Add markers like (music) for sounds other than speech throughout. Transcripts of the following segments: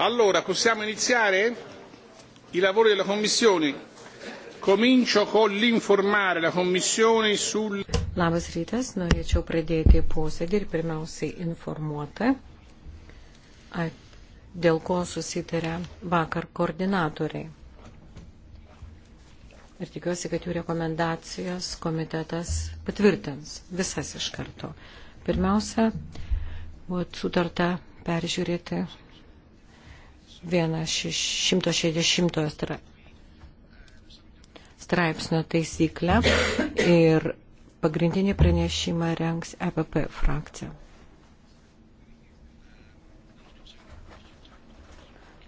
Allora, possiamo iniziare i lavori della Commissione? Comincio con l'informare la Commissione sul... Labas rytas, norėčiau pradėti posėdį ir pirmiausiai informuoti, dėl ko susitarė vakar koordinatoriai. Ir tikiuosi, kad jų rekomendacijos komitetas patvirtins visas iš karto. Pirmiausia, buvo sutarta peržiūrėti 160 straipsnio taisyklę ir pagrindinį pranešimą rengs EPP frakcija.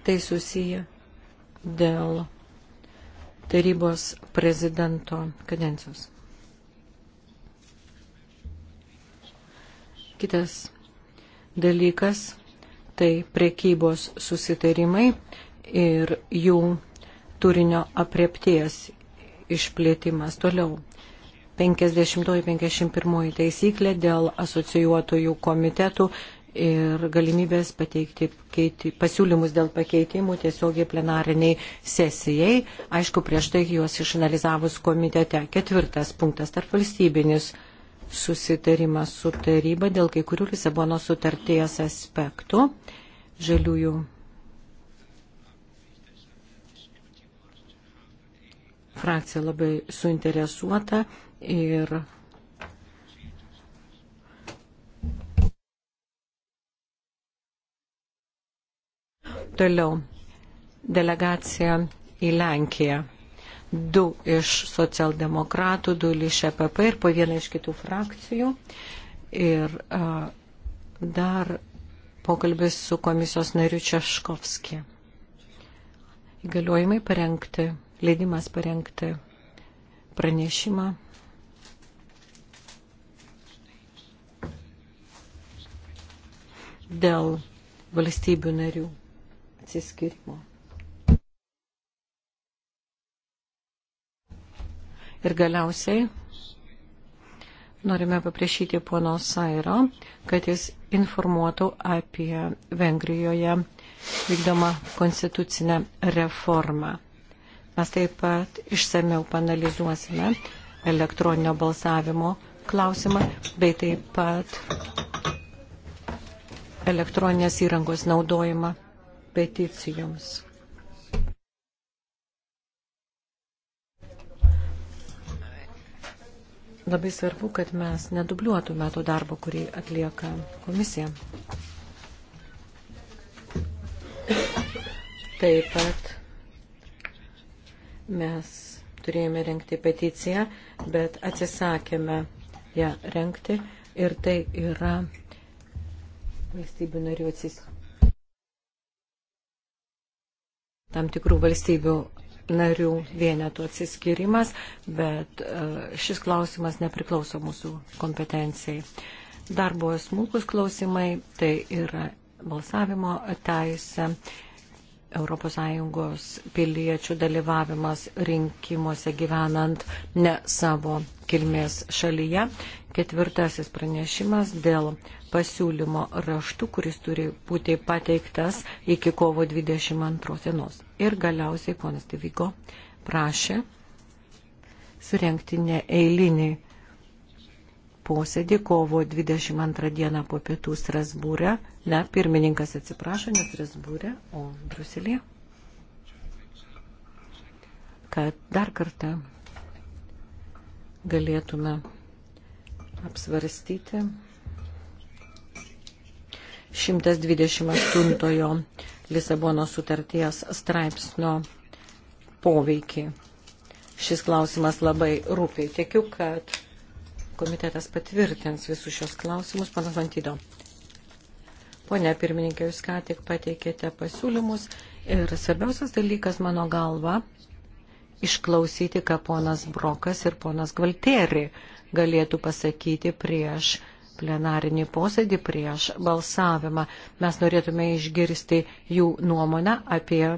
Tai susiję dėl tarybos prezidento kadencijos. Kitas dalykas tai priekybos susitarimai ir jų turinio apriepties išplėtimas toliau. 50-51 taisyklė dėl asocijuotojų komitetų ir galimybės pateikti keiti, pasiūlymus dėl pakeitimų tiesiogiai plenariniai sesijai, aišku, prieš tai juos išanalizavus komitete. Ketvirtas punktas - tarp valstybinis susitarimą su taryba dėl kai kurių Lisabono sutarties aspektų. Žaliųjų frakcija labai suinteresuota ir toliau delegacija į Lenkiją du iš socialdemokratų, du iš EPP ir po vieną iš kitų frakcijų. Ir a, dar pokalbis su komisijos nariu Češkovski. Įgaliojimai parengti, leidimas parengti pranešimą. Dėl valstybių narių atsiskirimo. Ir galiausiai norime paprašyti pono Sairo, kad jis informuotų apie Vengrijoje vykdomą konstitucinę reformą. Mes taip pat išsameu panalizuosime elektroninio balsavimo klausimą, bei taip pat elektroninės įrangos naudojimą peticijoms. Labai svarbu, kad mes nedubliuotume to darbo, kurį atlieka komisija. Taip pat mes turėjome renkti peticiją, bet atsisakėme ją renkti ir tai yra valstybių narių atsisakymų tam tikrų valstybių narių vienetų atsiskirimas, bet e, šis klausimas nepriklauso mūsų kompetencijai. Dar buvo smulkus klausimai, tai yra balsavimo teisė, ES piliečių dalyvavimas rinkimuose gyvenant ne savo kilmės šalyje. Ketvirtasis pranešimas dėl pasiūlymo raštų, kuris turi būti pateiktas iki kovo 22 dienos. Ir galiausiai ponas Devygo prašė surenkti neeilinį posėdį kovo 22 dieną po pietų Strasbūrę. Ne, pirmininkas atsiprašo, ne Strasbūrė, o Bruselėje. Kad dar kartą galėtume apsvarstyti 128 Lisabono sutarties straipsnio poveikį. Šis klausimas labai rūpiai. Tikiu, kad komitetas patvirtins visus šios klausimus. Panas Vantydo. Pone pirmininkė, jūs ką tik pateikėte pasiūlymus ir svarbiausias dalykas mano galva išklausyti, ką ponas Brokas ir ponas Gvalteri galėtų pasakyti prieš plenarinį posėdį prieš balsavimą. Mes norėtume išgirsti jų nuomonę apie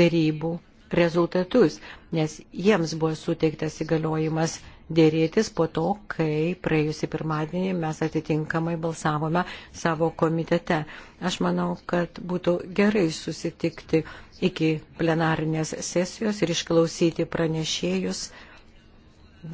dėrybų rezultatus, nes jiems buvo suteiktas įgaliojimas dėrėtis po to, kai praėjusį pirmadienį mes atitinkamai balsavome savo komitete. Aš manau, kad būtų gerai susitikti iki plenarinės sesijos ir išklausyti pranešėjus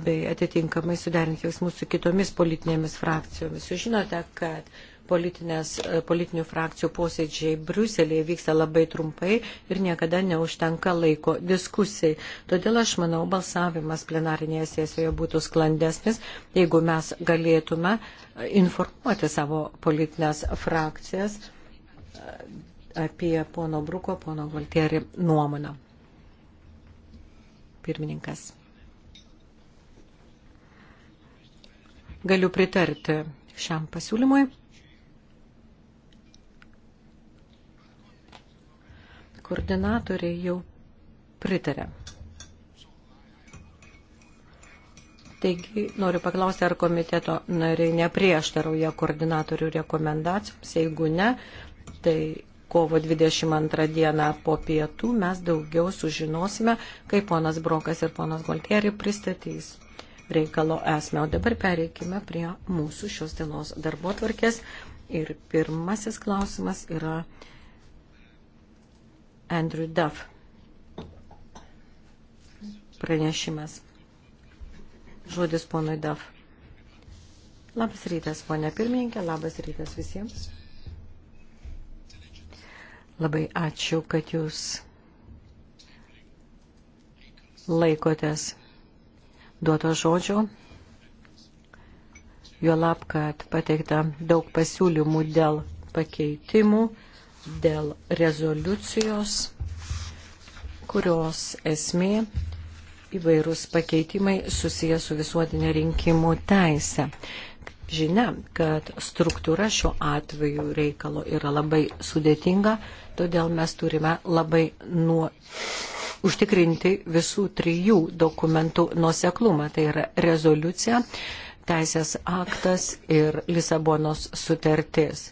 bei atitinkamai suderinti jausmus su kitomis politinėmis frakcijomis. Jūs žinote, kad e, politinių frakcijų posėdžiai Briuselėje vyksta labai trumpai ir niekada neužtenka laiko diskusijai. Todėl aš manau, balsavimas plenarinėje sesijoje būtų sklandesnis, jeigu mes galėtume e, informuoti savo politinės frakcijas e, apie pono Bruko, pono Valtierį nuomonę. Pirmininkas. galiu pritarti šiam pasiūlymui. Koordinatoriai jau pritarė. Taigi, noriu paklausti, ar komiteto nariai neprieštarauja koordinatorių rekomendacijoms. Jeigu ne, tai kovo 22 dieną po pietų mes daugiau sužinosime, kaip ponas Brokas ir ponas Goltieri pristatys reikalo esmę. O dabar pereikime prie mūsų šios dienos darbo tvarkės. Ir pirmasis klausimas yra Andrew Duff pranešimas. Žodis ponui Daf. Labas rytas, ponia pirmininkė, labas rytas visiems. Labai ačiū, kad jūs laikotės duoto žodžio, jo lab, kad pateikta daug pasiūlymų dėl pakeitimų, dėl rezoliucijos, kurios esmė įvairūs pakeitimai susijęs su visuotinė rinkimų teisė. Žinia, kad struktūra šiuo atveju reikalo yra labai sudėtinga, todėl mes turime labai nuo užtikrinti visų trijų dokumentų nuoseklumą. Tai yra rezoliucija, teisės aktas ir Lisabonos sutartis.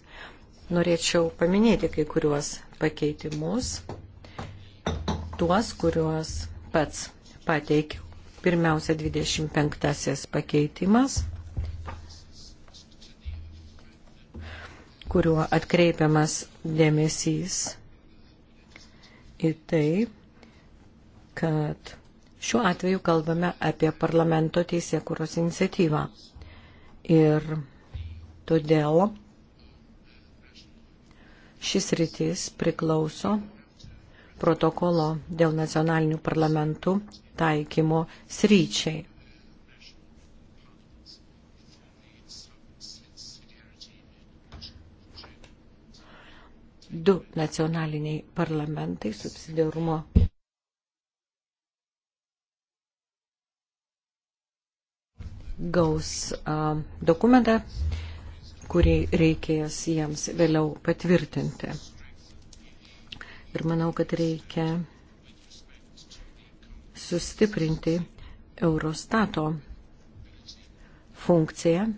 Norėčiau paminėti kai kuriuos pakeitimus, tuos, kuriuos pats pateikiau. Pirmiausia, 25 pakeitimas, kuriuo atkreipiamas dėmesys į tai, kad šiuo atveju kalbame apie parlamento teisėkuros iniciatyvą. Ir todėl šis rytis priklauso protokolo dėl nacionalinių parlamentų taikymo sryčiai. Du nacionaliniai parlamentai subsidiarumo gaus dokumentą, kurį reikės jiems vėliau patvirtinti. Ir manau, kad reikia sustiprinti Eurostato funkciją,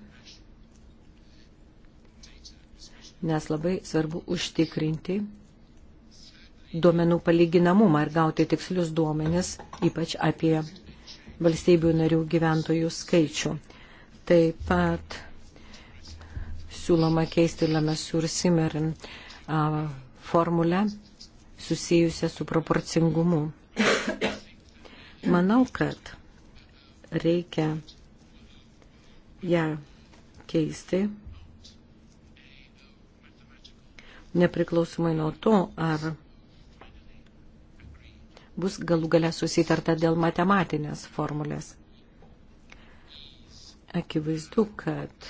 nes labai svarbu užtikrinti duomenų palyginamumą ir gauti tikslius duomenis, ypač apie valstybių narių gyventojų skaičių. Taip pat siūloma keisti Lemesur Simerin formulę susijusią su proporcingumu. Manau, kad reikia ją keisti nepriklausomai nuo to, ar bus galų gale susitarta dėl matematinės formulės. Akivaizdu, kad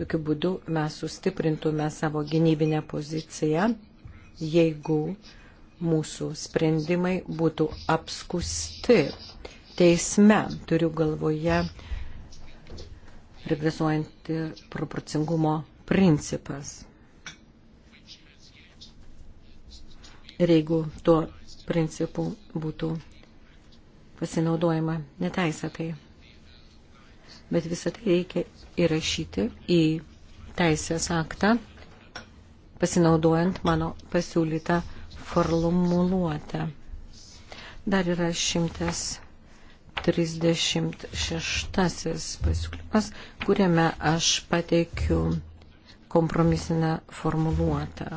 tokiu būdu mes sustiprintume savo gynybinę poziciją, jeigu mūsų sprendimai būtų apskusti teisme, turiu galvoje regresuojant proporcingumo principas. ir jeigu tuo principu būtų pasinaudojama neteisėtai. Bet visą tai reikia įrašyti į teisės aktą, pasinaudojant mano pasiūlytą formuluotę. Dar yra 136 pasiūlymas, kuriame aš pateikiu kompromisinę formuluotę.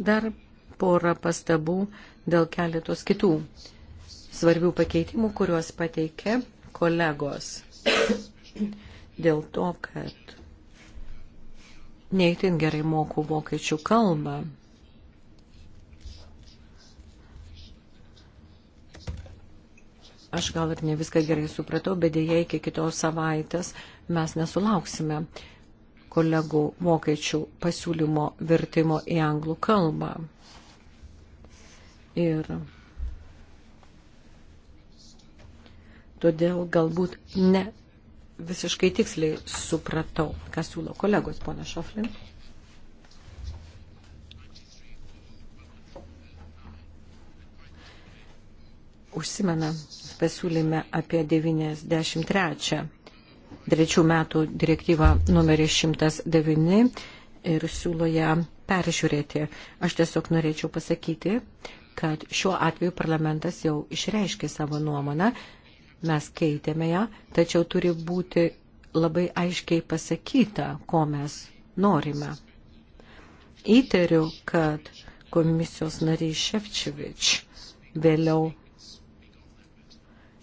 Dar porą pastabų dėl keletos kitų svarbių pakeitimų, kuriuos pateikė kolegos. dėl to, kad neįtin gerai moku vokiečių kalbą. Aš gal ir ne viską gerai supratau, bet dėja iki kitos savaitės mes nesulauksime kolegų vokiečių pasiūlymo vertimo į anglų kalbą. Ir todėl galbūt ne visiškai tiksliai supratau, ką siūlo kolegos, pona Šoflin. Užsimena pasiūlyme apie 93 trečių metų direktyvą numeris 109 ir siūlo ją peržiūrėti. Aš tiesiog norėčiau pasakyti, kad šiuo atveju parlamentas jau išreiškė savo nuomonę, mes keitėme ją, tačiau turi būti labai aiškiai pasakyta, ko mes norime. Įtariu, kad komisijos nariai Ševčevič vėliau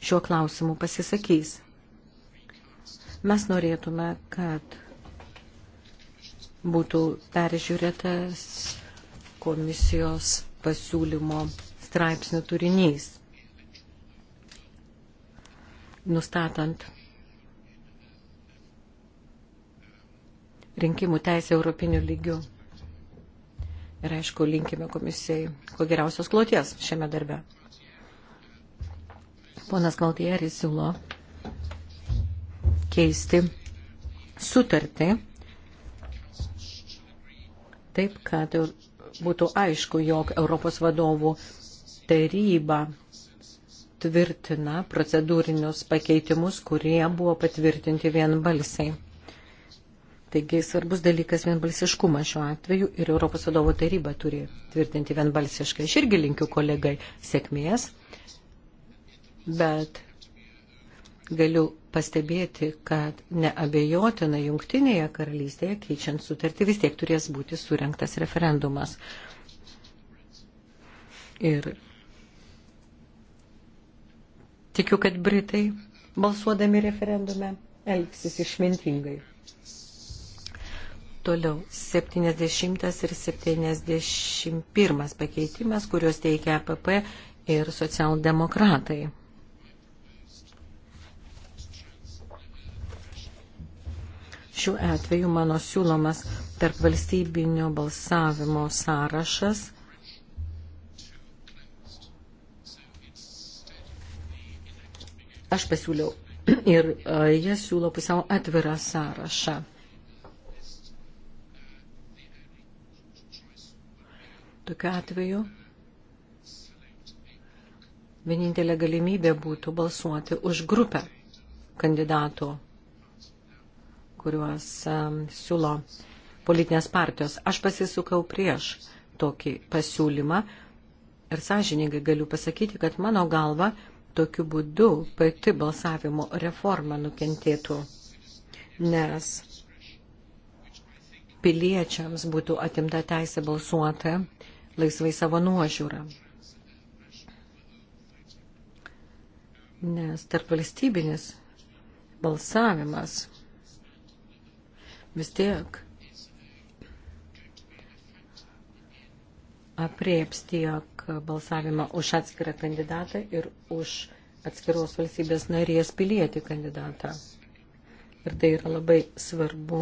šiuo klausimu pasisakys. Mes norėtume, kad būtų peržiūrėtas komisijos pasiūlymo straipsnių turinys, nustatant rinkimų teisę europinių lygių. Ir aišku, linkime komisijai kuo geriausios kloties šiame darbe. Ponas Galtieris siūlo keisti sutartį taip, kad būtų aišku, jog Europos vadovų taryba tvirtina procedūrinius pakeitimus, kurie buvo patvirtinti vienbalsiai. Taigi svarbus dalykas vienbalsiškumas šiuo atveju ir Europos vadovo taryba turi tvirtinti vienbalsiškai. Aš irgi linkiu kolegai sėkmės, bet galiu pastebėti, kad neabejotina jungtinėje karalystėje, keičiant sutartį, vis tiek turės būti surinktas referendumas. Ir tikiu, kad Britai balsuodami referendume elgsis išmintingai. Toliau 70 ir 71 pakeitimas, kuriuos teikia APP ir socialdemokratai. Šiuo atveju mano siūlomas tarp valstybinio balsavimo sąrašas aš pasiūliau (clears throat) ir e, jie siūlo pusiau atvirą sąrašą. Tokiu atveju vienintelė galimybė būtų balsuoti už grupę kandidatų kuriuos siūlo politinės partijos. Aš pasisukau prieš tokį pasiūlymą ir sąžiningai galiu pasakyti, kad mano galva tokiu būdu pati balsavimo reforma nukentėtų, nes piliečiams būtų atimta teisė balsuoti laisvai savo nuožiūrą. Nes tarp valstybinis balsavimas vis tiek aprieps tiek balsavimą už atskirą kandidatą ir už atskiros valstybės narės pilietį kandidatą. Ir tai yra labai svarbu,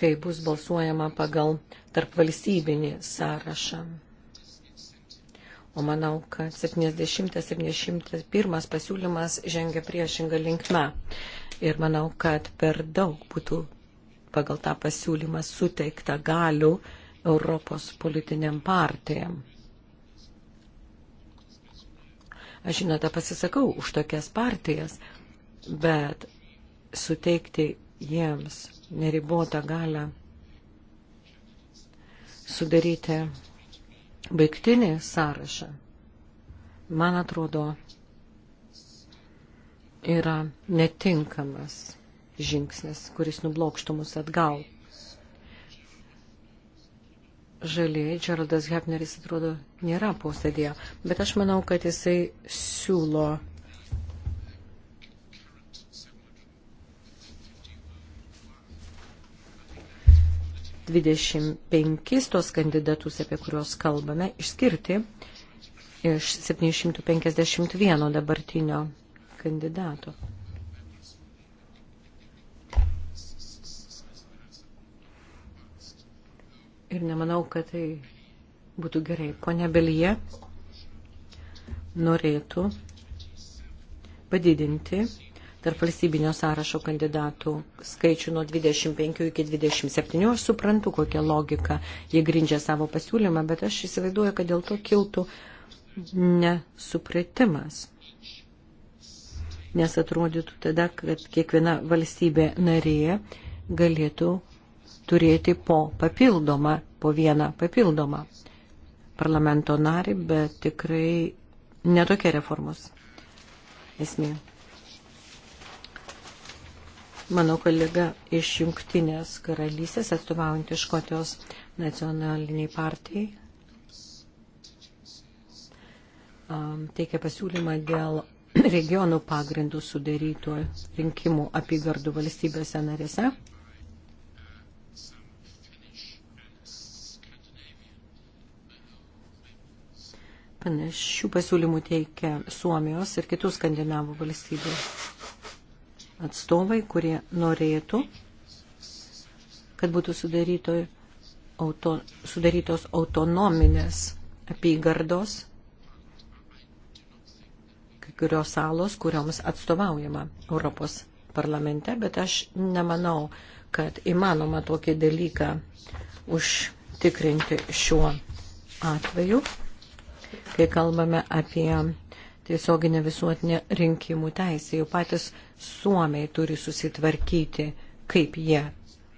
kai bus balsuojama pagal tarp valstybinį sąrašą. O manau, kad 70-71 pasiūlymas žengia priešingą linkmę. Ir manau, kad per daug būtų pagal tą pasiūlymą suteikta galių Europos politiniam partijam. Aš žinote, pasisakau už tokias partijas, bet suteikti jiems neribotą galę sudaryti baigtinį sąrašą, man atrodo, yra netinkamas žingsnis, kuris nublokštų mus atgal. Žaliai, Džeraldas Hepneris atrodo nėra posėdėje, bet aš manau, kad jisai siūlo 25 tos kandidatus, apie kuriuos kalbame, išskirti iš 751 dabartinio kandidato. Ir nemanau, kad tai būtų gerai. Pone Belyje norėtų padidinti tarp valstybinio sąrašo kandidatų skaičių nuo 25 iki 27. Aš suprantu, kokią logiką jie grindžia savo pasiūlymą, bet aš įsivaizduoju, kad dėl to kiltų nesupratimas. Nes atrodytų tada, kad kiekviena valstybė narėje galėtų turėti po papildomą, po vieną papildomą parlamento narį, bet tikrai netokia reformos esmė mano kolega iš Jungtinės karalystės, atstovaujant iš Škotijos nacionaliniai partijai, teikia pasiūlymą dėl (clears throat) regionų pagrindų sudarytų rinkimų apygardų valstybėse narėse. Panašių pasiūlymų teikia Suomijos ir kitų skandinavų valstybių atstovai, kurie norėtų, kad būtų sudaryto, auto, sudarytos autonominės apygardos, kai kurios salos, kurioms atstovaujama Europos parlamente, bet aš nemanau, kad įmanoma tokį dalyką užtikrinti šiuo atveju, kai kalbame apie tiesioginę visuotinę rinkimų teisę. Jau patys Suomiai turi susitvarkyti, kaip jie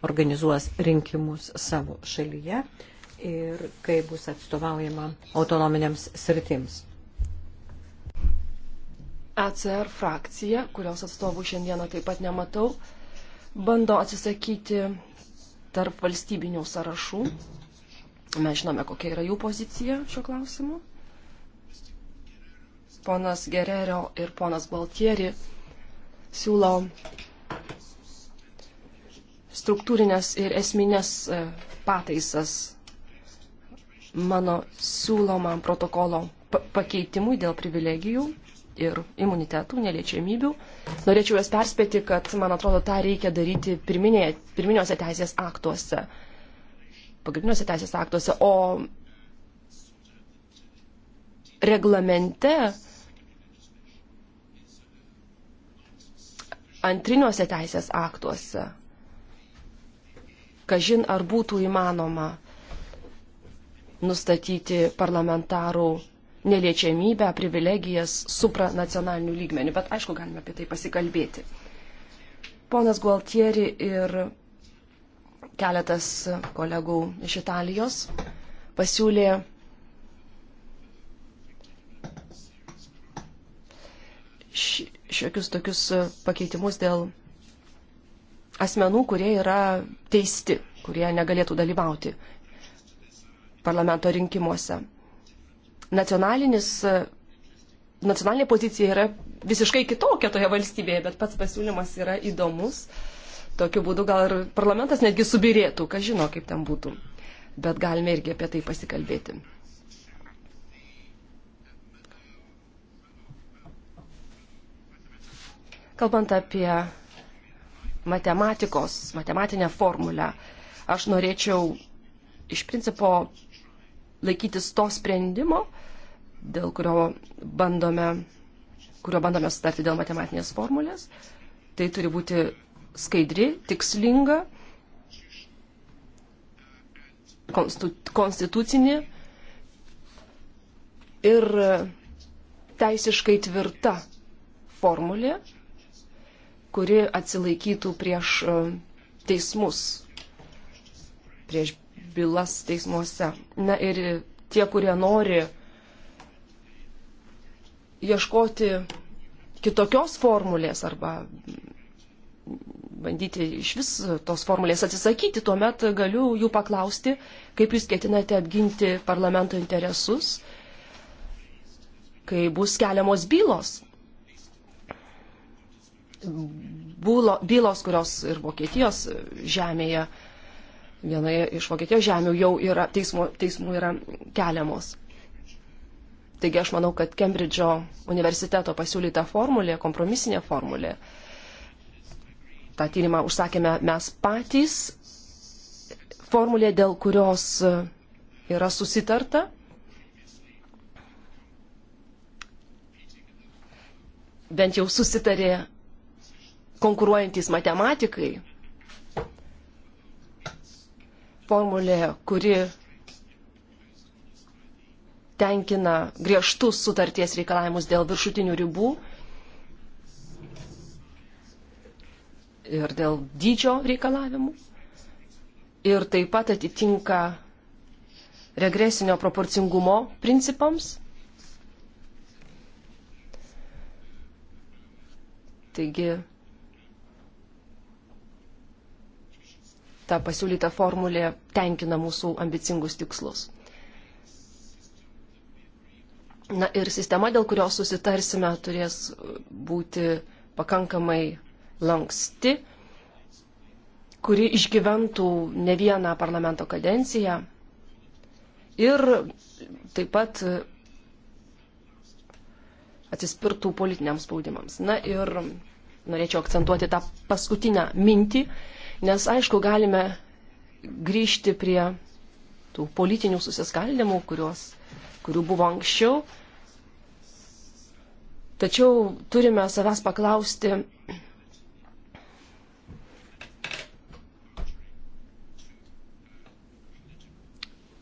organizuos rinkimus savo šalyje ir kaip bus atstovaujama autonominiams sritims. ECR frakcija, kurios atstovų šiandieną taip pat nematau, bando atsisakyti tarp valstybinių sąrašų. Mes žinome, kokia yra jų pozicija šiuo klausimu ponas Gererio ir ponas Baltieri siūlo struktūrinės ir esminės e, pataisas mano siūlomam protokolo pakeitimui dėl privilegijų ir imunitetų, neliečiamybių. Norėčiau jas perspėti, kad, man atrodo, tą reikia daryti pirminė, pirminiuose teisės aktuose, pagrindiniuose teisės aktuose, o reglamente antriniuose teisės aktuose. Kažin ar būtų įmanoma nustatyti parlamentarų neliečiamybę, privilegijas supranacionalinių lygmenių, bet aišku, galime apie tai pasikalbėti. Ponas Gualtieri ir keletas kolegų iš Italijos pasiūlė ši, šiokius tokius e, pakeitimus dėl asmenų, kurie yra teisti, kurie negalėtų dalyvauti parlamento rinkimuose. Nacionalinis, e, nacionalinė pozicija yra visiškai kitokia toje valstybėje, bet pats pasiūlymas yra įdomus. Tokiu būdu gal ir parlamentas netgi subirėtų, kas žino, kaip ten būtų. Bet galime irgi apie tai pasikalbėti. Kalbant apie matematikos, matematinę formulę, aš norėčiau iš principo laikytis to sprendimo, dėl kurio bandome, kurio bandome sutarti dėl matematinės formulės. Tai turi būti skaidri, tikslinga, konstitucinė ir teisiškai tvirta formulė, kuri atsilaikytų prieš e, teismus, prieš bylas teismuose. Na ir tie, kurie nori ieškoti kitokios formulės arba bandyti iš vis tos formulės atsisakyti, tuomet galiu jų paklausti, kaip jūs ketinate apginti parlamento interesus, kai bus keliamos bylos bylos, kurios ir Vokietijos žemėje, vienoje iš Vokietijos žemių jau yra teismų, teismų yra keliamos. Taigi aš manau, kad Kembridžo universiteto pasiūlyta formulė, kompromisinė formulė, tą tyrimą užsakėme mes patys, formulė, dėl kurios yra susitarta. Bent jau susitarė konkuruojantys matematikai, formulė, kuri tenkina griežtus sutarties reikalavimus dėl viršutinių ribų ir dėl dydžio reikalavimų. Ir taip pat atitinka regresinio proporcingumo principams. Taigi ta pasiūlyta formulė tenkina mūsų ambicingus tikslus. Na ir sistema, dėl kurios susitarsime, turės būti pakankamai lanksti, kuri išgyventų ne vieną parlamento kadenciją ir taip pat atsispirtų politiniams spaudimams. Na ir norėčiau akcentuoti tą paskutinę mintį, Nes aišku, galime grįžti prie tų politinių susiskaldimų, kurios, kurių buvo anksčiau. Tačiau turime savęs paklausti,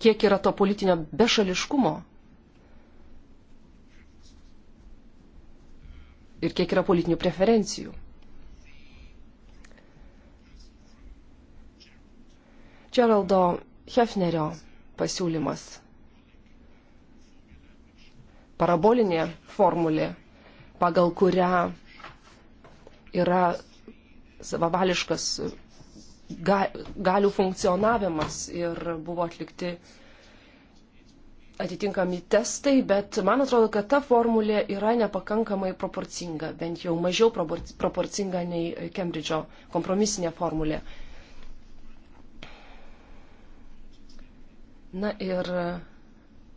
kiek yra to politinio bešališkumo ir kiek yra politinių preferencijų. Geraldo Hefnerio pasiūlymas. Parabolinė formulė, pagal kurią yra savavališkas ga, galių funkcionavimas ir buvo atlikti atitinkami testai, bet man atrodo, kad ta formulė yra nepakankamai proporcinga, bent jau mažiau proporcinga nei Kembridžo kompromisinė formulė. Na ir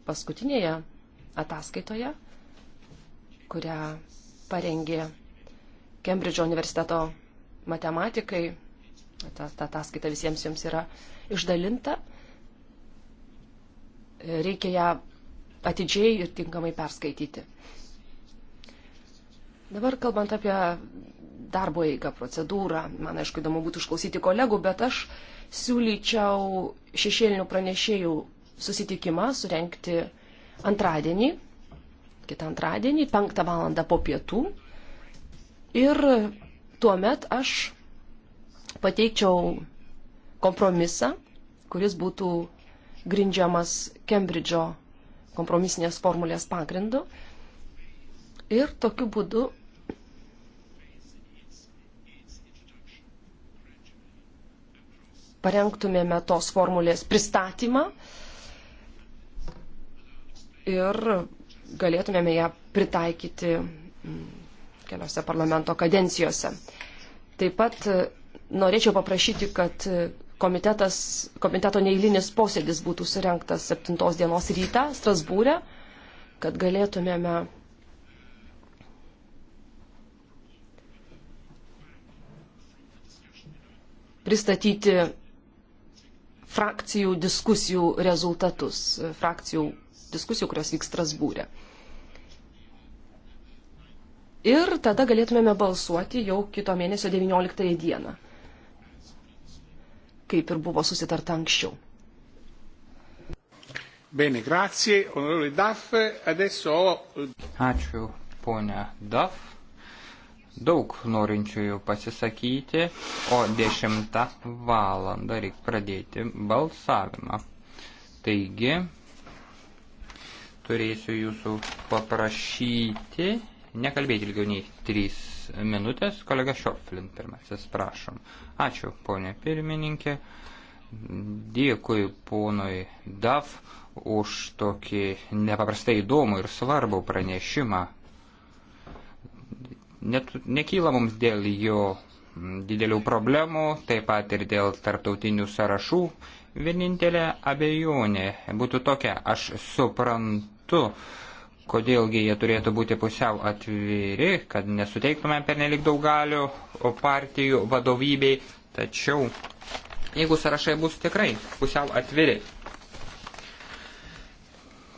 paskutinėje ataskaitoje, kurią parengė Kembridžo universiteto matematikai, ta, ta ataskaita visiems jums yra išdalinta, reikia ją atidžiai ir tinkamai perskaityti. Dabar kalbant apie darbo eigą, procedūrą, man aišku įdomu būtų išklausyti kolegų, bet aš siūlyčiau šešėlinių pranešėjų susitikimą surenkti antradienį, kitą antradienį, penktą valandą po pietų. Ir tuomet aš pateikčiau kompromisą, kuris būtų grindžiamas Kembridžo kompromisinės formulės pagrindu. Ir tokiu būdu parengtumėme tos formulės pristatymą ir galėtumėme ją pritaikyti mm, keliose parlamento kadencijose. Taip pat e, norėčiau paprašyti, kad komitetas, komiteto neįlinis posėdis būtų surinktas 7 dienos rytą Strasbūrė, kad galėtumėme pristatyti frakcijų diskusijų rezultatus, frakcijų diskusijų, kurios vyks Strasbūrė. Ir tada galėtumėme balsuoti jau kito mėnesio 19 dieną, kaip ir buvo susitarta anksčiau. Bene, grazie, onorevole Daff. Adesso... Ačiū, ponia Daff daug norinčiųjų pasisakyti, o 10 valandą reiks pradėti balsavimą. Taigi, turėsiu jūsų paprašyti nekalbėti ilgiau nei 3 minutės. Kolega Šorflin pirmasis, prašom. Ačiū, ponė pirmininkė. Dėkui ponui DAF už tokį nepaprastai įdomų ir svarbų pranešimą net, nekyla mums dėl jo didelių problemų, taip pat ir dėl tarptautinių sąrašų. Vienintelė abejonė būtų tokia, aš suprantu, kodėlgi jie turėtų būti pusiau atviri, kad nesuteiktume pernelik daug galių partijų vadovybei, tačiau jeigu sąrašai bus tikrai pusiau atviri,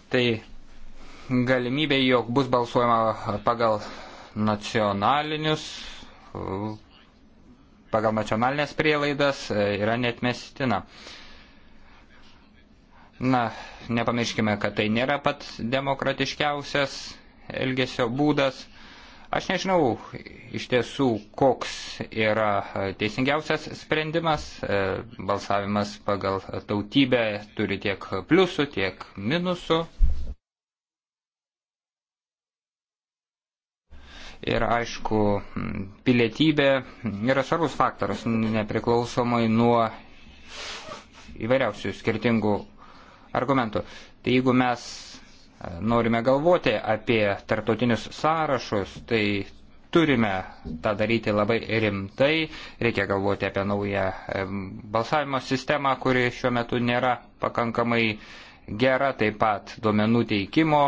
tai galimybė, jog bus balsuojama pagal nacionalinius, pagal nacionalinės prielaidas e, yra netmestina. Na, nepamirškime, kad tai nėra pats demokratiškiausias elgesio būdas. Aš nežinau iš tiesų, koks yra teisingiausias sprendimas. E, balsavimas pagal tautybę turi tiek pliusų, tiek minusų. ir aišku, pilietybė yra svarbus faktoras, nepriklausomai nuo įvairiausių skirtingų argumentų. Tai jeigu mes e, norime galvoti apie tarptautinius sąrašus, tai turime tą daryti labai rimtai, reikia galvoti apie naują e, balsavimo sistemą, kuri šiuo metu nėra pakankamai gera, taip pat duomenų teikimo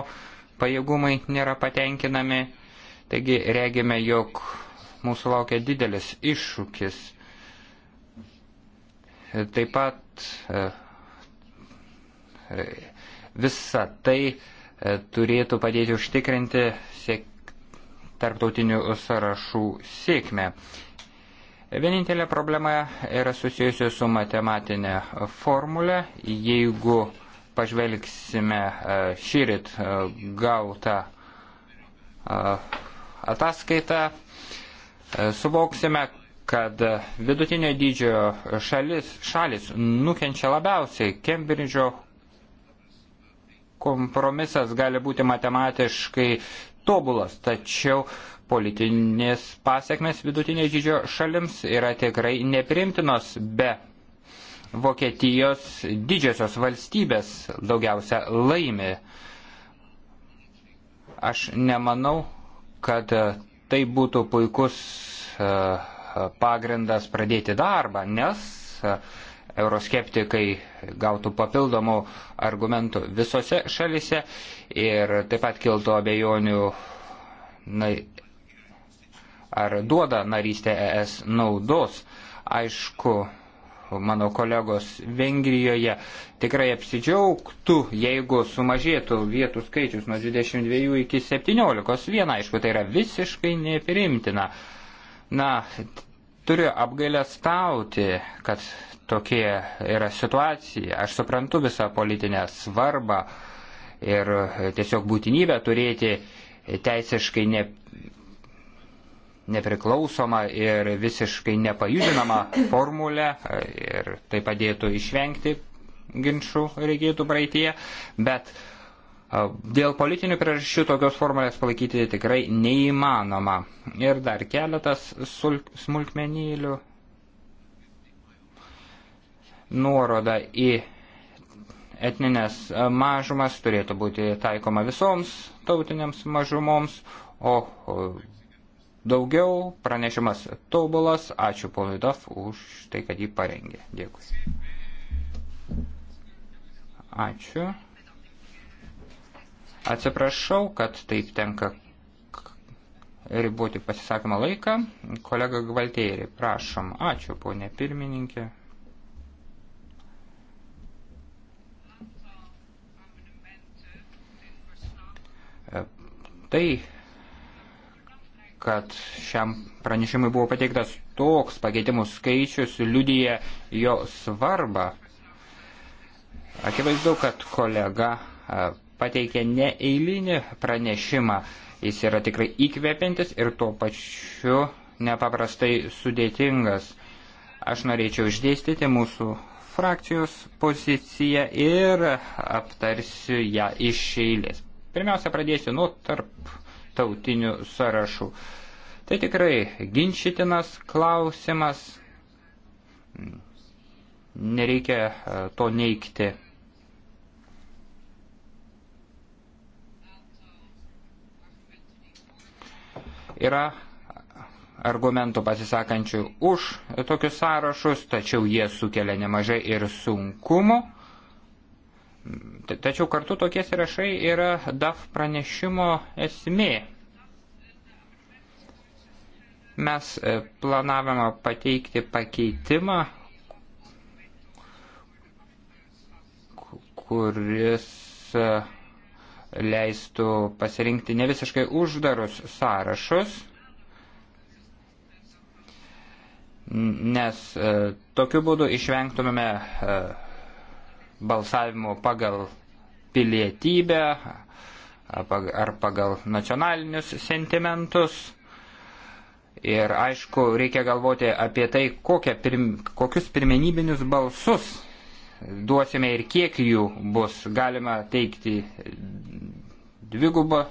pajėgumai nėra patenkinami Taigi regime, jog mūsų laukia didelis iššūkis. Taip pat e, e, visa tai e, turėtų padėti užtikrinti sėk... tarptautinių sąrašų sėkmę. Vienintelė problema yra susijusi su matematinė formulė. Jeigu pažvelgsime šyrit gautą ataskaitą, e, suvoksime, kad vidutinio dydžio šalis, šalis nukenčia labiausiai. Kembridžo kompromisas gali būti matematiškai tobulas, tačiau politinės pasiekmes vidutinio dydžio šalims yra tikrai neprimtinos be Vokietijos didžiosios valstybės daugiausia laimi. Aš nemanau, kad e, tai būtų puikus e, pagrindas pradėti darbą, nes e, euroskeptikai gautų papildomų argumentų visose šalise ir taip pat kiltų abejonių, na, ar duoda narystė ES naudos. Aišku, mano kolegos Vengrijoje, tikrai apsidžiaugtų, jeigu sumažėtų vietų skaičius nuo 22 iki 17. Viena, aišku, tai yra visiškai neprimtina. Na, turiu apgailę stauti, kad tokia yra situacija. Aš suprantu visą politinę svarbą ir tiesiog būtinybę turėti teisiškai neprimtiną nepriklausomą ir visiškai nepajudinamą formulę ir tai padėtų išvengti ginčių reikėtų praeitie, bet dėl politinių priežasčių tokios formulės palaikyti tikrai neįmanoma. Ir dar keletas smulkmenylių nuoroda į etninės mažumas turėtų būti taikoma visoms tautiniams mažumoms, o daugiau. Pranešimas tobulas. Ačiū Polui Daf už tai, kad jį parengė. Dėkui. Ačiū. Atsiprašau, kad taip tenka riboti pasisakymą laiką. Kolega Gvaltėri, prašom. Ačiū, ponė pirmininkė. Tai kad šiam pranešimui buvo pateiktas toks pakeitimų skaičius, liudyje jo svarbą. Akivaizdu, kad kolega pateikė neeilinį pranešimą. Jis yra tikrai įkvėpintis ir tuo pačiu nepaprastai sudėtingas. Aš norėčiau išdėstyti mūsų frakcijos poziciją ir aptarsiu ją iš eilės. Pirmiausia, pradėsiu nuo tarp tautinių sąrašų. Tai tikrai ginčytinas klausimas, nereikia e, to neikti. Yra argumentų pasisakančių už tokius sąrašus, tačiau jie sukelia nemažai ir sunkumų. Tačiau kartu tokie sąrašai yra DAF pranešimo esmė. Mes e, planavome pateikti pakeitimą, kuris e, leistų pasirinkti ne visiškai uždarus sąrašus, nes e, tokiu būdu išvengtumėme balsavimo pagal pilietybę ar pagal nacionalinius sentimentus. Ir aišku, reikia galvoti apie tai, pirm, kokius pirmenybinius balsus duosime ir kiek jų bus. Galima teikti dvigubą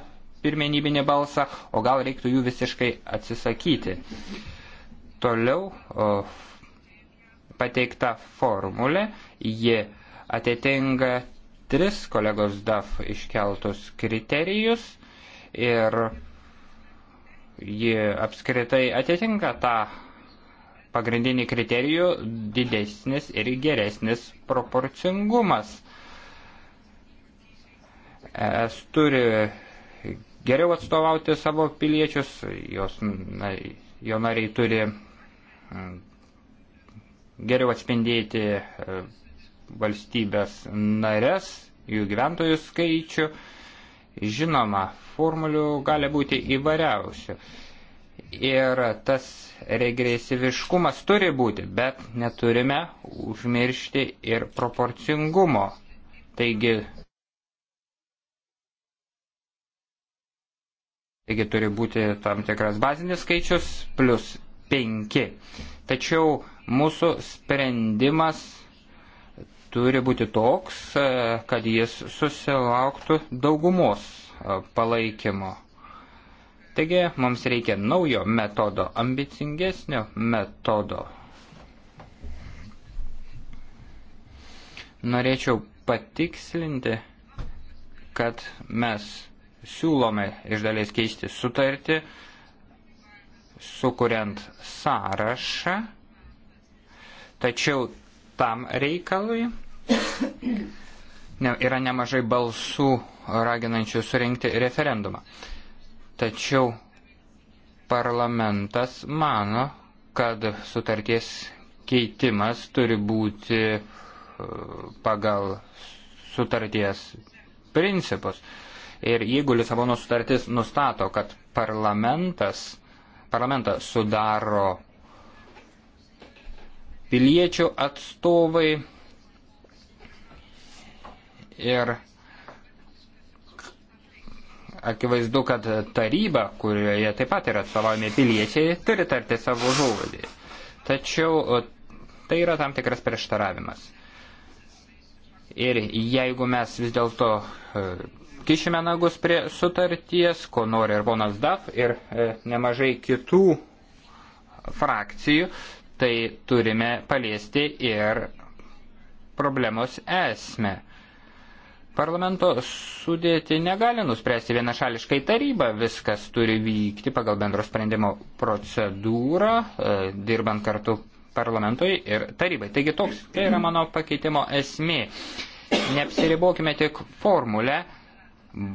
pirmenybinį balsą, o gal reiktų jų visiškai atsisakyti. Toliau o, pateikta formulė, ji atitinka tris kolegos DAF iškeltus kriterijus ir ji apskritai atitinka tą pagrindinį kriterijų didesnis ir geresnis proporcingumas. Es turi geriau atstovauti savo piliečius, jos, na, jo nariai turi mm, geriau atspindėti e, valstybės nares, jų gyventojų skaičių. Žinoma, formulių gali būti įvairiausių. Ir tas regresyviškumas turi būti, bet neturime užmiršti ir proporcingumo. Taigi, taigi turi būti tam tikras bazinis skaičius plus 5. Tačiau mūsų sprendimas turi būti toks, e, kad jis susilauktų daugumos e, palaikymo. Taigi mums reikia naujo metodo, ambicingesnio metodo. Norėčiau patikslinti, kad mes siūlome iš dalies keisti sutartį, sukuriant sąrašą, tačiau tam reikalui Ne, yra nemažai balsų raginančių surinkti referendumą. Tačiau parlamentas mano, kad sutarties keitimas turi būti e, pagal sutarties principus. Ir jeigu Lisabono sutartis nustato, kad parlamentas, parlamentą sudaro piliečių atstovai, ir akivaizdu, kad taryba, kurioje taip pat yra atstovaujami piliečiai, turi tarti savo žodį. Tačiau tai yra tam tikras prieštaravimas. Ir jeigu mes vis dėlto e, kišime nagus prie sutarties, ko nori ir ponas DAF ir e, nemažai kitų frakcijų, tai turime paliesti ir problemos esmę Parlamento sudėti negali nuspręsti vienašališkai taryba, viskas turi vykti pagal bendro sprendimo procedūrą, e, dirbant kartu parlamentui ir tarybai. Taigi toks, tai yra mano pakeitimo esmė. Neapsiribokime tik formulę,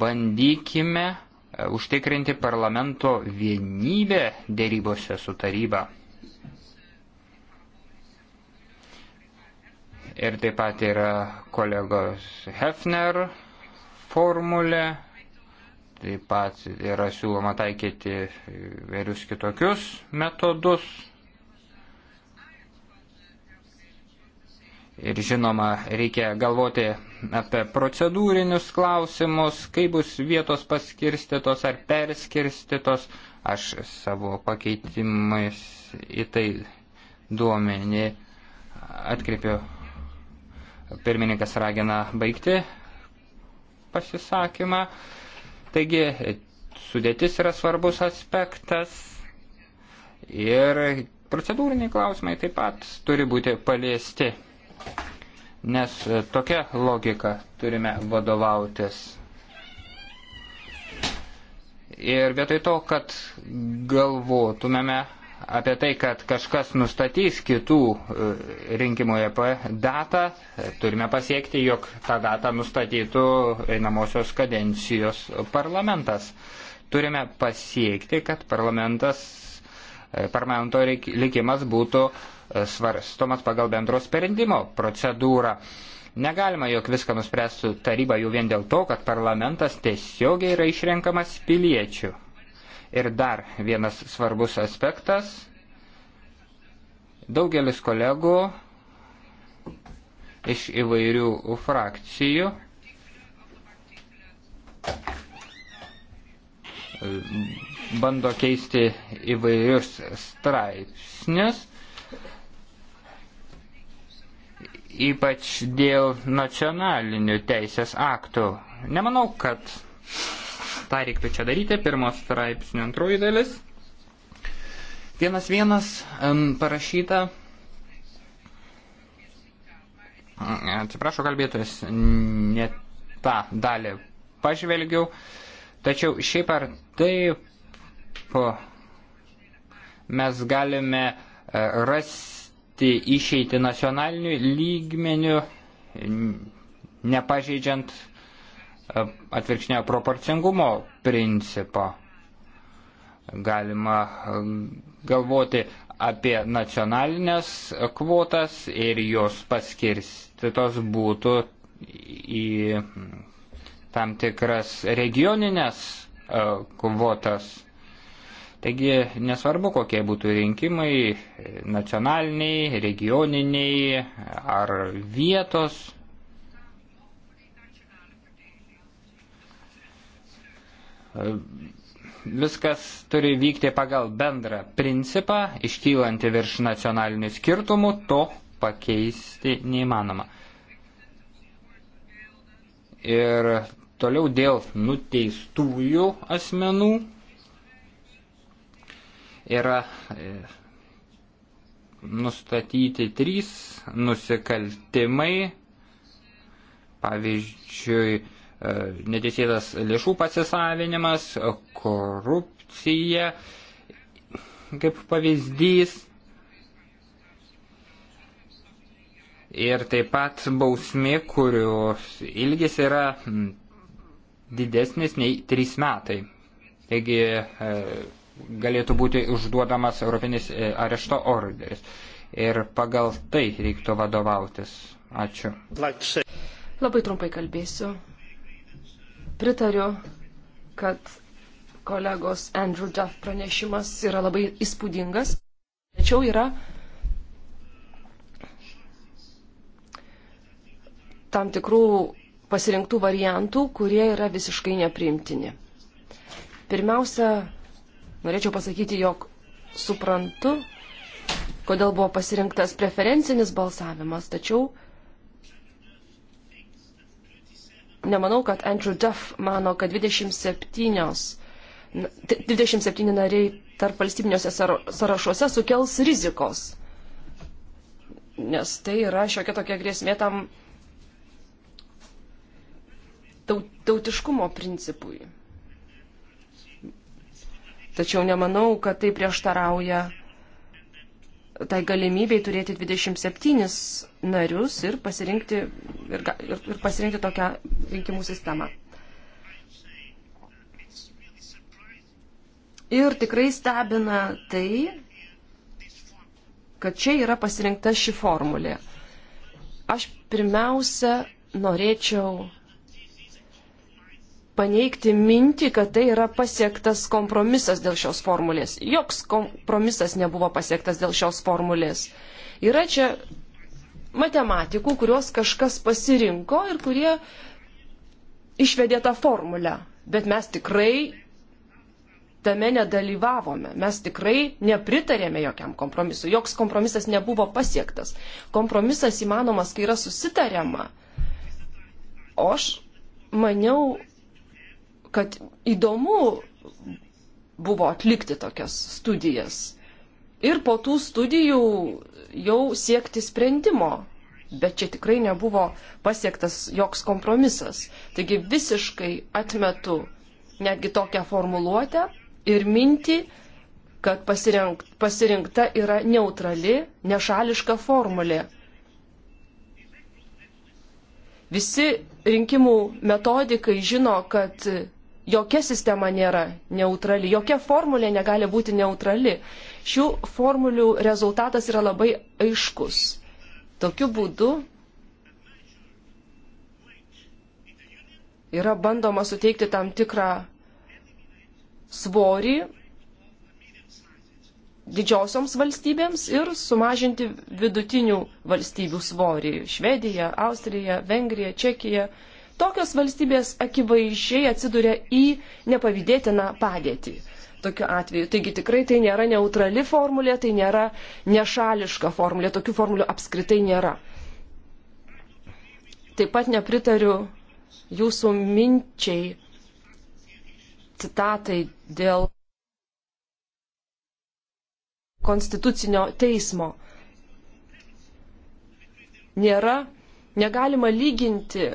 bandykime e, užtikrinti parlamento vienybę dėrybose su taryba. ir taip pat yra kolegos Hefner formulė, taip pat yra siūloma taikyti vėrius kitokius metodus. Ir žinoma, reikia galvoti apie procedūrinius klausimus, kaip bus vietos paskirstytos ar perskirstytos. Aš savo pakeitimais į tai duomenį atkreipiu Pirmininkas ragina baigti pasisakymą. Taigi, sudėtis yra svarbus aspektas ir procedūriniai klausimai taip pat turi būti paliesti, nes tokia logika turime vadovautis. Ir vietoj to, kad galvotumėme apie tai, kad kažkas nustatys kitų e, rinkimų EP datą, turime pasiekti, jog tą datą nustatytų einamosios kadencijos parlamentas. Turime pasiekti, kad parlamentas, e, parlamento likimas būtų e, svarstomas pagal bendro sprendimo procedūrą. Negalima, jog viską nuspręstų taryba jau vien dėl to, kad parlamentas tiesiogiai yra išrenkamas piliečių. Ir dar vienas svarbus aspektas. Daugelis kolegų iš įvairių frakcijų bando keisti įvairius straipsnius, ypač dėl nacionalinių teisės aktų. Nemanau, kad tą reiktų čia daryti. Pirmos straipsnių antroji dalis. Vienas vienas parašyta. Atsiprašau, kalbėtojas, ne tą dalį pažvelgiau. Tačiau šiaip ar taip mes galime e, rasti išeiti nacionaliniu lygmeniu, nepažeidžiant uh, E, atvirkšnio proporcingumo principo. Galima e, galvoti apie nacionalinės kvotas ir jos paskirstytos būtų į tam tikras regioninės e, kvotas. Taigi nesvarbu, kokie būtų rinkimai - nacionaliniai, regioniniai ar vietos viskas turi vykti pagal bendrą principą, iškylanti virš nacionalinių skirtumų, to pakeisti neįmanoma. Ir toliau dėl nuteistųjų asmenų yra e, nustatyti trys nusikaltimai, pavyzdžiui, neteisėtas lėšų pasisavinimas, korupcija, kaip pavyzdys. Ir taip pat bausmė, kurios ilgis yra didesnis nei 3 metai. Taigi e, galėtų būti užduodamas Europinis e, arešto orderis. Ir pagal tai reiktų vadovautis. Ačiū. Labai trumpai kalbėsiu. Pritariu, kad kolegos Andrew Duff pranešimas yra labai įspūdingas, tačiau yra tam tikrų pasirinktų variantų, kurie yra visiškai nepriimtini. Pirmiausia, norėčiau pasakyti, jog suprantu, kodėl buvo pasirinktas preferencinis balsavimas, tačiau nemanau, kad Andrew Duff mano, kad 27, 27 nariai tarp valstybiniuose sąrašuose sukels rizikos. Nes tai yra šiokia tokia grėsmė tam tautiškumo principui. Tačiau nemanau, kad tai prieštarauja tai galimybei turėti 27 narius ir pasirinkti, ir, ir, ir pasirinkti tokią rinkimų sistemą. Ir tikrai stebina tai, kad čia yra pasirinkta ši formulė. Aš pirmiausia norėčiau paneigti mintį, kad tai yra pasiektas kompromisas dėl šios formulės. Joks kompromisas nebuvo pasiektas dėl šios formulės. Yra čia matematikų, kuriuos kažkas pasirinko ir kurie išvedė tą formulę. Bet mes tikrai tame nedalyvavome. Mes tikrai nepritarėme jokiam kompromisu. Joks kompromisas nebuvo pasiektas. Kompromisas įmanomas, kai yra susitariama. O aš maniau, kad įdomu buvo atlikti tokias studijas ir po tų studijų jau siekti sprendimo. Bet čia tikrai nebuvo pasiektas joks kompromisas. Taigi visiškai atmetu netgi tokią formuluotę ir mintį, kad pasirink, pasirinkta yra neutrali, nešališka formulė. Visi rinkimų metodikai žino, kad Jokia sistema nėra neutrali, jokia formulė negali būti neutrali. Šių formulių rezultatas yra labai aiškus. Tokiu būdu yra bandoma suteikti tam tikrą svorį didžiosioms valstybėms ir sumažinti vidutinių valstybių svorį - Švedija, Austrija, Vengrija, Čekija, tokios valstybės akivaizdžiai atsiduria į nepavydėtiną padėtį. Tokiu atveju. Taigi tikrai tai nėra neutrali formulė, tai nėra nešališka formulė, tokių formulių apskritai nėra. Taip pat nepritariu jūsų minčiai, citatai dėl konstitucinio teismo. Nėra, negalima lyginti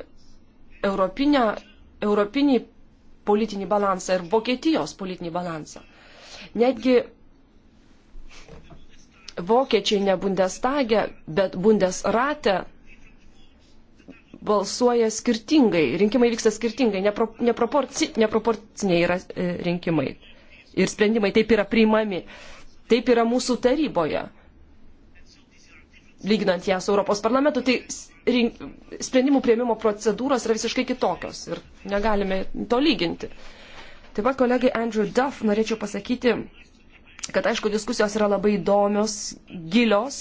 europinę, europinį politinį balansą ir Vokietijos politinį balansą. Netgi vokiečiai ne Bundestage, bet Bundesrate balsuoja skirtingai, rinkimai vyksta skirtingai, nepro, neproporci, neproporciniai yra e, rinkimai ir sprendimai taip yra priimami. Taip yra mūsų taryboje. Lyginant ją su Europos parlamentu, tai rink, sprendimų prieimimo procedūros yra visiškai kitokios ir negalime to lyginti. Taip pat kolegai Andrew Duff norėčiau pasakyti, kad aišku diskusijos yra labai įdomios, gilios,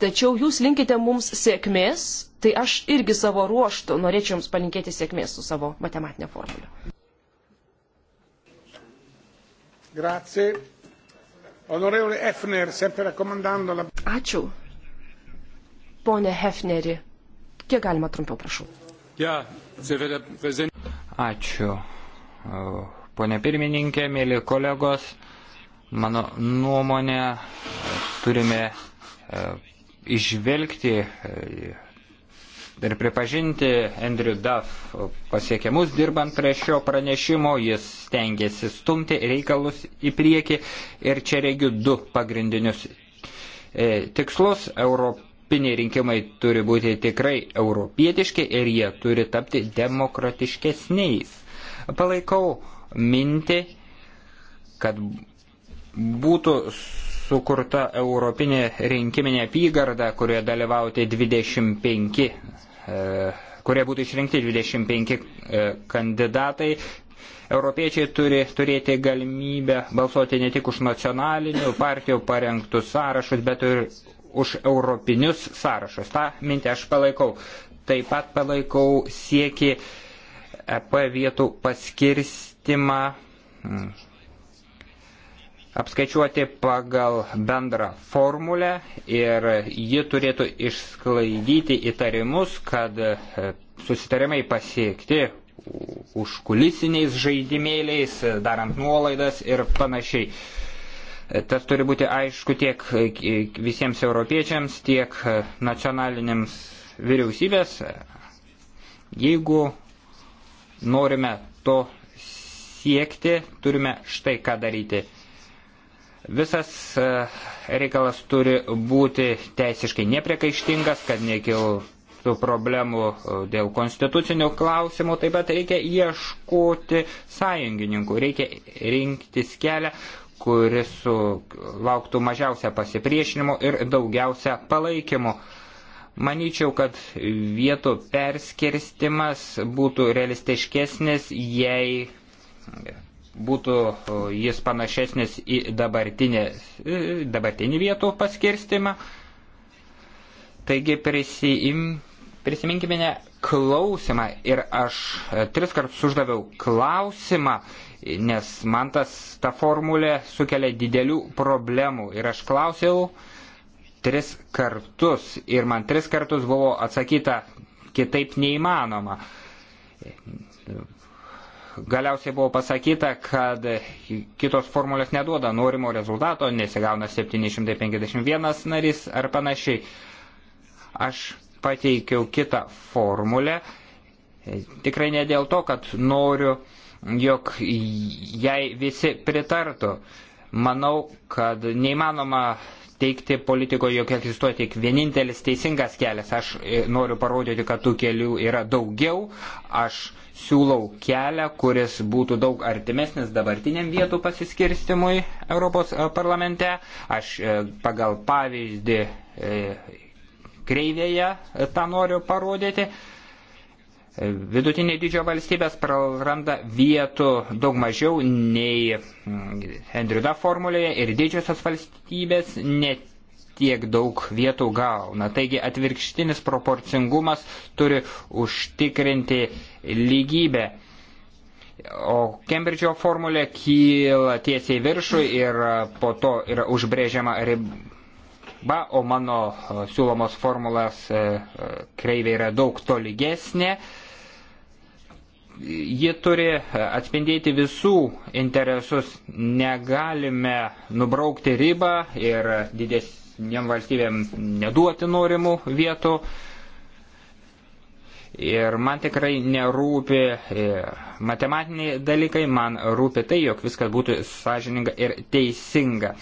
tačiau jūs linkite mums sėkmės, tai aš irgi savo ruoštų norėčiau jums palinkėti sėkmės su savo matematinė formulė. Grazie. Onorevole Efner, sempre raccomandando la... Ačiū. Pone Hefneri, kiek galima trumpiau, prašau. Ačiū. Pone pirmininkė, mėly kolegos, mano nuomonė, turime e, išvelgti e, ir pripažinti Andrew Duff pasiekimus dirbant prie šio pranešimo, jis stengiasi stumti reikalus į priekį ir čia regiu du pagrindinius e, tikslus Europos europiniai rinkimai turi būti tikrai europietiški ir jie turi tapti demokratiškesniais. Palaikau mintį, kad būtų sukurta europinė rinkiminė apygarda, kurioje dalyvauti 25, e, kurie būtų išrinkti 25 e, kandidatai. Europiečiai turi turėti galimybę balsuoti ne tik už nacionalinių partijų parengtus sąrašus, bet ir už europinius sąrašus. Ta mintė aš palaikau. Taip pat palaikau sieki EP vietų paskirstimą mm, apskaičiuoti pagal bendrą formulę ir ji turėtų išsklaidyti įtarimus, kad e, susitarimai pasiekti užkulisiniais žaidimėliais, darant nuolaidas ir panašiai. Tas turi būti aišku tiek e, visiems europiečiams, tiek e, nacionalinėms vyriausybės. Jeigu norime to siekti, turime štai ką daryti. Visas e, reikalas turi būti teisiškai nepriekaištingas, kad nekiltų problemų dėl konstitucinių klausimų. Taip pat reikia ieškoti sąjungininkų, reikia rinktis kelią, kuris lauktų mažiausia pasipriešinimo ir daugiausia palaikymo. Manyčiau, kad vietų perskirstimas būtų realistiškesnis, jei būtų jis panašesnis į dabartinį, dabartinį vietų paskirstimą. Taigi prisim, prisiminkime klausimą ir aš e, tris kartus uždaviau klausimą, nes man tas, ta formulė sukelia didelių problemų ir aš klausiau tris kartus ir man tris kartus buvo atsakyta kitaip neįmanoma. Galiausiai buvo pasakyta, kad kitos formulės neduoda norimo rezultato, nesigauna 751 narys ar panašiai. Aš pateikiau kitą formulę. Tikrai ne dėl to, kad noriu, jog jai visi pritartų. Manau, kad neįmanoma teikti politikoje, jog egzistuoja tik vienintelis teisingas kelias. Aš e, noriu parodyti, kad tų kelių yra daugiau. Aš siūlau kelią, kuris būtų daug artimesnis dabartiniam vietų pasiskirstimui Europos e, parlamente. Aš e, pagal pavyzdį kreivėje e, tą noriu parodyti. E, vidutinė dydžio valstybės praranda vietų daug mažiau nei Endriuda mm, formulėje ir didžiosios valstybės net tiek daug vietų gauna. Taigi atvirkštinis proporcingumas turi užtikrinti lygybę. O Kembridžio formulė kyla tiesiai viršų ir po to yra užbrėžiama rib, Ba, o mano e, siūlomos formulas e, e, kreivė yra daug tolygesnė. Ji turi atspindėti visų interesus. Negalime nubraukti ribą ir didesniem valstybėm neduoti norimų vietų. Ir man tikrai nerūpi matematiniai dalykai, man rūpi tai, jog viskas būtų sąžininga ir teisinga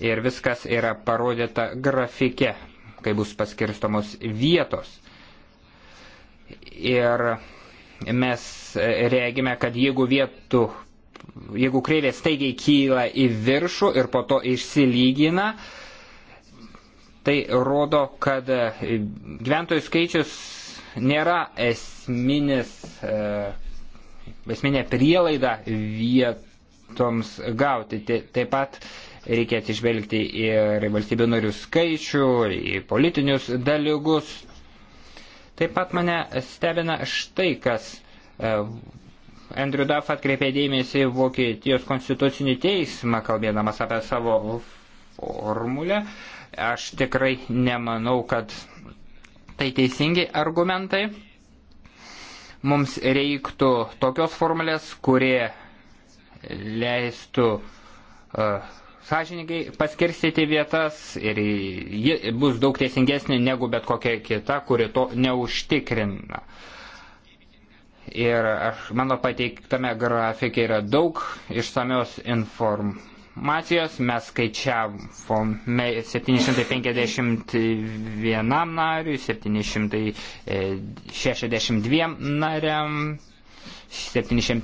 ir viskas yra parodyta grafike, kai bus paskirstamos vietos. Ir mes regime, kad jeigu vietų, jeigu kreivė staigiai kyla į viršų ir po to išsilygina, tai rodo, kad gyventojų skaičius nėra esminis, e, esminė prielaida vietoms gauti. Taip pat reikia atsižvelgti ir valstybių narių skaičių, į politinius dalykus. Taip pat mane stebina štai kas. E, Andrew Duff atkreipė dėmesį Vokietijos konstitucinį teismą, kalbėdamas apie savo formulę. Aš tikrai nemanau, kad tai teisingi argumentai. Mums reiktų tokios formulės, kurie leistų uh, sąžininkai paskirstyti vietas ir ji bus daug teisingesnė negu bet kokia kita, kuri to neužtikrina. Ir aš, mano pateiktame grafikė yra daug išsamios informacijos. Mes skaičiavome 751 nariui, 762 e, nariam, 700.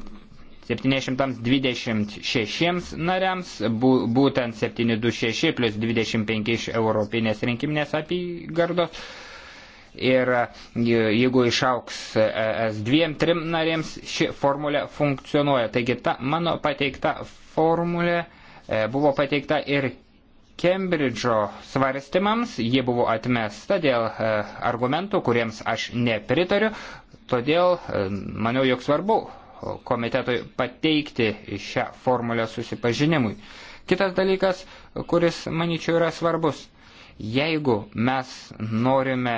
726 nariams, būtent 726 plus 25 iš Europinės rinkiminės apygardos. Ir e, jeigu išauks e, S dviem, trim narėms, ši formulė funkcionuoja. Taigi ta mano pateikta formulė e, buvo pateikta ir Kembridžo svarstymams, ji buvo atmesta dėl argumentų, kuriems aš nepritariu, todėl maniau, jog svarbu komitetui pateikti šią formulę susipažinimui. Kitas dalykas, kuris, manyčiau, yra svarbus. Jeigu mes norime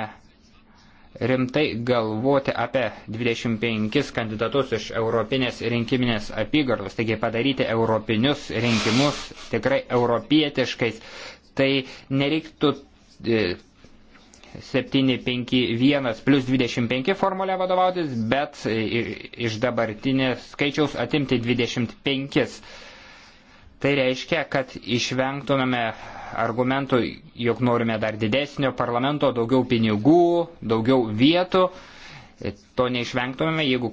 rimtai galvoti apie 25 kandidatus iš Europinės rinkiminės apygardos, taigi padaryti europinius rinkimus tikrai europietiškais, tai nereiktų e, 751 plus 25 formulę vadovautis, bet iš dabartinės skaičiaus atimti 25. Tai reiškia, kad išvengtumėme argumentų, jog norime dar didesnio parlamento, daugiau pinigų, daugiau vietų. To neišvengtumėme, jeigu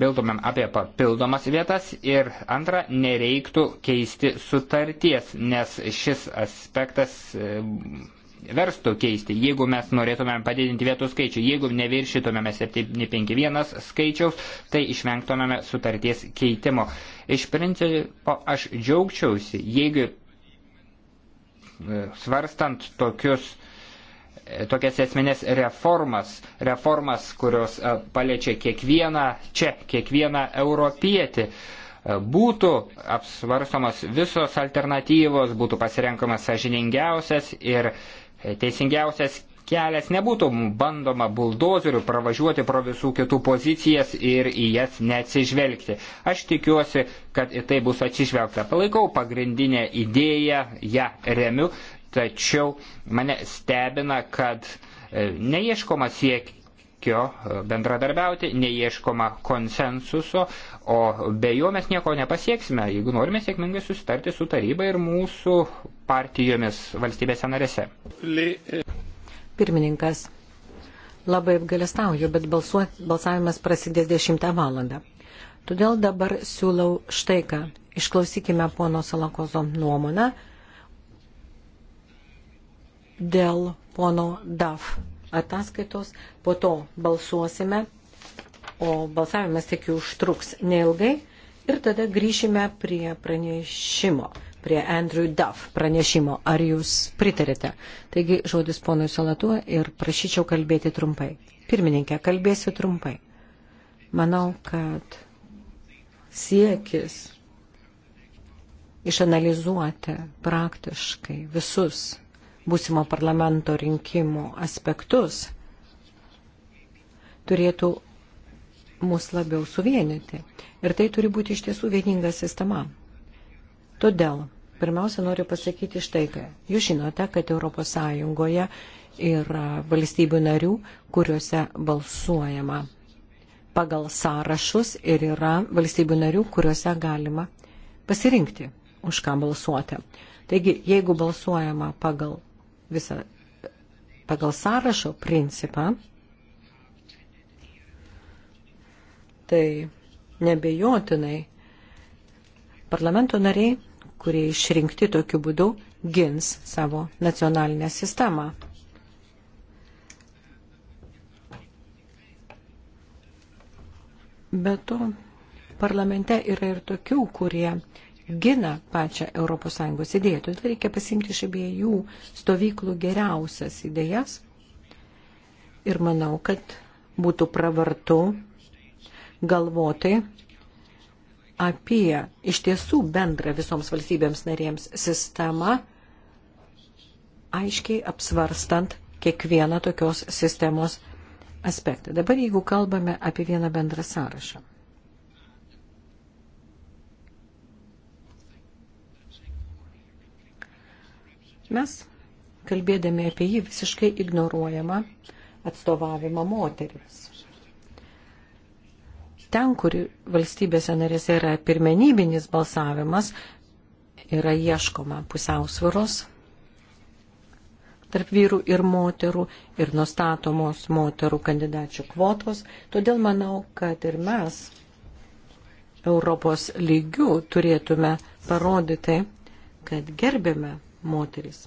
biltumėm apie papildomas vietas. Ir antra, nereiktų keisti sutarties, nes šis aspektas verstų keisti, jeigu mes norėtume padidinti vietų skaičių, jeigu neviršytumėme 751 skaičiaus, tai išvengtumėme sutarties keitimo. Iš principo aš džiaugčiausi, jeigu e, svarstant tokius e, tokias esminės reformas, reformas, kurios e, paliečia kiekvieną čia, kiekvieną europietį būtų apsvarstomas visos alternatyvos, būtų pasirenkamas sažiningiausias ir teisingiausias kelias nebūtų bandoma buldozeriu pravažiuoti pro visų kitų pozicijas ir į jas neatsižvelgti. Aš tikiuosi, kad į tai bus atsižvelgta. Palaikau pagrindinę idėją, ją remiu, tačiau mane stebina, kad e, neieškoma siekti siekio e, bendradarbiauti, neieškoma konsensuso, o be jo mes nieko nepasieksime, jeigu norime sėkmingai susitarti su taryba ir mūsų partijomis valstybėse narėse. E, Pirmininkas, labai apgalestauju, bet balsuo, balsavimas prasidės 10 valandą. Todėl dabar siūlau štai ką. Išklausykime pono Salakozo nuomonę dėl pono DAF ataskaitos, po to balsuosime, o balsavimas tik užtruks neilgai ir tada grįšime prie pranešimo, prie Andrew Duff pranešimo. Ar jūs pritarėte? Taigi žodis ponui Salatuo ir prašyčiau kalbėti trumpai. Pirmininkė, kalbėsiu trumpai. Manau, kad siekis išanalizuoti praktiškai visus būsimo parlamento rinkimų aspektus, turėtų mus labiau suvienyti. Ir tai turi būti iš tiesų vieninga sistema. Todėl, pirmiausia, noriu pasakyti štai, kad jūs žinote, kad ES yra valstybių narių, kuriuose balsuojama pagal sąrašus ir yra valstybių narių, kuriuose galima pasirinkti, už ką balsuoti. Taigi, jeigu balsuojama pagal visą pagal sąrašo principą, tai nebejotinai parlamento nariai, kurie išrinkti tokiu būdu, gins savo nacionalinę sistemą. Bet to parlamente yra ir tokių, kurie uh, gina pačią ES idėją. Todėl reikia pasimti iš abiejų stovyklų geriausias idėjas. Ir manau, kad būtų pravartu galvoti apie iš tiesų bendrą visoms valstybėms narėms sistemą, aiškiai apsvarstant kiekvieną tokios sistemos aspektą. Dabar jeigu kalbame apie vieną bendrą sąrašą. Mes, kalbėdami apie jį, visiškai ignoruojama atstovavimą moterims. Ten, kur valstybėse narėse yra pirmenybinis balsavimas, yra ieškoma pusiausvaros tarp vyrų ir moterų ir nustatomos moterų kandidačių kvotos. Todėl manau, kad ir mes Europos lygių turėtume parodyti, kad gerbėme moteris.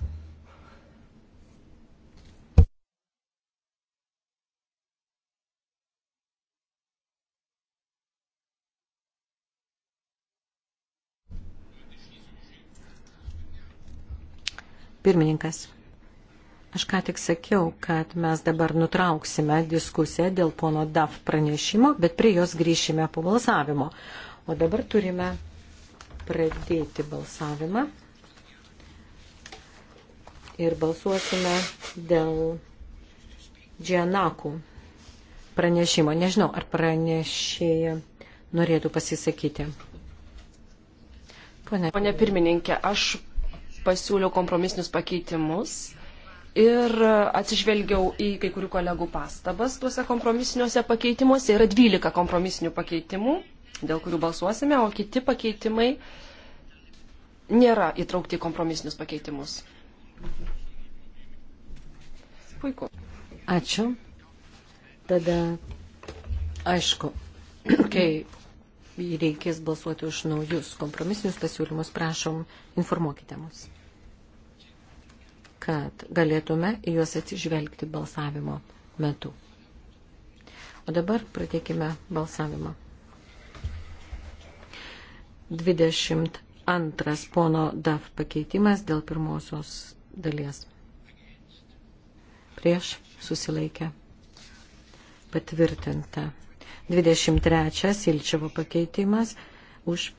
Pirmininkas, aš ką tik sakiau, kad mes dabar nutrauksime diskusiją dėl pono DAF pranešimo, bet prie jos grįšime po balsavimo. O dabar turime pradėti balsavimą ir balsuosime dėl Džianakų pranešimo. Nežinau, ar pranešėja norėtų pasisakyti. Pone, Pone pirmininkė, aš pasiūliau kompromisinius pakeitimus ir atsižvelgiau į kai kurių kolegų pastabas tuose kompromisiniuose pakeitimuose. Yra 12 kompromisinių pakeitimų, dėl kurių balsuosime, o kiti pakeitimai nėra įtraukti į kompromisinius pakeitimus. Puiku. Ačiū. Tada, aišku, kai reikės balsuoti už naujus kompromisinius pasiūlymus, prašom, informuokite mus, kad galėtume į juos atsižvelgti balsavimo metu. O dabar pradėkime balsavimą. 22 pono DAF pakeitimas dėl pirmosios dalies. Prieš susilaikę patvirtinta. 23. Silčiavo pakeitimas už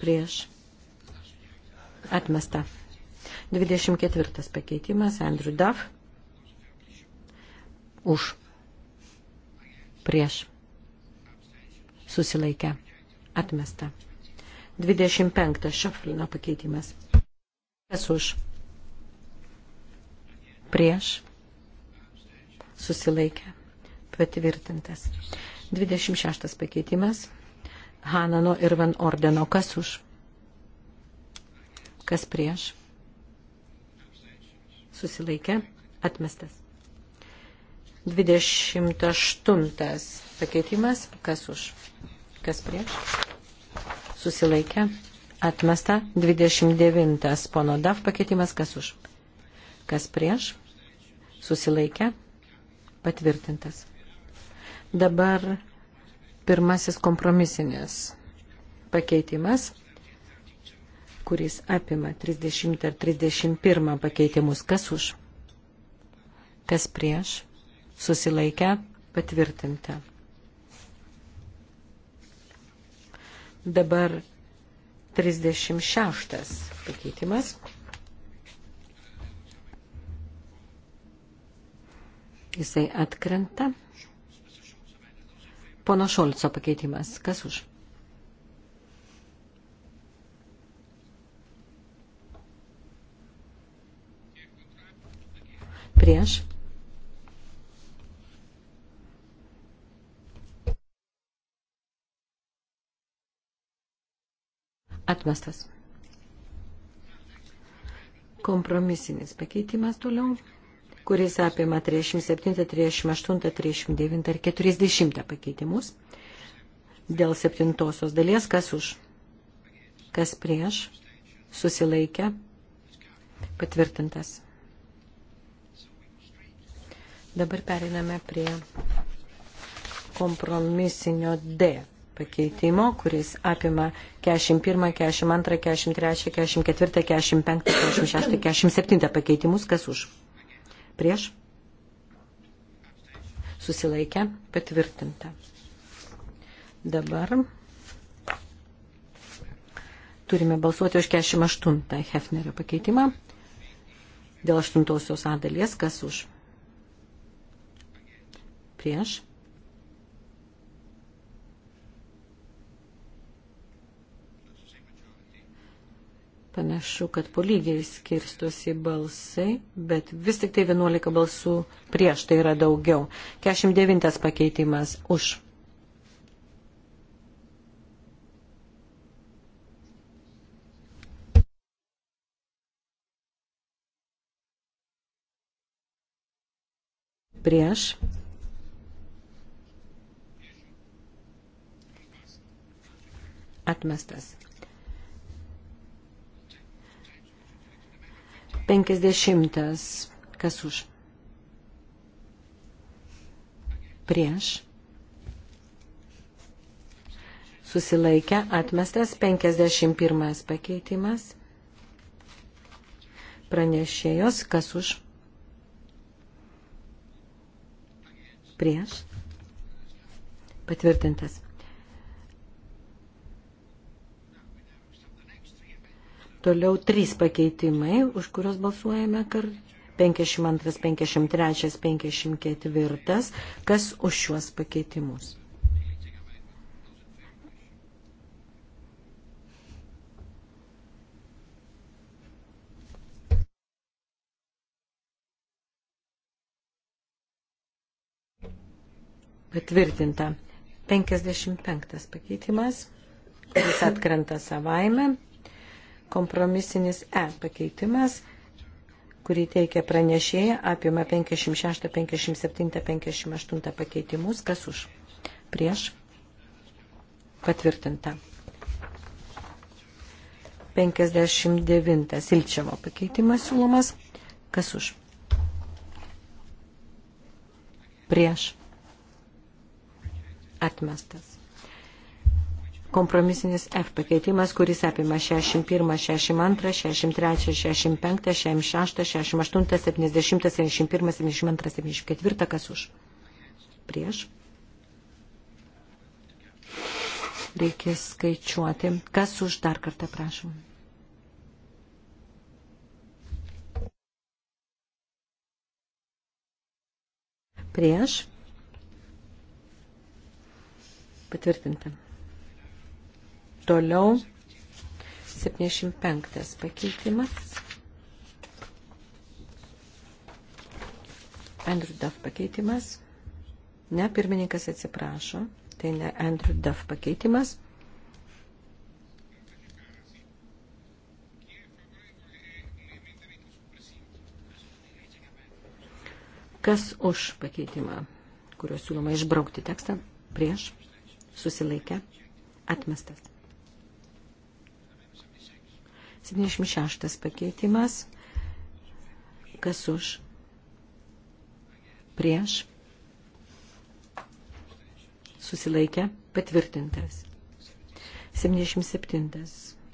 prieš atmesta. 24. pakeitimas Andrew Duff už prieš susilaikę atmesta. 25 Šeflino pakeitimas. Kas už? Prieš? Susilaikė. Patvirtintas. 26 pakeitimas. Hanano ir Van Ordeno. Kas už? Kas prieš? Susilaikė. Atmestas. 28 pakeitimas. Kas už? Kas prieš? susilaikė, atmesta 29 pono DAF pakeitimas, kas už, kas prieš, susilaikė, patvirtintas. Dabar pirmasis kompromisinis pakeitimas kuris apima 30 ar 31 pakeitimus. Kas už? Kas prieš? Susilaikę? Patvirtinta. Dabar 36 pakeitimas. Jisai atkrenta. Pono Šolco pakeitimas. Kas už? Prieš. Atmestas. Kompromisinis pakeitimas toliau, kuris apima 37, 38, 39 ir 40 pakeitimus. Dėl septintosios dalies, kas už, kas prieš, susilaikė, patvirtintas. Dabar periname prie kompromisinio D pakeitimo, kuris apima 41, 42, 43, 44, 45, 46, 47 pakeitimus. Kas už? Prieš? Susilaikę? Patvirtinta. Dabar turime balsuoti už 48 Hefnerio pakeitimą. Dėl aštuntosios A dalies, kas už? Prieš? Panašu, kad po lygiai skirstosi balsai, bet vis tik tai 11 balsų prieš tai yra daugiau. 49 pakeitimas už. Prieš. Atmestas. 50. Kas už? Prieš. Susilaikę atmestas 51 pakeitimas. Pranešėjos, kas už? Prieš. Patvirtintas. Toliau trys pakeitimai, už kuriuos balsuojame kartu. 52, 53, 54. Kas už šiuos pakeitimus? Patvirtinta. 55 pakeitimas, kuris atkrenta savaime. Kompromisinis E pakeitimas, kurį teikia pranešėja, apima 56, 57, 58 pakeitimus. Kas už? Prieš? Patvirtinta. 59 Ilčiavo pakeitimas siūlomas. Kas už? Prieš. Atmestas kompromisinis F pakeitimas, kuris apima 61, 62, 63, 65, 66, 68, 70, 71, 72, 74, kas už. Prieš. Reikia skaičiuoti. Kas už dar kartą prašom. Prieš. Patvirtintam. Toliau 75 pakeitimas. Andrew Duff pakeitimas. Ne, pirmininkas atsiprašo. Tai ne Andrew Duff pakeitimas. Kas už pakeitimą, kuriuo siūloma išbraukti tekstą? Prieš? Susilaikę? Atmestas. 76 pakeitimas. Kas už? Prieš. Susilaikė. Patvirtintas. 77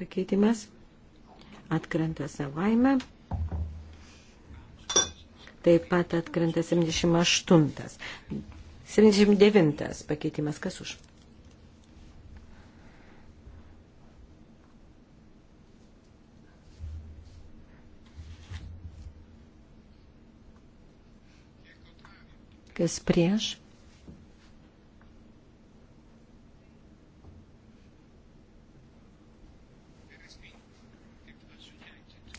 pakeitimas. Atkrenta savaime. Taip pat atkrenta 78. 79 pakeitimas. Kas už? kas prieš.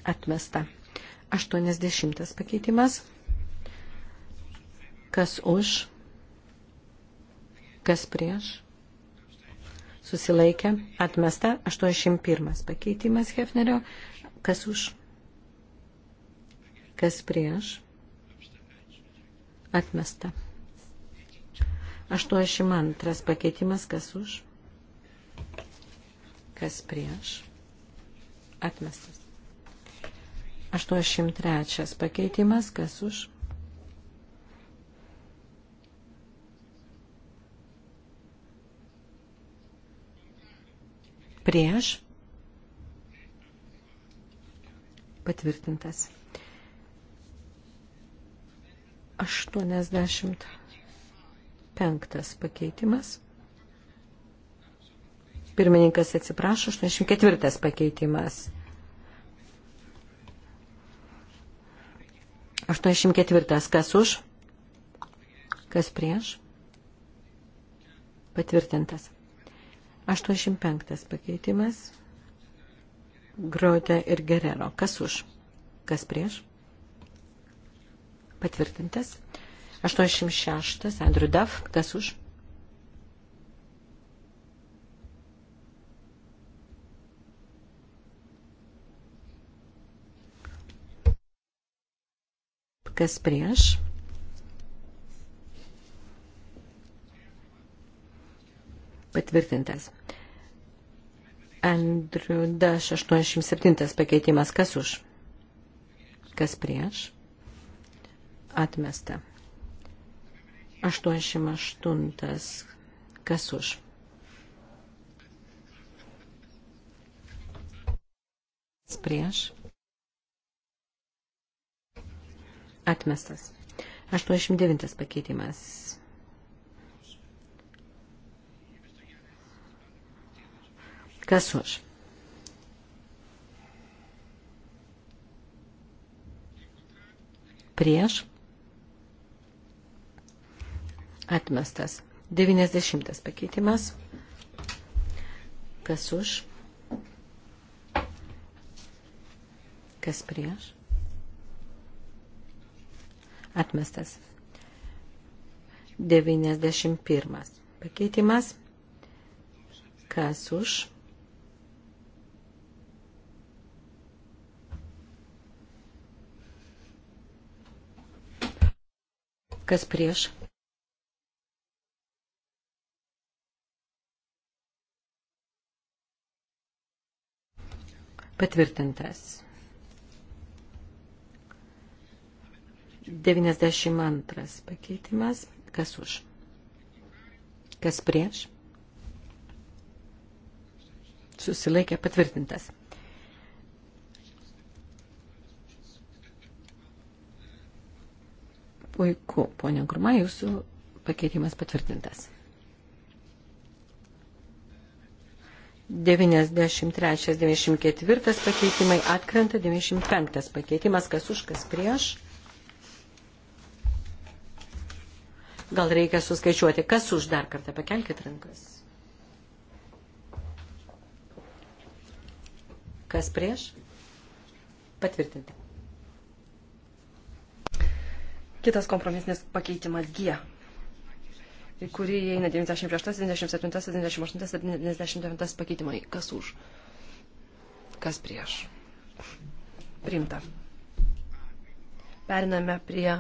Atmesta. 80 pakeitimas. Kas už, kas prieš. Susilaikė. Atmesta. 81 pakeitimas Hefnerio. Kas už, kas prieš Atmesta. 82 pakeitimas, kas už, kas prieš, atmestas. 83 pakeitimas, kas už. Prieš patvirtintas. 85 pakeitimas. Pirmininkas atsiprašo, 84 pakeitimas. 84. Kas už? Kas prieš? Patvirtintas. 85. Pakeitimas. Grote ir Gerero. Kas už? Kas prieš? Patvirtintas. 86. Andrew Duff. Kas už? Kas prieš? Patvirtintas. Andrew Dash 87 pakeitimas. Kas už? Kas prieš? atmesta. 88. Kas už? Prieš. Atmestas. 89 pakeitimas. Kas už? Prieš. Atmestas. 90 pakeitimas. Kas už? Kas prieš? Atmestas. 91 pakeitimas. Kas už? Kas prieš? Patvirtintas. 92 pakeitimas. Kas už? Kas prieš? Susilaikė patvirtintas. Puiku, ponia Gruma, jūsų pakeitimas patvirtintas. 93-94 pakeitimai atkrenta, 95 pakeitimas, kas už, kas prieš. Gal reikia suskaičiuoti, kas už dar kartą pakelkite rankas. Kas prieš? Patvirtinti. Kitas kompromisinis pakeitimas G į kurį įeina 96, 97, 98, 79 pakeitimai. Kas už? Kas prieš? Priimta. Periname prie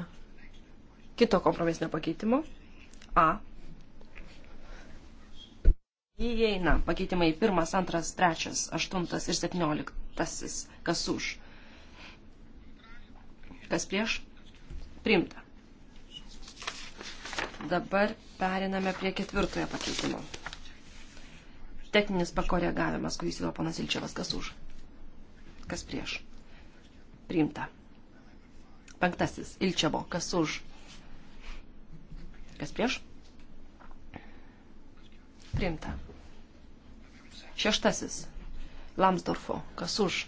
kito kompromisinio pakeitimo. A. Įeina pakeitimai 1, 2, 3, 8 ir 17. Kas už? Kas prieš? Priimta. Dabar periname prie ketvirtojo pakeitimo. Techninis pakoregavimas, kurį siūlo ponas Ilčiavas, kas už, kas prieš. Priimta. Penktasis, Ilčiavo, kas už, kas prieš. Priimta. Šeštasis, Lamsdorfo, kas už,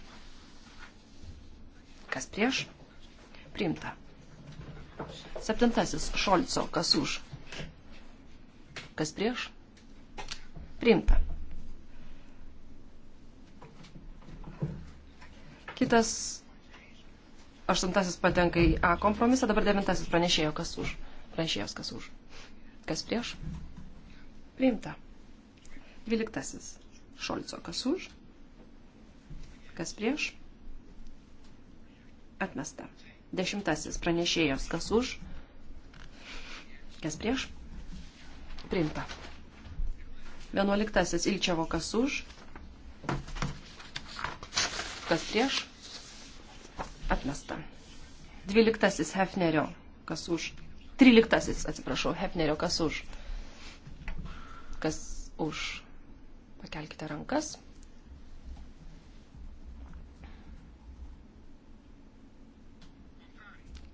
kas prieš. Priimta. Septintasis Šolco, kas už, kas prieš, priimta. Kitas aštuntasis patenka į A kompromisą, dabar devintasis pranešėjo, kas už, pranešėjos, kas už, kas prieš, priimta. Dvyliktasis Šolco, kas už, kas prieš, atmesta. Dešimtasis pranešėjas, kas už, kas prieš, priimta. Vienuoliktasis Ilčiavo, kas už, kas prieš, atmesta. Dvyliktasis Hefnerio, kas už, tryliktasis, atsiprašau, Hefnerio, kas už, kas už, pakelkite rankas.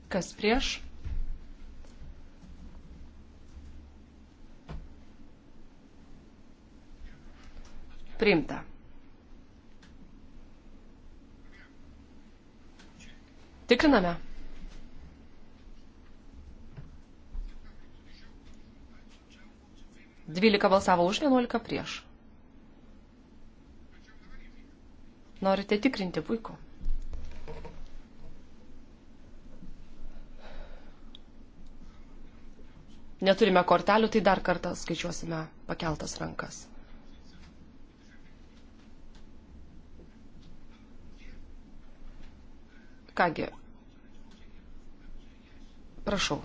Kas prieš? Priimta. Tikriname. Dvylika balsavo už, vienuolika prieš. Norite tikrinti, puiku. neturime kortelių, tai dar kartą skaičiuosime pakeltas rankas. Kągi, prašau.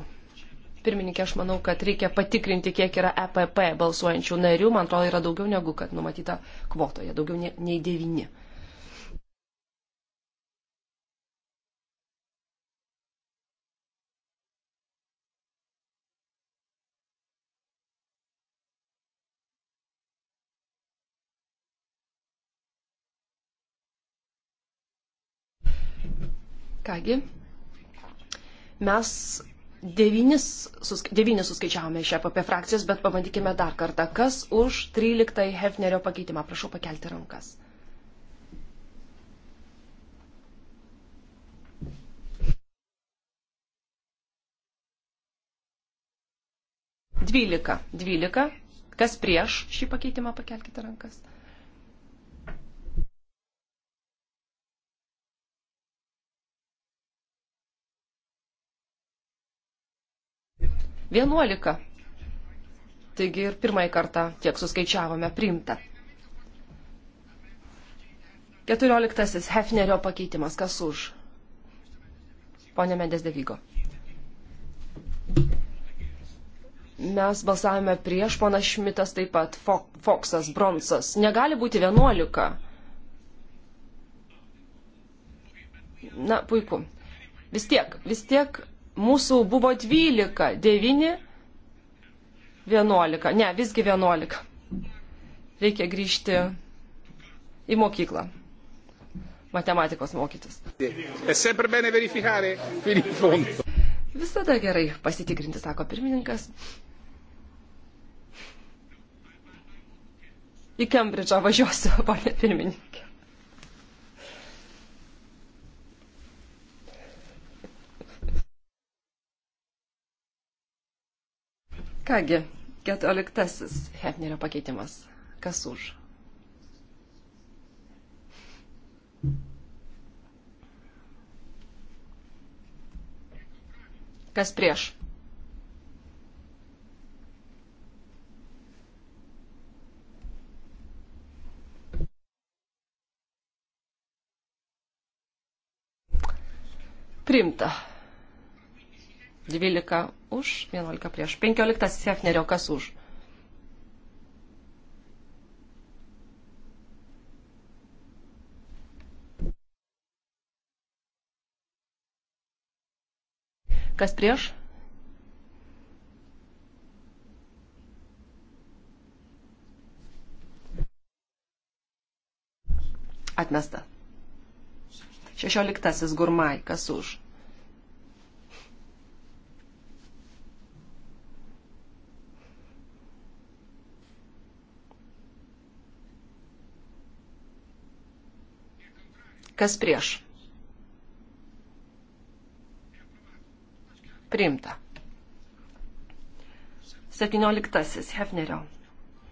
Pirmininkė, aš manau, kad reikia patikrinti, kiek yra EPP balsuojančių narių. Man atrodo, yra daugiau negu kad numatyta kvotoje, daugiau nei devyni. Kągi, mes devynis, sus, devynis suskaičiavome iš EPP frakcijos, bet pabandykime dar kartą. Kas už 13 Hefnerio pakeitimą? Prašau pakelti rankas. Dvylika. Dvylika. Kas prieš šį pakeitimą pakelkite rankas? 11. Taigi ir pirmąjį kartą tiek suskaičiavome priimta. 14. Hefnerio pakeitimas. Kas už? Pone Mendes Devygo. Mes balsavome prieš, ponas Šmitas taip pat, Foksas, Bronsas. Negali būti 11. Na, puiku. Vis tiek, vis tiek mūsų buvo 12, 9, 11, ne, visgi 11. Reikia grįžti į mokyklą. Matematikos mokytis. Visada gerai pasitikrinti, sako pirmininkas. Į Kembridžą važiuosiu, (laughs) ponė pirmininkė. Kągi, keturioliktasis Hefnerio pakeitimas. Kas už? Kas prieš? Primta. 12 už, 11 prieš. 15 Sefnerio, kas už? Kas prieš? Atmesta. Šešioliktasis gurmai, kas už? Kas prieš? Priimta. 17. Hefnerio.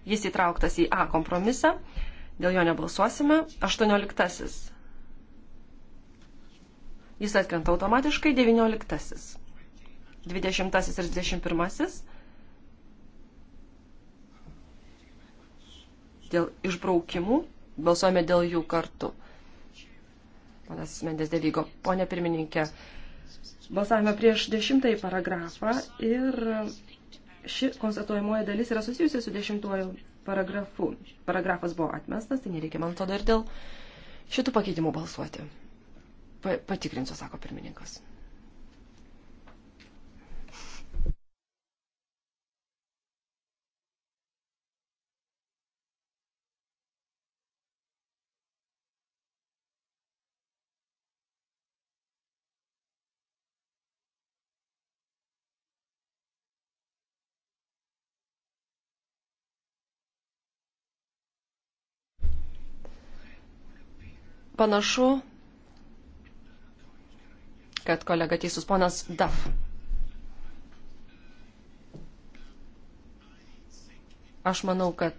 Jis įtrauktas į A kompromisą. Dėl jo nebalsuosime. 18. Jis atkrenta automatiškai. 19. 20. ir 21. Dėl išbraukimų balsuojame dėl jų kartu. 21. Panas Mendes Devygo, ponė pirmininkė, balsavome prieš dešimtąjį paragrafą ir ši konstatuojamoji dalis yra susijusi su dešimtuoju paragrafu. Paragrafas buvo atmestas, tai nereikia man to dar dėl šitų pakeitimų balsuoti. Pa patikrinsiu, sako pirmininkas. Panašu, kad kolega teisus ponas Daf. Aš manau, kad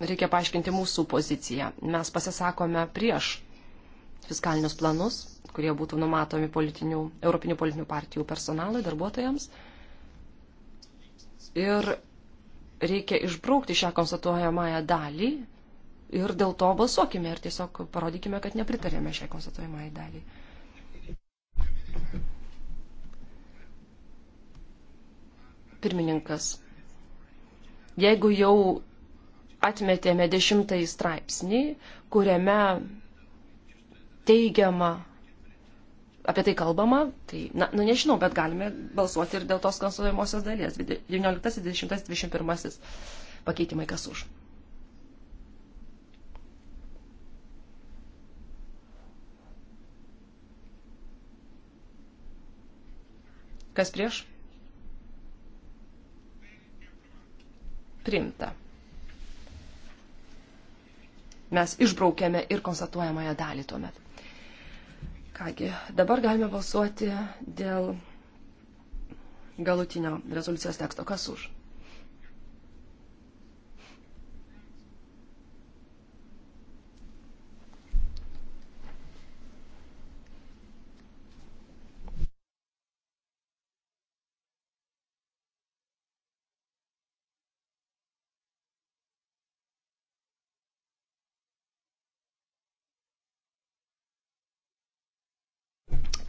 reikia paaiškinti mūsų poziciją. Mes pasisakome prieš fiskalinius planus, kurie būtų numatomi politinių, europinių politinių partijų personalui, darbuotojams. Ir reikia išbraukti šią konstatuojamąją dalį ir dėl to balsuokime ir tiesiog parodykime, kad nepritarėme šiai konstatuojamąją dalį. Pirmininkas, jeigu jau atmetėme dešimtąjį straipsnį, kuriame teigiama, apie tai kalbama, tai, na, nu nežinau, bet galime balsuoti ir dėl tos konsultuojamosios dalies. 19, 20, 21 pakeitimai kas už. Kas prieš? Primta. Mes išbraukėme ir konstatuojamąją dalį tuomet. Kągi, dabar galime balsuoti dėl galutinio rezoliucijos teksto. Kas už?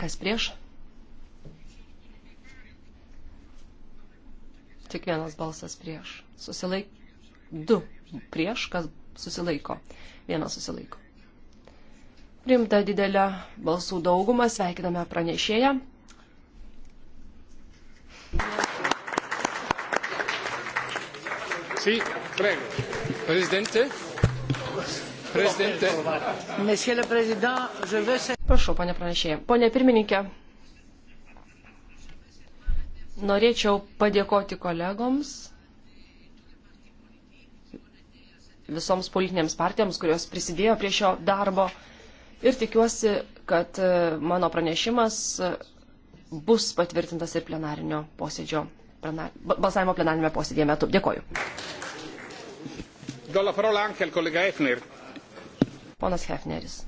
Kas prieš? Tik vienas balsas prieš. Susilaik. Du prieš, kas susilaiko. Vienas susilaiko. Primta didelė balsų dauguma, sveikiname pranešėją. Sí, prego. Presidente. Presidente. Monsieur le Président, je veux... Prašau, ponė pranešėja. Ponė pirmininkė, norėčiau padėkoti kolegoms, visoms politinėms partijoms, kurios prisidėjo prie šio darbo. Ir tikiuosi, kad e, mano pranešimas e, bus patvirtintas ir plenarinio posėdžio, plenar, balsavimo plenarinėme posėdėje metu. Dėkoju. Ponas Hefneris.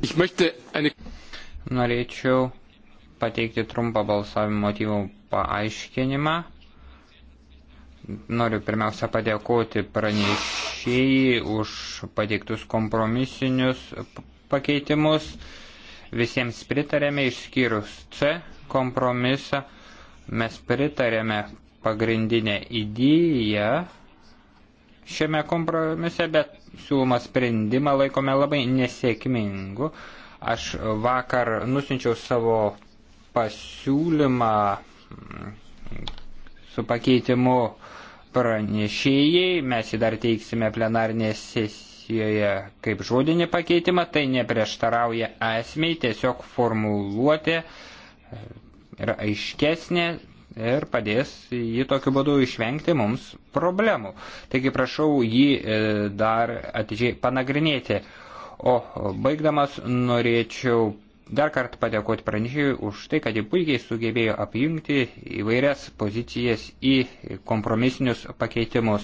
Norėčiau pateikti trumpą balsavimo motyvų paaiškinimą. Noriu pirmiausia padėkoti pranešėjai už pateiktus kompromisinius pakeitimus. Visiems pritarėme išskyrus C kompromisą. Mes pritarėme pagrindinę idėją šiame kompromise, bet siūlomą sprendimą laikome labai nesėkmingu. Aš vakar nusinčiau savo pasiūlymą mm, su pakeitimu pranešėjai, mes jį dar teiksime plenarinėje sesijoje kaip žodinį pakeitimą, tai neprieštarauja esmei, tiesiog formuluoti e, yra aiškesnė ir padės jį tokiu būdu išvengti mums problemų. Taigi prašau jį e, dar atidžiai panagrinėti. O baigdamas norėčiau dar kartą padėkoti pranešėjui už tai, kad jie puikiai sugebėjo apjungti įvairias pozicijas į kompromisinius pakeitimus.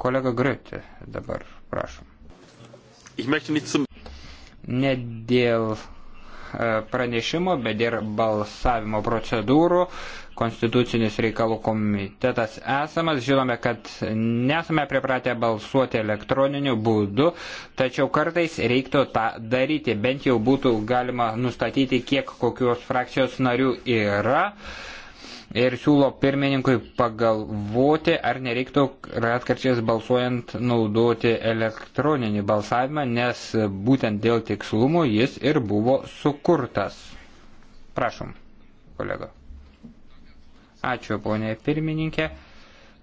Kolega Griutė dabar, prašom. Ne dėl pranešimo, bet ir balsavimo procedūrų. Konstitucinis reikalų komitetas esamas. Žinome, kad nesame pripratę balsuoti elektroniniu būdu, tačiau kartais reiktų tą daryti. Bent jau būtų galima nustatyti, kiek kokios frakcijos narių yra. Uh, ir siūlo pirmininkui pagalvoti, ar nereiktų ratkarčiais balsuojant naudoti elektroninį balsavimą, nes būtent dėl tikslumo jis ir buvo sukurtas. Prašom, kolega. Ačiū, ponė pirmininkė.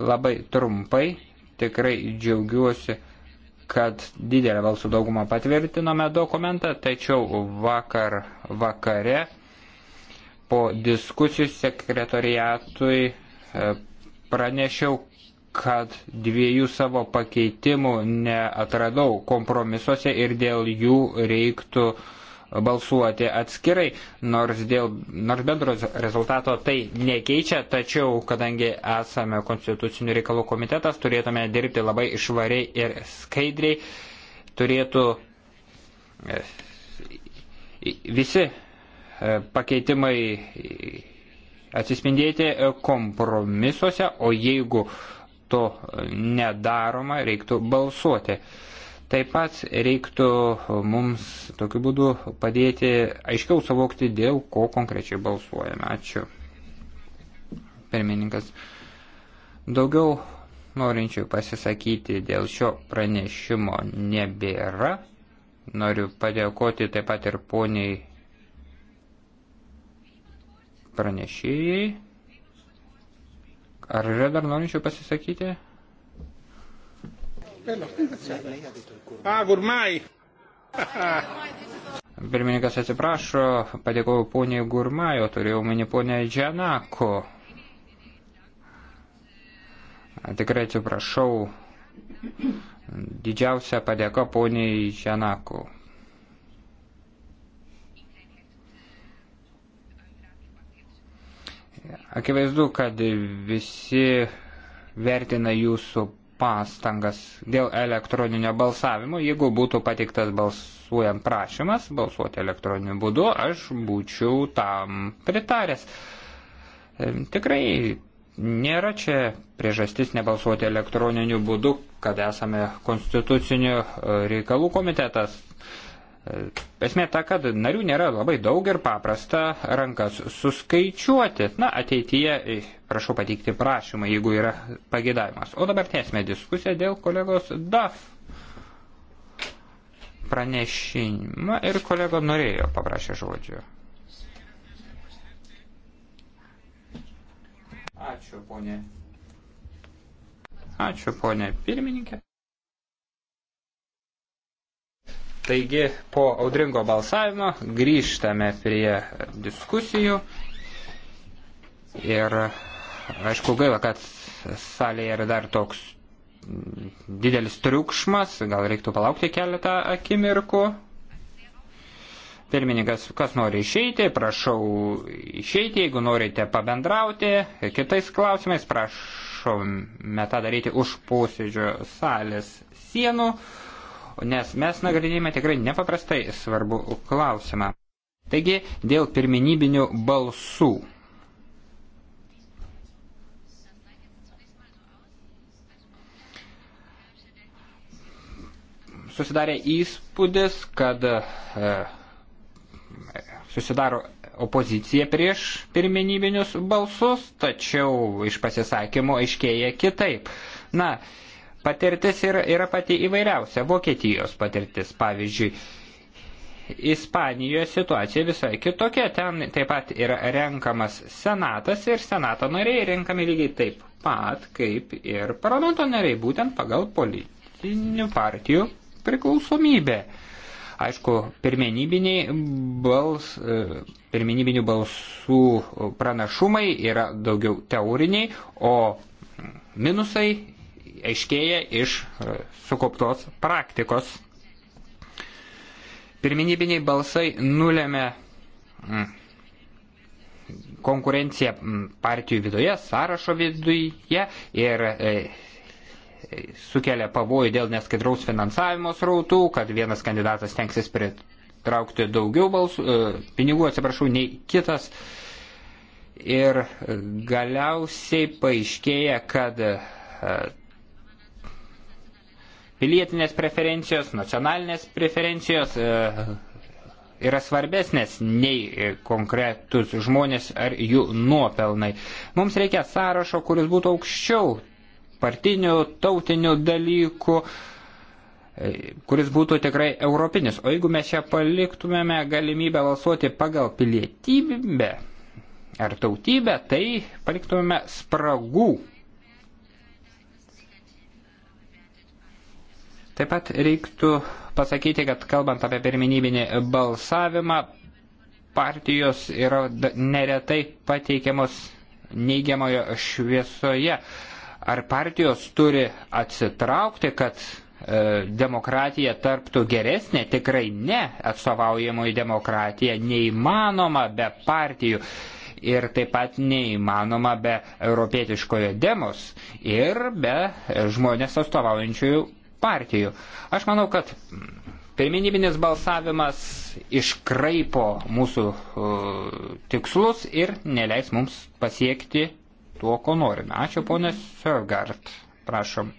Labai trumpai, tikrai džiaugiuosi kad didelę balsų daugumą patvirtinome dokumentą, tačiau vakar vakare po diskusijų sekretoriatui e, pranešiau, kad dviejų savo pakeitimų neatradau kompromisuose ir dėl jų reiktų balsuoti atskirai, nors, dėl, nors bendro rezultato tai nekeičia, tačiau kadangi esame konstitucinių reikalų komitetas, turėtume dirbti labai švariai ir skaidriai, turėtų e, visi E, pakeitimai atsispindėti e, kompromisuose, o jeigu to nedaroma, reiktų balsuoti. Taip pat reiktų mums tokiu būdu padėti aiškiau savokti, dėl ko konkrečiai balsuojame. Ačiū. Pirmininkas. Daugiau norinčių pasisakyti dėl šio pranešimo nebėra. Noriu padėkoti taip pat ir poniai pranešėjai. Ar yra dar norinčių pasisakyti? Ah, Gurmai. Pirmininkas atsiprašo, padėkoju poniai Gurmai, o turėjau mini poniai Džianako. Tikrai atsiprašau. Didžiausia padėka poniai Džianako. Akivaizdu, kad visi vertina jūsų pastangas dėl elektroninio balsavimo. Jeigu būtų pateiktas balsuojant prašymas balsuoti elektroniniu būdu, aš būčiau tam pritaręs. E, tikrai nėra čia priežastis nebalsuoti elektroniniu būdu, kad esame konstitucinių e, reikalų komitetas. Esmė ta, kad narių nėra labai daug ir paprasta rankas suskaičiuoti. Na, ateityje e, prašau pateikti prašymą, jeigu yra pagėdavimas. O dabar tęsime diskusiją dėl kolegos DAF pranešimą ir kolego norėjo paprašė žodžio. Ačiū, ponė. Ačiū, ponė pirmininkė. Taigi po audringo balsavimo grįžtame prie diskusijų ir aišku gaila, kad salėje yra dar toks didelis triukšmas, gal reiktų palaukti keletą akimirkų. Pirmininkas, kas nori išeiti, prašau išeiti, jeigu norite pabendrauti kitais klausimais, prašome tą daryti už posėdžio salės sienų nes mes nagrinėjame tikrai nepaprastai svarbu klausimą. Taigi, dėl pirminybinių balsų. Susidarė įspūdis, kad e, susidaro opozicija prieš pirminybinius balsus, tačiau iš pasisakymų aiškėja kitaip. Na, e, Patirtis yra, yra pati įvairiausia. Vokietijos patirtis, pavyzdžiui, Ispanijos situacija visai kitokia. Ten taip pat yra renkamas senatas ir senato nariai renkami lygiai taip pat, kaip ir parlamento nariai, būtent pagal politinių partijų priklausomybę. Aišku, bals, e, pirminybinių balsų pranašumai yra daugiau teoriniai, o minusai aiškėja iš e, sukauptos praktikos. Pirminybiniai balsai nulėmė mm, konkurenciją mm, partijų viduje, sąrašo viduje ir e, sukelia pavojų dėl neskaidraus finansavimo srautų, kad vienas kandidatas tenksis pritraukti daugiau balsų, e, pinigų, atsiprašau, nei kitas. Ir galiausiai paaiškėja, kad pilietinės preferencijos, nacionalinės preferencijos e, yra svarbesnės nei e, konkretus žmonės ar jų nuopelnai. Mums reikia sąrašo, kuris būtų aukščiau partinių, tautinių dalykų, e, kuris būtų tikrai europinis. O jeigu mes čia paliktumėme galimybę balsuoti pagal pilietybę ar tautybę, tai paliktumėme spragų Taip pat reiktų pasakyti, kad kalbant apie pirminybinį balsavimą, partijos yra neretai pateikiamos neigiamojo šviesoje. Ar partijos turi atsitraukti, kad e, demokratija tarptų geresnė? Tikrai ne. Atstovaujamoji demokratija neįmanoma be partijų ir taip pat neįmanoma be europietiškojo demos ir be žmonės atstovaujančiųjų partijų. Aš manau, kad pirminybinis balsavimas iškraipo mūsų uh, tikslus ir neleis mums pasiekti tuo, ko norime. Ačiū, ponė Sörgard. Prašom.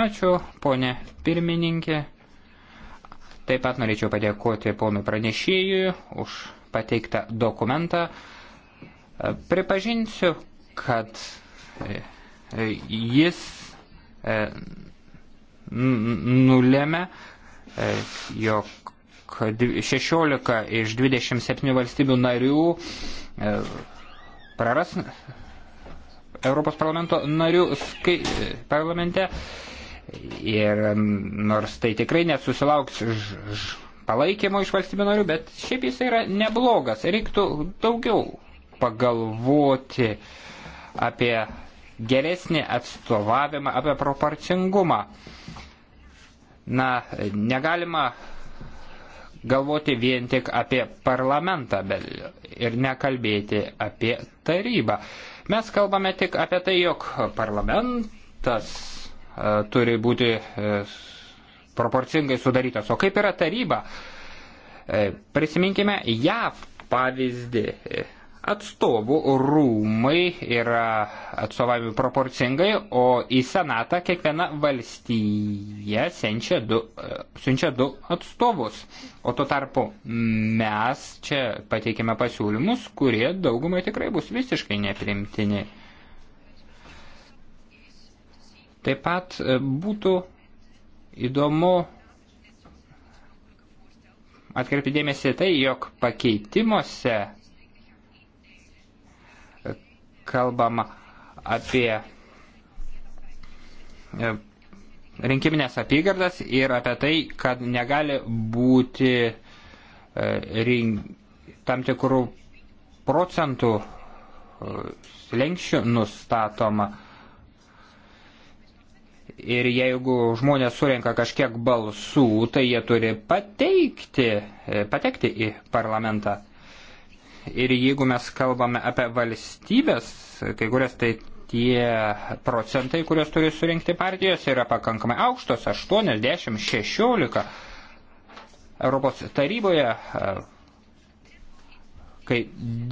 Ačiū, ponė pirmininkė. Taip pat norėčiau padėkoti ponui pranešėjui už pateiktą dokumentą. E, pripažinsiu, kad e, jis nulėmė, e, jog 16 iš 27 valstybių narių e, praras Europos parlamento narių skai, e, parlamente. Ir nors tai tikrai nesusilauks ž, ž, palaikymo iš valstybių narių, bet šiaip jis yra neblogas. Reiktų daugiau pagalvoti apie geresnį atstovavimą, apie proporcingumą. Na, negalima galvoti vien tik apie parlamentą ir nekalbėti apie tarybą. Mes kalbame tik apie tai, jog parlamentas e, turi būti e, proporcingai sudarytas. O kaip yra taryba? E, prisiminkime JAV pavyzdį. E, Atstovų rūmai yra atstovami proporcingai, o į senatą kiekviena valstija siunčia du, e, siunčia du atstovus. O tuo tarpu mes čia pateikime pasiūlymus, kurie daugumai tikrai bus visiškai neprimtini. Taip pat e, būtų įdomu atkreipti dėmesį tai, jog pakeitimuose kalbama apie e, rinkiminės apygardas ir apie tai, kad negali būti e, tam tikrų procentų e, lenkščių nustatoma. Ir jeigu žmonės surenka kažkiek balsų, tai jie turi pateikti, patekti į parlamentą. Ir jeigu mes kalbame apie valstybės, kai kurias tai tie procentai, kuriuos turi surinkti partijos, yra pakankamai aukštos - 8, 10, 16. Europos taryboje, e, kai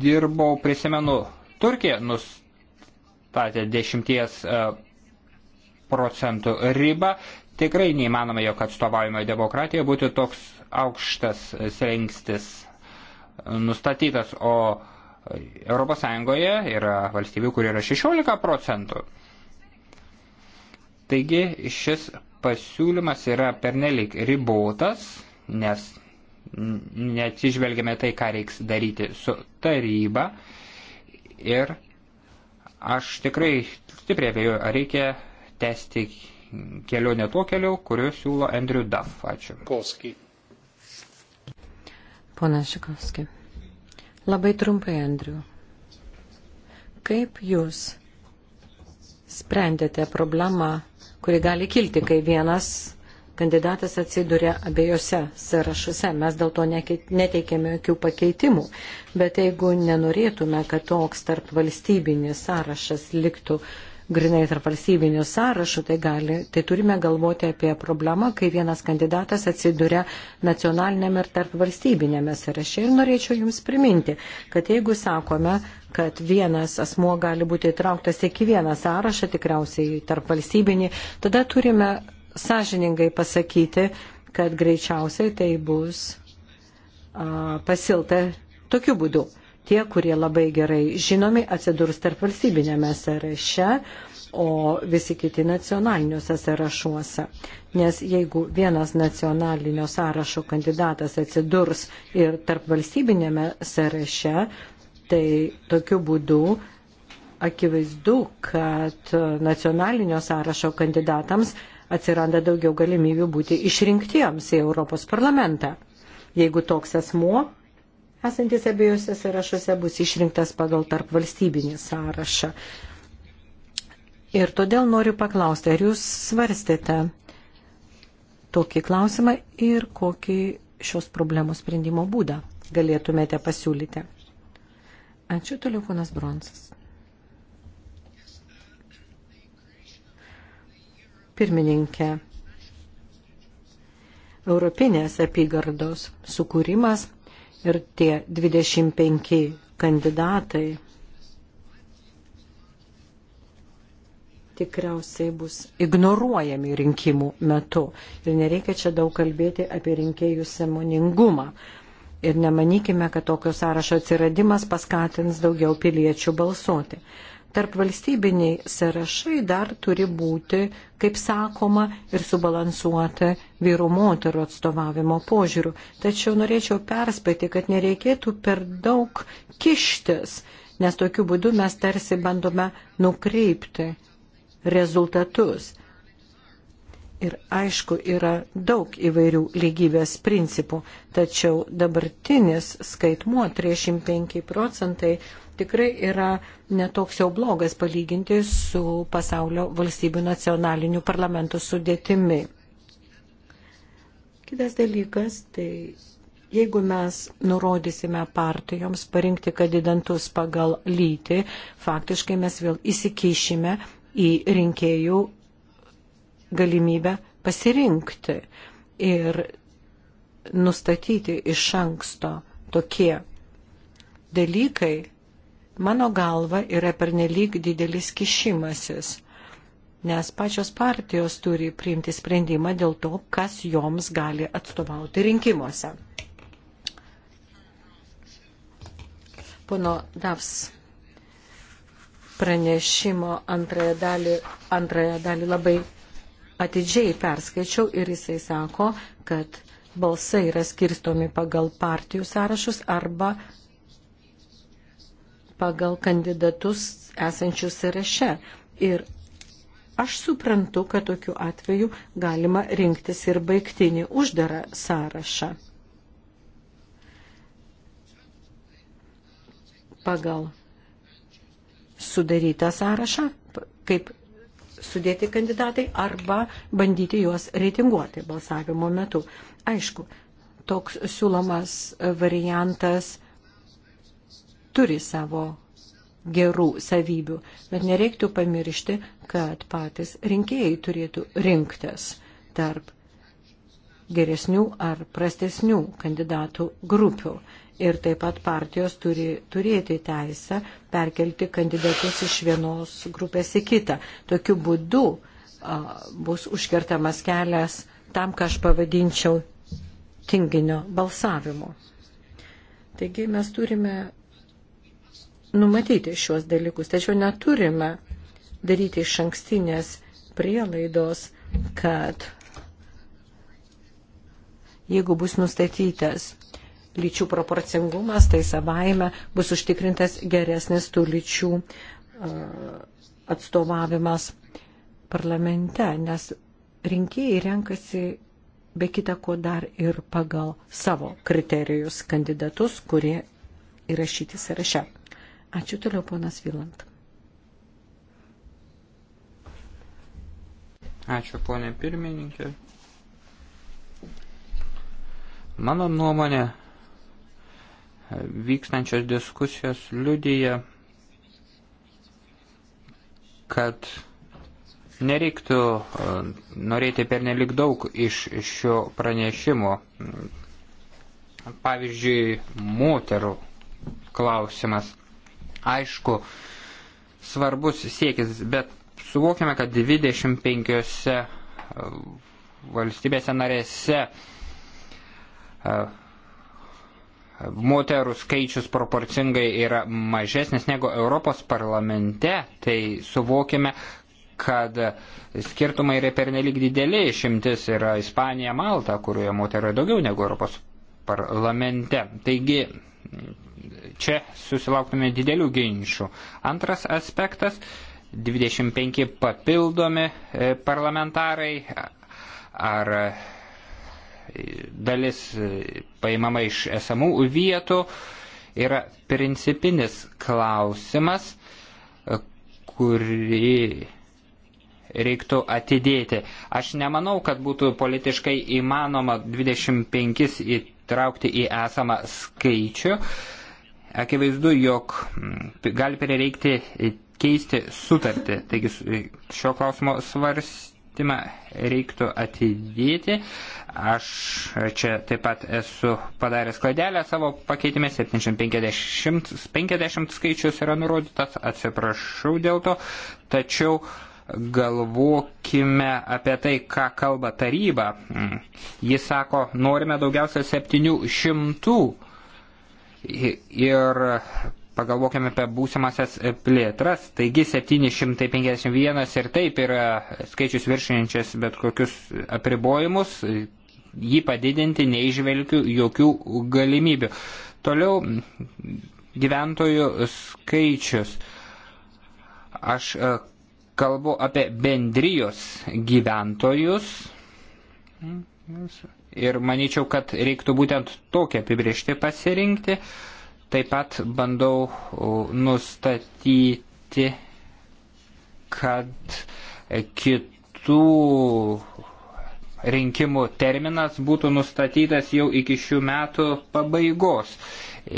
dirbau, prisimenu, Turkija nustatė 10 e, procentų ribą. Tikrai neįmanoma, jog atstovaujama demokratija būtų toks aukštas slengstis nustatytas, o ES yra valstybių, kur yra 16 procentų. Taigi šis pasiūlymas yra pernelik ribotas, nes neatsižvelgiame tai, ką reiks daryti su taryba. Ir aš tikrai stipriai abejoju, ar reikia tęsti kelionę tuo keliu, kuriuo siūlo Andrew Duff. Ačiū. Koski. Pona Šikovski. Labai trumpai, Andriu. Kaip jūs sprendėte problemą, kuri gali kilti, kai vienas kandidatas atsiduria abiejose sąrašuose. Mes dėl to neteikėme jokių pakeitimų. Bet jeigu nenorėtume, kad toks tarp valstybinis sąrašas liktų uh, grinai tarp valstybinių sąrašų, tai, gali, tai turime galvoti apie problemą, kai vienas kandidatas atsiduria nacionalinėme ir tarp valstybinėme sąraše. Ir norėčiau Jums priminti, kad jeigu sakome, kad vienas asmuo gali būti įtrauktas tik į vieną sąrašą, tikriausiai tarp valstybinį, tada turime sąžiningai pasakyti, kad greičiausiai tai bus a, pasilta tokiu būdu tie, kurie labai gerai žinomi, atsidurs tarp valstybinėme sąraše, o visi kiti nacionaliniuose sąrašuose. Nes jeigu vienas nacionalinio sąrašo kandidatas atsidurs ir tarp valstybinėme sąraše, tai tokiu būdu akivaizdu, kad nacionalinio sąrašo kandidatams atsiranda daugiau galimybių būti išrinktiems į Europos parlamentą. Jeigu toks asmuo esantis abiejose sąrašuose bus išrinktas pagal tarp valstybinį sąrašą. Ir todėl noriu paklausti, ar jūs svarstėte tokį klausimą ir kokį šios problemos sprendimo būdą galėtumėte pasiūlyti? Ačiū, telefonas Bronsas. Pirmininkė, Europinės apygardos sukūrimas ir tie 25 kandidatai tikriausiai bus ignoruojami rinkimų metu. Ir nereikia čia daug kalbėti apie rinkėjų samoningumą. Ir nemanykime, kad tokio sąrašo atsiradimas paskatins daugiau piliečių balsuoti tarp valstybiniai sąrašai dar turi būti, kaip sakoma, ir subalansuota vyrų moterų atstovavimo požiūrių. Tačiau norėčiau perspėti, kad nereikėtų per daug kištis, nes tokiu būdu mes tarsi bandome nukreipti rezultatus. Ir aišku, yra daug įvairių lygybės principų, tačiau dabartinis skaitmuo 35 procentai tikrai yra netoks jau blogas palyginti su pasaulio valstybių nacionalinių parlamentų sudėtimi. Kitas dalykas, tai jeigu mes nurodysime partijoms parinkti kandidatus pagal lytį, faktiškai mes vėl įsikeišime į rinkėjų galimybę pasirinkti ir nustatyti iš anksto tokie dalykai, mano galva, yra pernelyg didelis kišimasis nes pačios partijos turi priimti sprendimą dėl to, kas joms gali atstovauti rinkimuose. Pono Davs pranešimo antrąją dalį, antrąją dalį labai atidžiai perskaičiau ir jisai sako, kad balsai yra skirstomi pagal partijų sąrašus arba pagal kandidatus esančius sąraše. Ir aš suprantu, kad tokiu atveju galima rinktis ir baigtinį uždarą sąrašą. Pagal sudarytą sąrašą, kaip sudėti kandidatai arba bandyti juos reitinguoti balsavimo metu. Aišku, toks siūlomas variantas turi savo gerų savybių, bet nereiktų pamiršti, kad patys rinkėjai turėtų rinktis tarp geresnių ar prastesnių kandidatų grupių ir taip pat partijos turi turėti teisę perkelti kandidatus iš vienos grupės į kitą. Tokiu būdu a, bus užkertamas kelias tam, ką aš pavadinčiau tinginio balsavimu. Taigi mes turime numatyti šiuos dalykus, tačiau neturime daryti iš ankstinės prielaidos, kad jeigu bus nustatytas lyčių proporcingumas, tai savaime bus užtikrintas geresnis tų lyčių atstovavimas parlamente, nes rinkėjai renkasi be kita ko dar ir pagal savo kriterijus kandidatus, kurie įrašyti sąraše. Ačiū toliau, ponas Vilant. Ačiū, ponė pirmininkė. Mano nuomonė, vykstančios diskusijos liudyja, kad nereiktų e, norėti pernelik daug iš šio pranešimo. Pavyzdžiui, moterų klausimas. Aišku, svarbus siekis, bet suvokiame, kad 25 e, valstybėse narėse e, moterų skaičius proporcingai yra mažesnis negu Europos parlamente, tai suvokime, kad skirtumai yra pernelyg dideli, išimtis yra Ispanija, Malta, kurioje moterų yra daugiau negu Europos parlamente. Taigi čia susilauktume didelių ginčių. Antras aspektas - 25 papildomi e, parlamentarai ar dalis paimama iš esamų vietų, yra principinis klausimas, kurį reiktų atidėti. Aš nemanau, kad būtų politiškai įmanoma 25 įtraukti į esamą skaičių. Akivaizdu, jog gali prireikti keisti sutartį. Taigi šio klausimo svars, sprendimą reiktų atidėti. Aš čia taip pat esu padaręs klaidelę savo pakeitime, 750 50 skaičius yra nurodytas, atsiprašau dėl to, tačiau galvokime apie tai, ką kalba taryba. Jis sako, norime daugiausia 700 ir pagalvokime apie būsimasias plėtras. Taigi 751 ir taip yra skaičius viršinčias bet kokius apribojimus, jį padidinti neižvelgiu jokių galimybių. Toliau gyventojų skaičius. Aš e, kalbu apie bendrijos gyventojus. Ir manyčiau, kad reiktų būtent tokią apibriežtį pasirinkti. Uh, Taip pat bandau nustatyti, kad kitų rinkimų terminas būtų nustatytas jau iki šių metų pabaigos.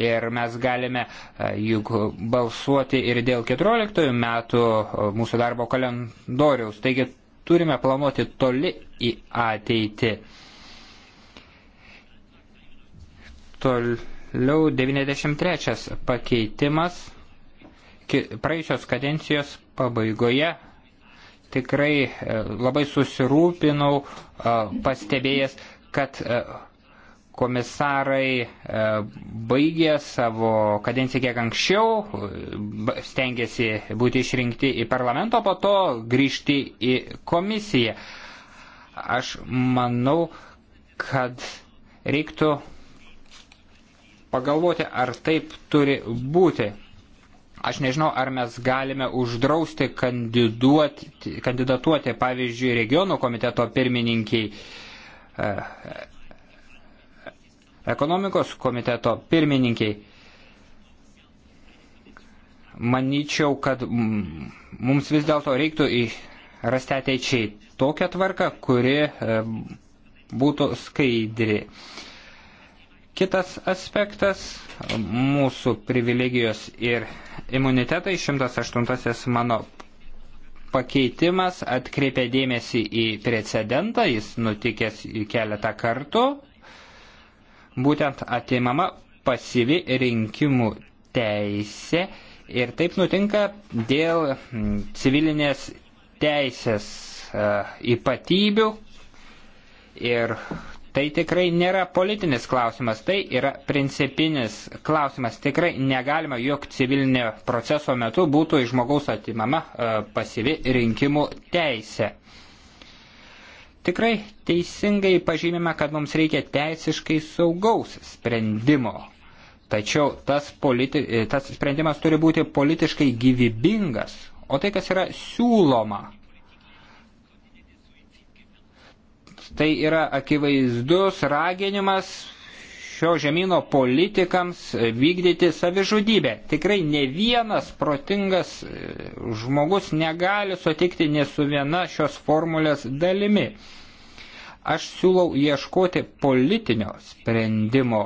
Ir mes galime e, juk balsuoti ir dėl 14 metų e, mūsų darbo kalendoriaus. Taigi turime planuoti toli į ateitį. Tol Toliau 93 pakeitimas praėjusios kadencijos pabaigoje tikrai e, labai susirūpinau e, pastebėjęs, kad e, komisarai baigė savo kadenciją kiek anksčiau, stengiasi būti išrinkti į parlamento, po to grįžti į komisiją. Aš manau, kad reiktų pagalvoti, ar taip turi būti. Aš nežinau, ar mes galime uždrausti kandidatuoti, pavyzdžiui, regionų komiteto pirmininkiai, e, e, ekonomikos komiteto pirmininkiai. Manyčiau, kad mums vis dėlto reiktų rasti ateičiai tokią tvarką, kuri e, būtų skaidri. Kitas aspektas - mūsų privilegijos ir imunitetai. 108 mano pakeitimas atkreipia dėmesį į precedentą, jis nutikęs keletą kartų. Būtent atimama pasyvi rinkimų teisė ir taip nutinka dėl civilinės teisės e, ypatybių ir Tai tikrai nėra politinis klausimas, tai yra principinis klausimas. Tikrai negalima, jog civilinio proceso metu būtų iš žmogaus atimama e, pasyvi rinkimų teisė. Tikrai teisingai pažymime, kad mums reikia teisiškai saugaus sprendimo. Tačiau tas, politi, tas sprendimas turi būti politiškai gyvybingas. O tai, kas yra siūloma Tai yra akivaizdus raginimas šio žemino politikams vykdyti savižudybę. Tikrai ne vienas protingas e, žmogus negali sutikti ne su viena šios formulės dalimi. Aš siūlau ieškoti politinio sprendimo,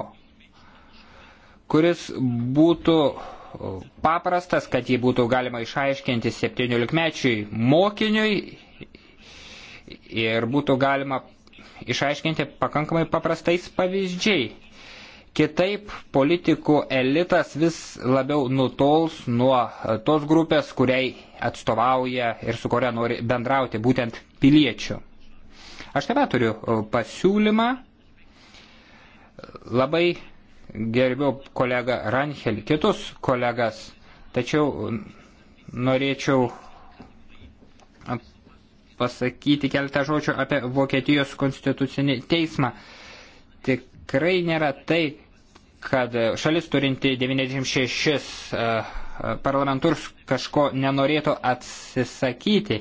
kuris būtų paprastas, kad jį būtų galima išaiškinti 17-mečiui mokiniui ir būtų galima išaiškinti pakankamai paprastais pavyzdžiai. Kitaip politikų elitas vis labiau nutols nuo tos grupės, kuriai atstovauja ir su kuria nori bendrauti būtent piliečių. Aš tave turiu e, pasiūlymą. Labai gerbiau kolegą Ranhelį, kitus kolegas, tačiau norėčiau pasakyti keltą žodžių apie Vokietijos konstitucinį teismą. Tikrai nėra tai, kad šalis turinti 96 e, e, parlamentus kažko nenorėtų atsisakyti.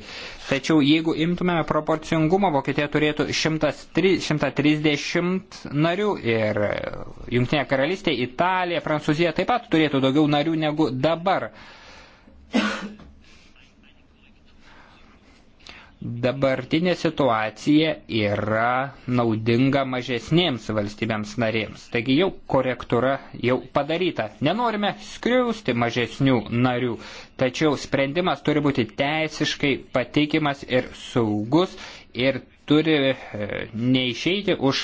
Tačiau jeigu imtumėme proporcingumą, Vokietija turėtų 130 narių ir Junktinė karalystė, Italija, Prancūzija taip pat turėtų daugiau narių negu dabar dabartinė situacija yra naudinga mažesnėms valstybėms narėms. Taigi jau korektūra jau padaryta. Nenorime skriausti mažesnių narių, tačiau sprendimas turi būti teisiškai patikimas ir saugus ir turi e, neišeiti už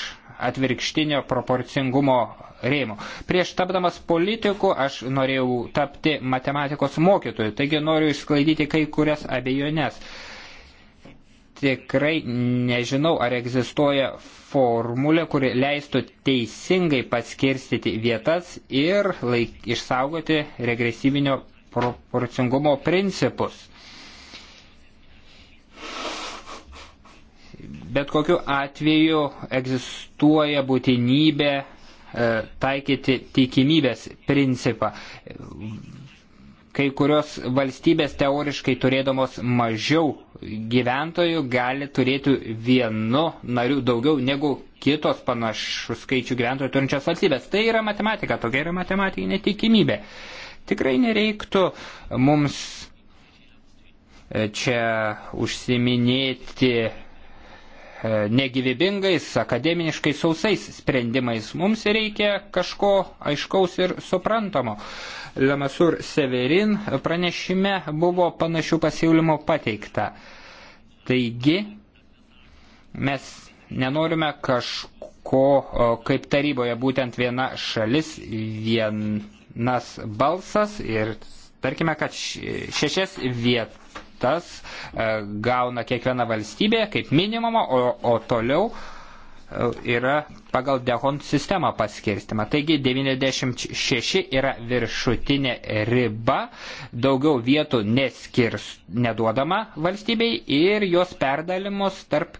atvirkštinio proporcingumo rėmų. Prieš tapdamas politiku aš norėjau tapti matematikos mokytoju, taigi noriu išsklaidyti kai kurias abejonės tikrai nežinau, ar egzistuoja formulė, kuri leistų teisingai paskirstyti vietas ir laik, išsaugoti regresyvinio proporcingumo principus. Bet kokiu atveju egzistuoja būtinybė e, taikyti tikimybės principą. Kai kurios valstybės teoriškai turėdamos mažiau gyventojų gali turėti vienu nariu daugiau negu kitos panašų skaičių gyventojų turinčios valstybės. Tai yra matematika, tokia yra matematinė tikimybė. Tikrai nereiktų mums e, čia užsiminėti E, negyvybingais, akademiniškai sausais sprendimais. Mums reikia kažko aiškaus ir suprantamo. Lemasur Severin pranešime buvo panašių pasiūlymų pateikta. Taigi, mes nenorime kažko, kaip taryboje, būtent viena šalis, vienas balsas ir tarkime, kad šešias vietas kvotas e, gauna kiekviena valstybė kaip minimumą, o, o toliau e, yra pagal dehon sistemą paskirstimą. Taigi 96 yra viršutinė riba, daugiau vietų neskirs, neduodama valstybei ir jos perdalimus tarp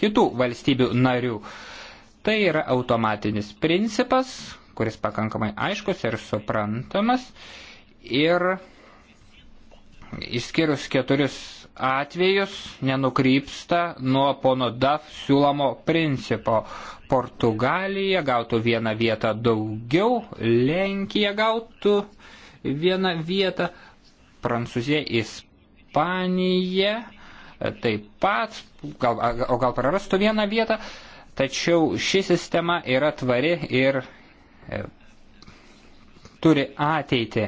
kitų valstybių narių. Tai yra automatinis principas, kuris pakankamai aiškus ir suprantamas. Ir išskyrus keturis atvejus nenukrypsta nuo pono DAF siūlomo principo. Portugalija gautų vieną vietą daugiau, Lenkija gautų vieną vietą, Prancūzija, Ispanija taip pat, gal, o gal prarastų vieną vietą, tačiau ši sistema yra tvari ir e, turi ateitį.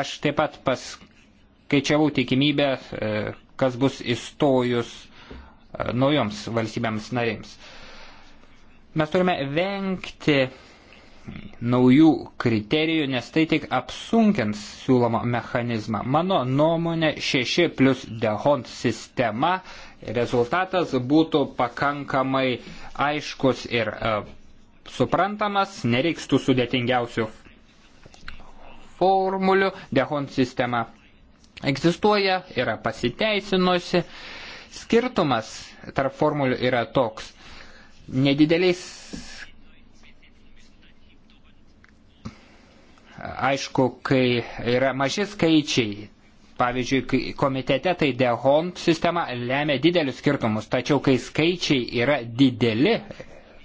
Aš taip pat pas skaičiavau tikimybę, e, kas bus įstojus e, naujoms valstybėms narėms. Mes turime vengti naujų kriterijų, nes tai tik apsunkins siūlomą mechanizmą. Mano nuomonė 6 plus dehont sistema rezultatas būtų pakankamai aiškus ir e, suprantamas, nereiks tų sudėtingiausių formulių, dehont sistema egzistuoja, yra pasiteisinusi. Skirtumas tarp formulių yra toks. Nedideliais aišku, kai yra maži skaičiai, pavyzdžiui, komitete tai dehont sistema lemia didelius skirtumus, tačiau kai skaičiai yra dideli,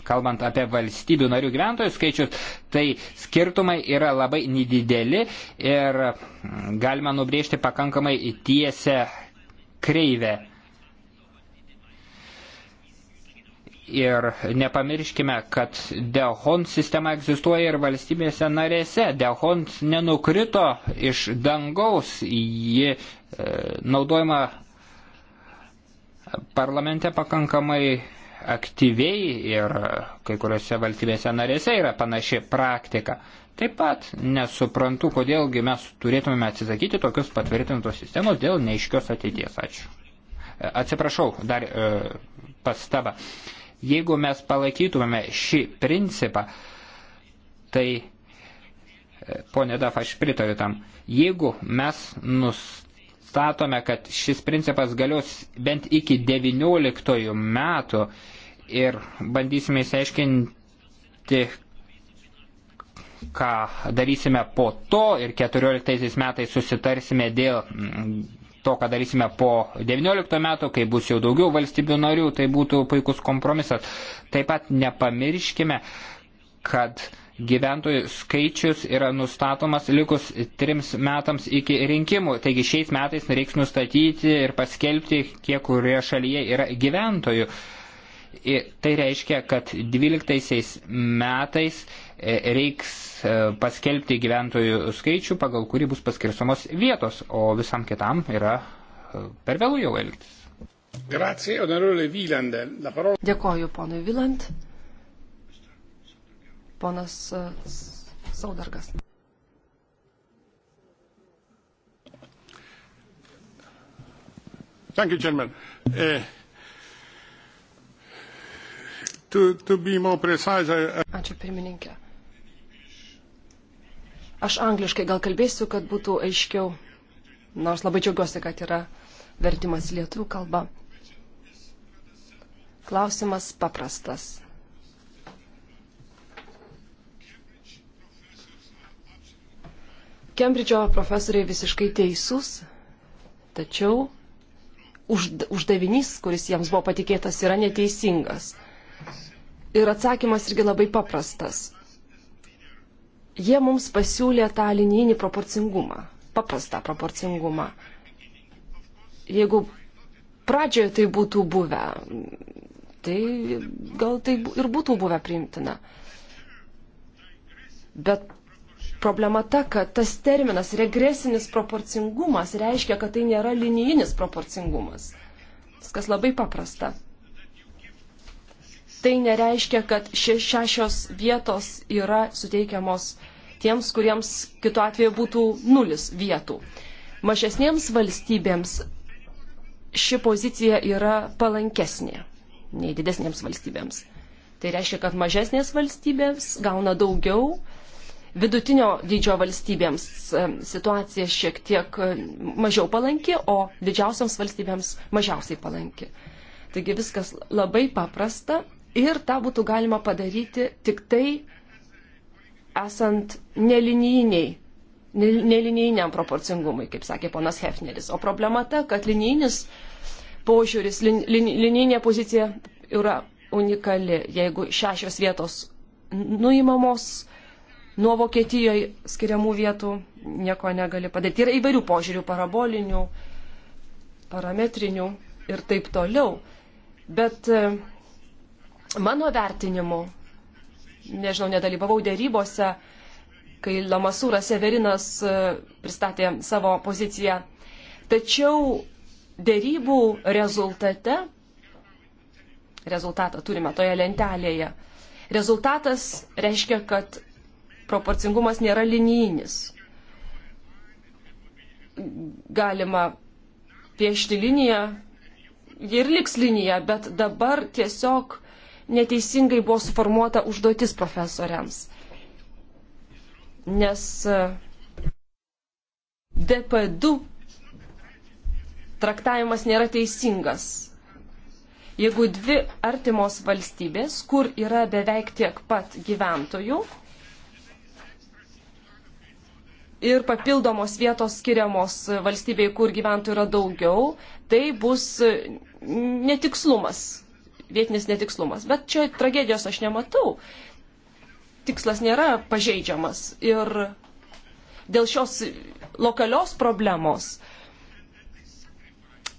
kalbant apie valstybių narių gyventojų skaičius, tai skirtumai yra labai nedideli ir mm, galima nubrėžti pakankamai tiesę kreivę. Ir nepamirškime, kad Dehon sistema egzistuoja ir valstybėse narėse. Dehon nenukrito iš dangaus, ji e, naudojama parlamente pakankamai aktyviai ir kai kuriuose valstybėse narėse yra panaši praktika. Taip pat nesuprantu, kodėlgi mes turėtume atsisakyti tokius patvirtintos sistemos dėl neiškios ateities. Ačiū. E, atsiprašau, dar e, pastaba. Jeigu mes palaikytumėme šį principą, tai, e, ponė Daf, aš pritariu tam, jeigu mes nus, nustatome, kad šis principas galios bent iki 19 metų ir bandysime įsiaiškinti, ką darysime po to ir 14 metais susitarsime dėl mm, to, ką darysime po 19 metų, kai bus jau daugiau valstybių narių, tai būtų puikus kompromisas. Taip pat nepamirškime, kad uh, gyventojų skaičius yra nustatomas likus trims metams iki rinkimų. Taigi šiais metais reiks nustatyti ir paskelbti, kiek kurioje šalyje yra gyventojų. Ir tai reiškia, kad 12 metais e, reiks e, paskelbti gyventojų skaičių, pagal kurį bus paskirstomos vietos, o visam kitam yra e, per vėlų jau elgtis. Grazie, Dėkoju, ponui Viland ponas e, Saudargas. Thank you, Chairman. Uh, to, to be more precise, I, I... Ačiū pirmininkė. Aš angliškai gal kalbėsiu, kad būtų aiškiau, nors labai džiaugiuosi, kad yra vertimas lietuvių kalba. Klausimas paprastas. Kembridžio profesoriai visiškai teisūs, tačiau uždavinys, kuris jiems buvo patikėtas, yra neteisingas. Ir atsakymas irgi labai paprastas. Jie mums pasiūlė tą linijinį proporcingumą, paprastą proporcingumą. Jeigu pradžioje tai būtų buvę, tai gal tai ir būtų buvę priimtina. Bet Problema ta, kad tas terminas regresinis proporcingumas reiškia, kad tai nėra linijinis proporcingumas. Viskas labai paprasta. Tai nereiškia, kad šešios vietos yra suteikiamos tiems, kuriems kitu atveju būtų nulis vietų. Mažesniems valstybėms ši pozicija yra palankesnė nei didesnėms valstybėms. Tai reiškia, kad mažesnės valstybės gauna daugiau vidutinio dydžio valstybėms e, situacija šiek tiek e, mažiau palanki, o didžiausiams valstybėms mažiausiai palanki. Taigi viskas labai paprasta ir tą būtų galima padaryti tik tai esant nelinijiniai, nelinijiniam proporcingumui, kaip sakė ponas Hefneris. O problema ta, kad linijinis požiūris, lin, lin, linijinė pozicija yra unikali. Jeigu šešios vietos nuimamos, nuo Vokietijoje skiriamų vietų nieko negali padaryti. Yra įvairių požiūrių - parabolinių, parametrinių ir taip toliau. Bet e, mano vertinimu, nežinau, nedalyvavau dėrybose, kai Lamasūras Severinas e, pristatė savo poziciją. Tačiau dėrybų rezultate, rezultatą turime toje lentelėje, rezultatas reiškia, kad proporcingumas nėra linijinis. Galima piešti liniją, ji ir liks linija, bet dabar tiesiog neteisingai buvo suformuota užduotis profesoriams. Nes e, DP2 traktavimas nėra teisingas. Jeigu dvi artimos valstybės, kur yra beveik tiek pat gyventojų, ir papildomos vietos skiriamos valstybei, kur gyventojų yra daugiau, tai bus netikslumas, vietinis netikslumas. Bet čia tragedijos aš nematau. Tikslas nėra pažeidžiamas. Ir dėl šios lokalios problemos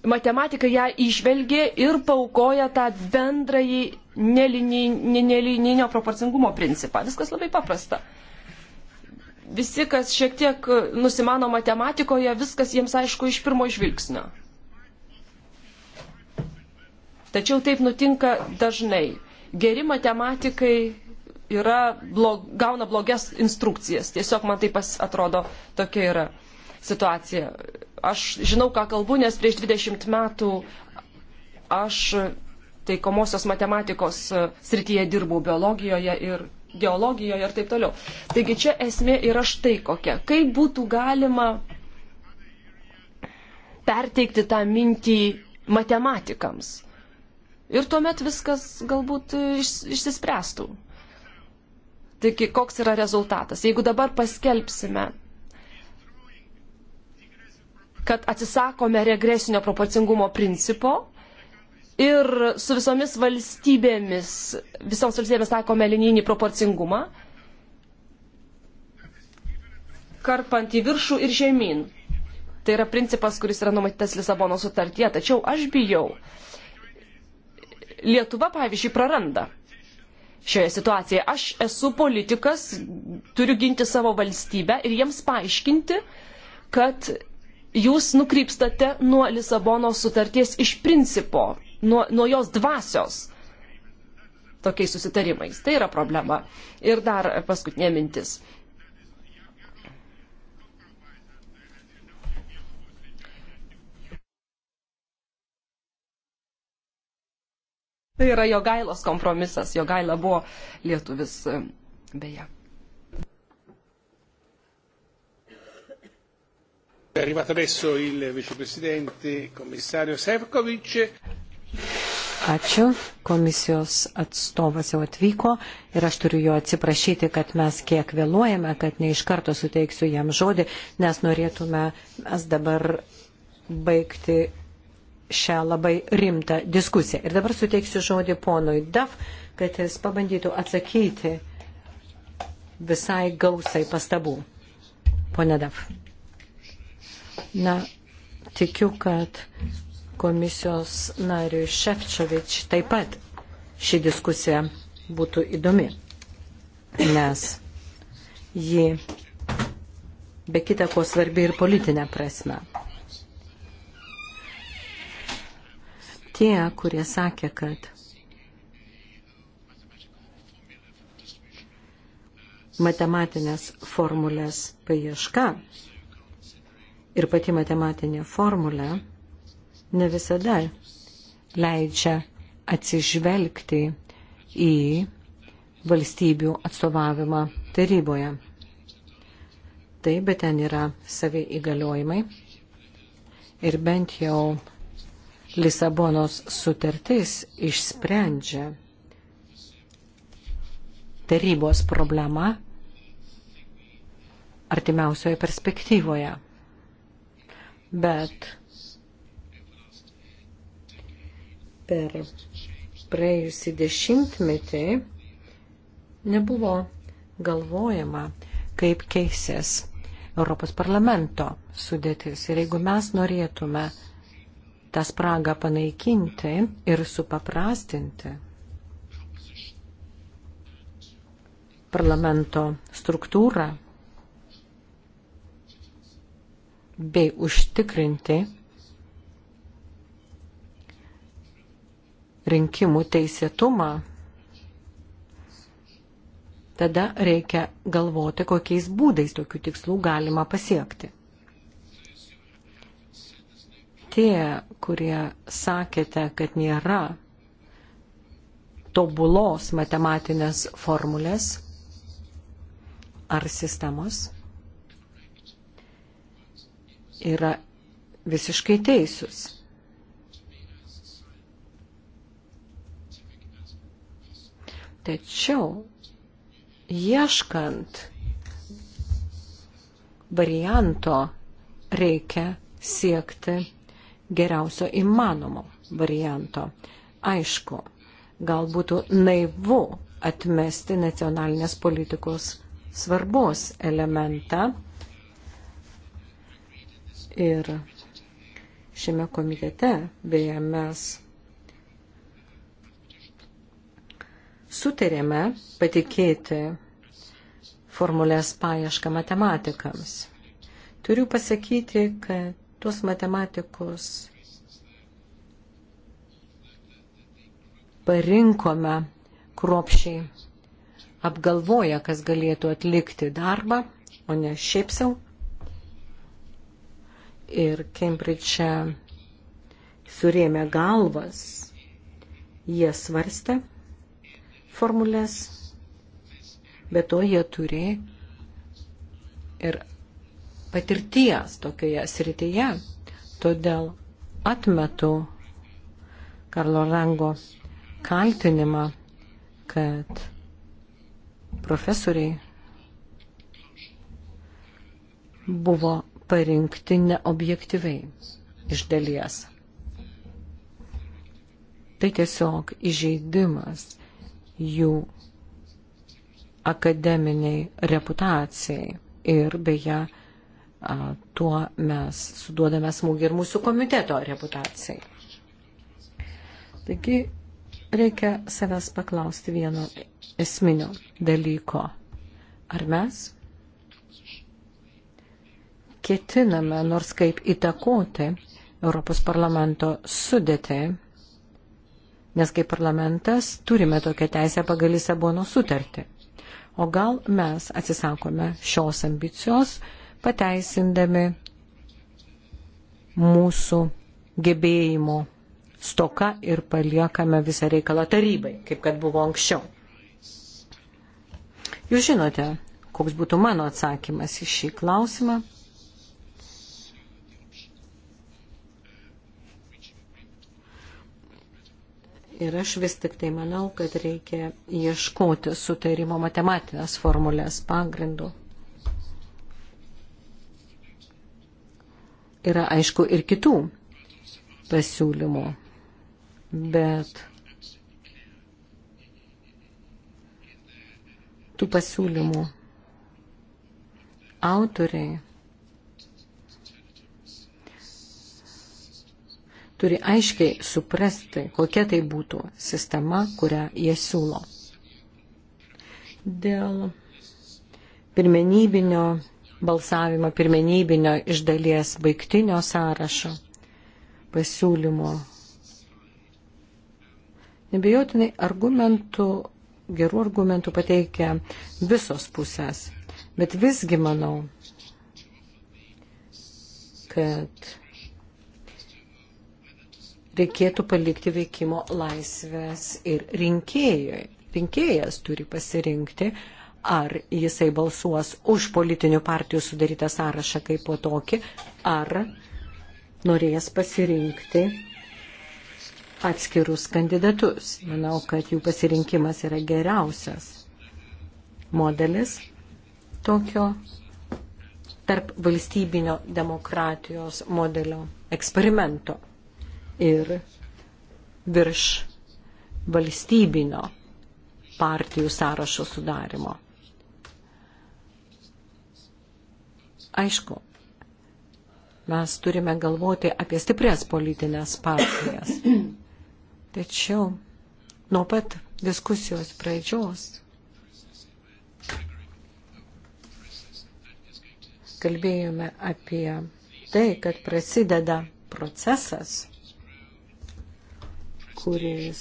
matematikai ją išvelgė ir paukoja tą bendrąjį nelininio proporcingumo principą. Viskas labai paprasta visi, kas šiek tiek nusimano matematikoje, viskas jiems aišku iš pirmo žvilgsnio. Tačiau taip nutinka dažnai. Geri matematikai yra, blog, gauna blogias instrukcijas. Tiesiog man tai pas, atrodo tokia yra situacija. Aš žinau, ką kalbu, nes prieš 20 metų aš taikomosios matematikos e, srityje dirbau biologijoje ir ideologijoje ir taip toliau. Taigi čia esmė yra štai kokia. Kaip būtų galima perteikti tą mintį matematikams. Ir tuomet viskas galbūt iš, išsispręstų. Taigi, koks yra rezultatas? Jeigu dabar paskelbsime, kad atsisakome regresinio proporcingumo principo, ir su visomis valstybėmis, visoms valstybėmis taikome linijinį proporcingumą, karpant į viršų ir žemyn. Tai yra principas, kuris yra numatytas Lisabono sutartyje, tačiau aš bijau. Lietuva, pavyzdžiui, praranda šioje situacijoje. Aš esu politikas, turiu ginti savo valstybę ir jiems paaiškinti, kad jūs nukrypstate nuo Lisabono sutarties iš principo nuo, nuo jos dvasios tokiais susitarimais. Tai yra problema. Ir dar paskutinė mintis. Tai yra jo gailos kompromisas, jo gaila buvo lietuvis beje. È arrivato adesso il vicepresidente commissario Sefcovic. Ačiū. Komisijos atstovas jau atvyko ir aš turiu jo atsiprašyti, kad mes kiek vėluojame, kad ne iš karto suteiksiu jam žodį, nes norėtume mes dabar baigti šią labai rimtą diskusiją. Ir dabar suteiksiu žodį ponui Daf, kad jis pabandytų atsakyti visai gausai pastabų. Pone Daf. Na, tikiu, kad komisijos nariui Šefčovič taip pat ši diskusija būtų įdomi, nes ji be kita ko svarbi ir politinė prasme. Tie, kurie sakė, kad matematinės formulės paieška ir pati matematinė formulė ne visada leidžia atsižvelgti į valstybių atstovavimą taryboje. Taip, bet ten yra savi įgaliojimai ir bent jau Lisabonos sutartis išsprendžia tarybos problemą artimiausioje perspektyvoje. Bet per praėjusį dešimtmetį nebuvo galvojama, kaip keisės Europos parlamento sudėtis. Ir jeigu mes norėtume tą spragą panaikinti ir supaprastinti parlamento struktūrą bei užtikrinti rinkimų teisėtumą, tada reikia galvoti, kokiais būdais tokių tikslų galima pasiekti. Tie, kurie sakėte, kad nėra tobulos matematinės formulės ar sistemos, yra visiškai teisūs. Tačiau ieškant varianto reikia siekti geriausio įmanomo varianto. Aišku, gal būtų naivu atmesti nacionalinės politikos svarbos elementą. Ir šiame komitete, beje, mes sutarėme patikėti formulės paiešką matematikams. Turiu pasakyti, kad tuos matematikus parinkome kruopšiai, apgalvoja, kas galėtų atlikti darbą, o ne šiaip savo. Ir Kembridže surėmė galvas, jie svarstė formulės, bet to jie turi ir patirties tokioje srityje. Todėl atmetu Karlo Rango kaltinimą, kad profesoriai buvo parinkti neobjektyviai iš dalies. Tai tiesiog įžeidimas jų akademiniai reputacijai. Ir beje, tuo mes suduodame smūgį ir mūsų komiteto reputacijai. Taigi, reikia savęs paklausti vieno esminio dalyko. Ar mes ketiname nors kaip įtakoti Europos parlamento sudėtį nes kaip parlamentas turime tokią teisę pagal Lisabono sutartį. O gal mes atsisakome šios ambicijos, pateisindami mūsų gebėjimo stoka ir paliekame visą reikalą tarybai, kaip kad buvo anksčiau. Jūs žinote, koks būtų mano atsakymas į šį klausimą. Ir aš vis tik tai manau, kad reikia ieškoti sutarimo matematinės formulės pagrindų. Yra aišku ir kitų pasiūlymų, bet tų pasiūlymų autoriai turi aiškiai suprasti, kokia tai būtų sistema, kurią jie siūlo. Dėl pirmenybinio balsavimo, pirmenybinio iš dalies baigtinio sąrašo pasiūlymo. Nebejotinai argumentų, gerų argumentų pateikia visos pusės, bet visgi manau, kad reikėtų palikti veikimo laisvės ir rinkėjui. Rinkėjas turi pasirinkti, ar jisai balsuos už politinių partijų sudarytą sąrašą kaip po tokį, ar norės pasirinkti atskirus kandidatus. Manau, kad jų pasirinkimas yra geriausias modelis tokio tarp valstybinio demokratijos modelio eksperimento ir virš valstybinio partijų sąrašo sudarimo. Aišku, mes turime galvoti apie stiprias politinės partijas. Tačiau nuo pat diskusijos pradžios kalbėjome apie tai, kad prasideda procesas, kuris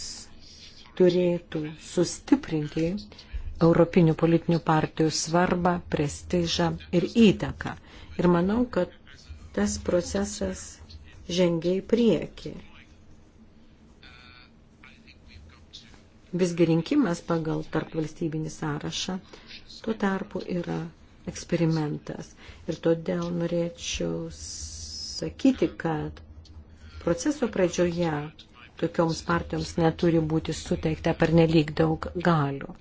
turėtų sustiprinti Europinių politinių partijų svarbą, prestižą ir įtaką. Ir manau, kad tas procesas žengia į priekį. Visgi rinkimas pagal tarp valstybinį sąrašą tuo tarpu yra eksperimentas. Ir todėl norėčiau sakyti, kad proceso pradžioje tokioms partijoms neturi būti suteikta per nelik daug galių.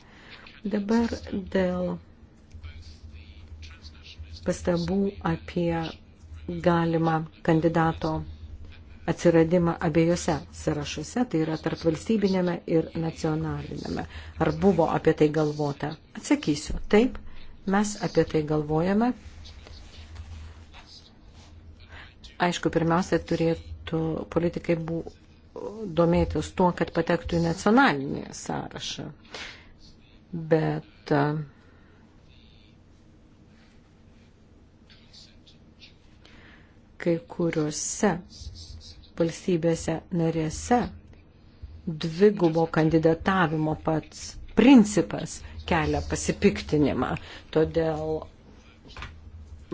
Dabar dėl pastabų apie galimą kandidato atsiradimą abiejose sąrašuose, tai yra tarp valstybinėme ir nacionalinėme. Ar buvo apie tai galvota? Atsakysiu. Taip, mes apie tai galvojame. Aišku, pirmiausia, turėtų politikai būti domėtis tuo, kad patektų į nacionalinį sąrašą. Bet kai kuriuose valstybėse narėse dvigubo kandidatavimo pats principas kelia pasipiktinimą. Todėl,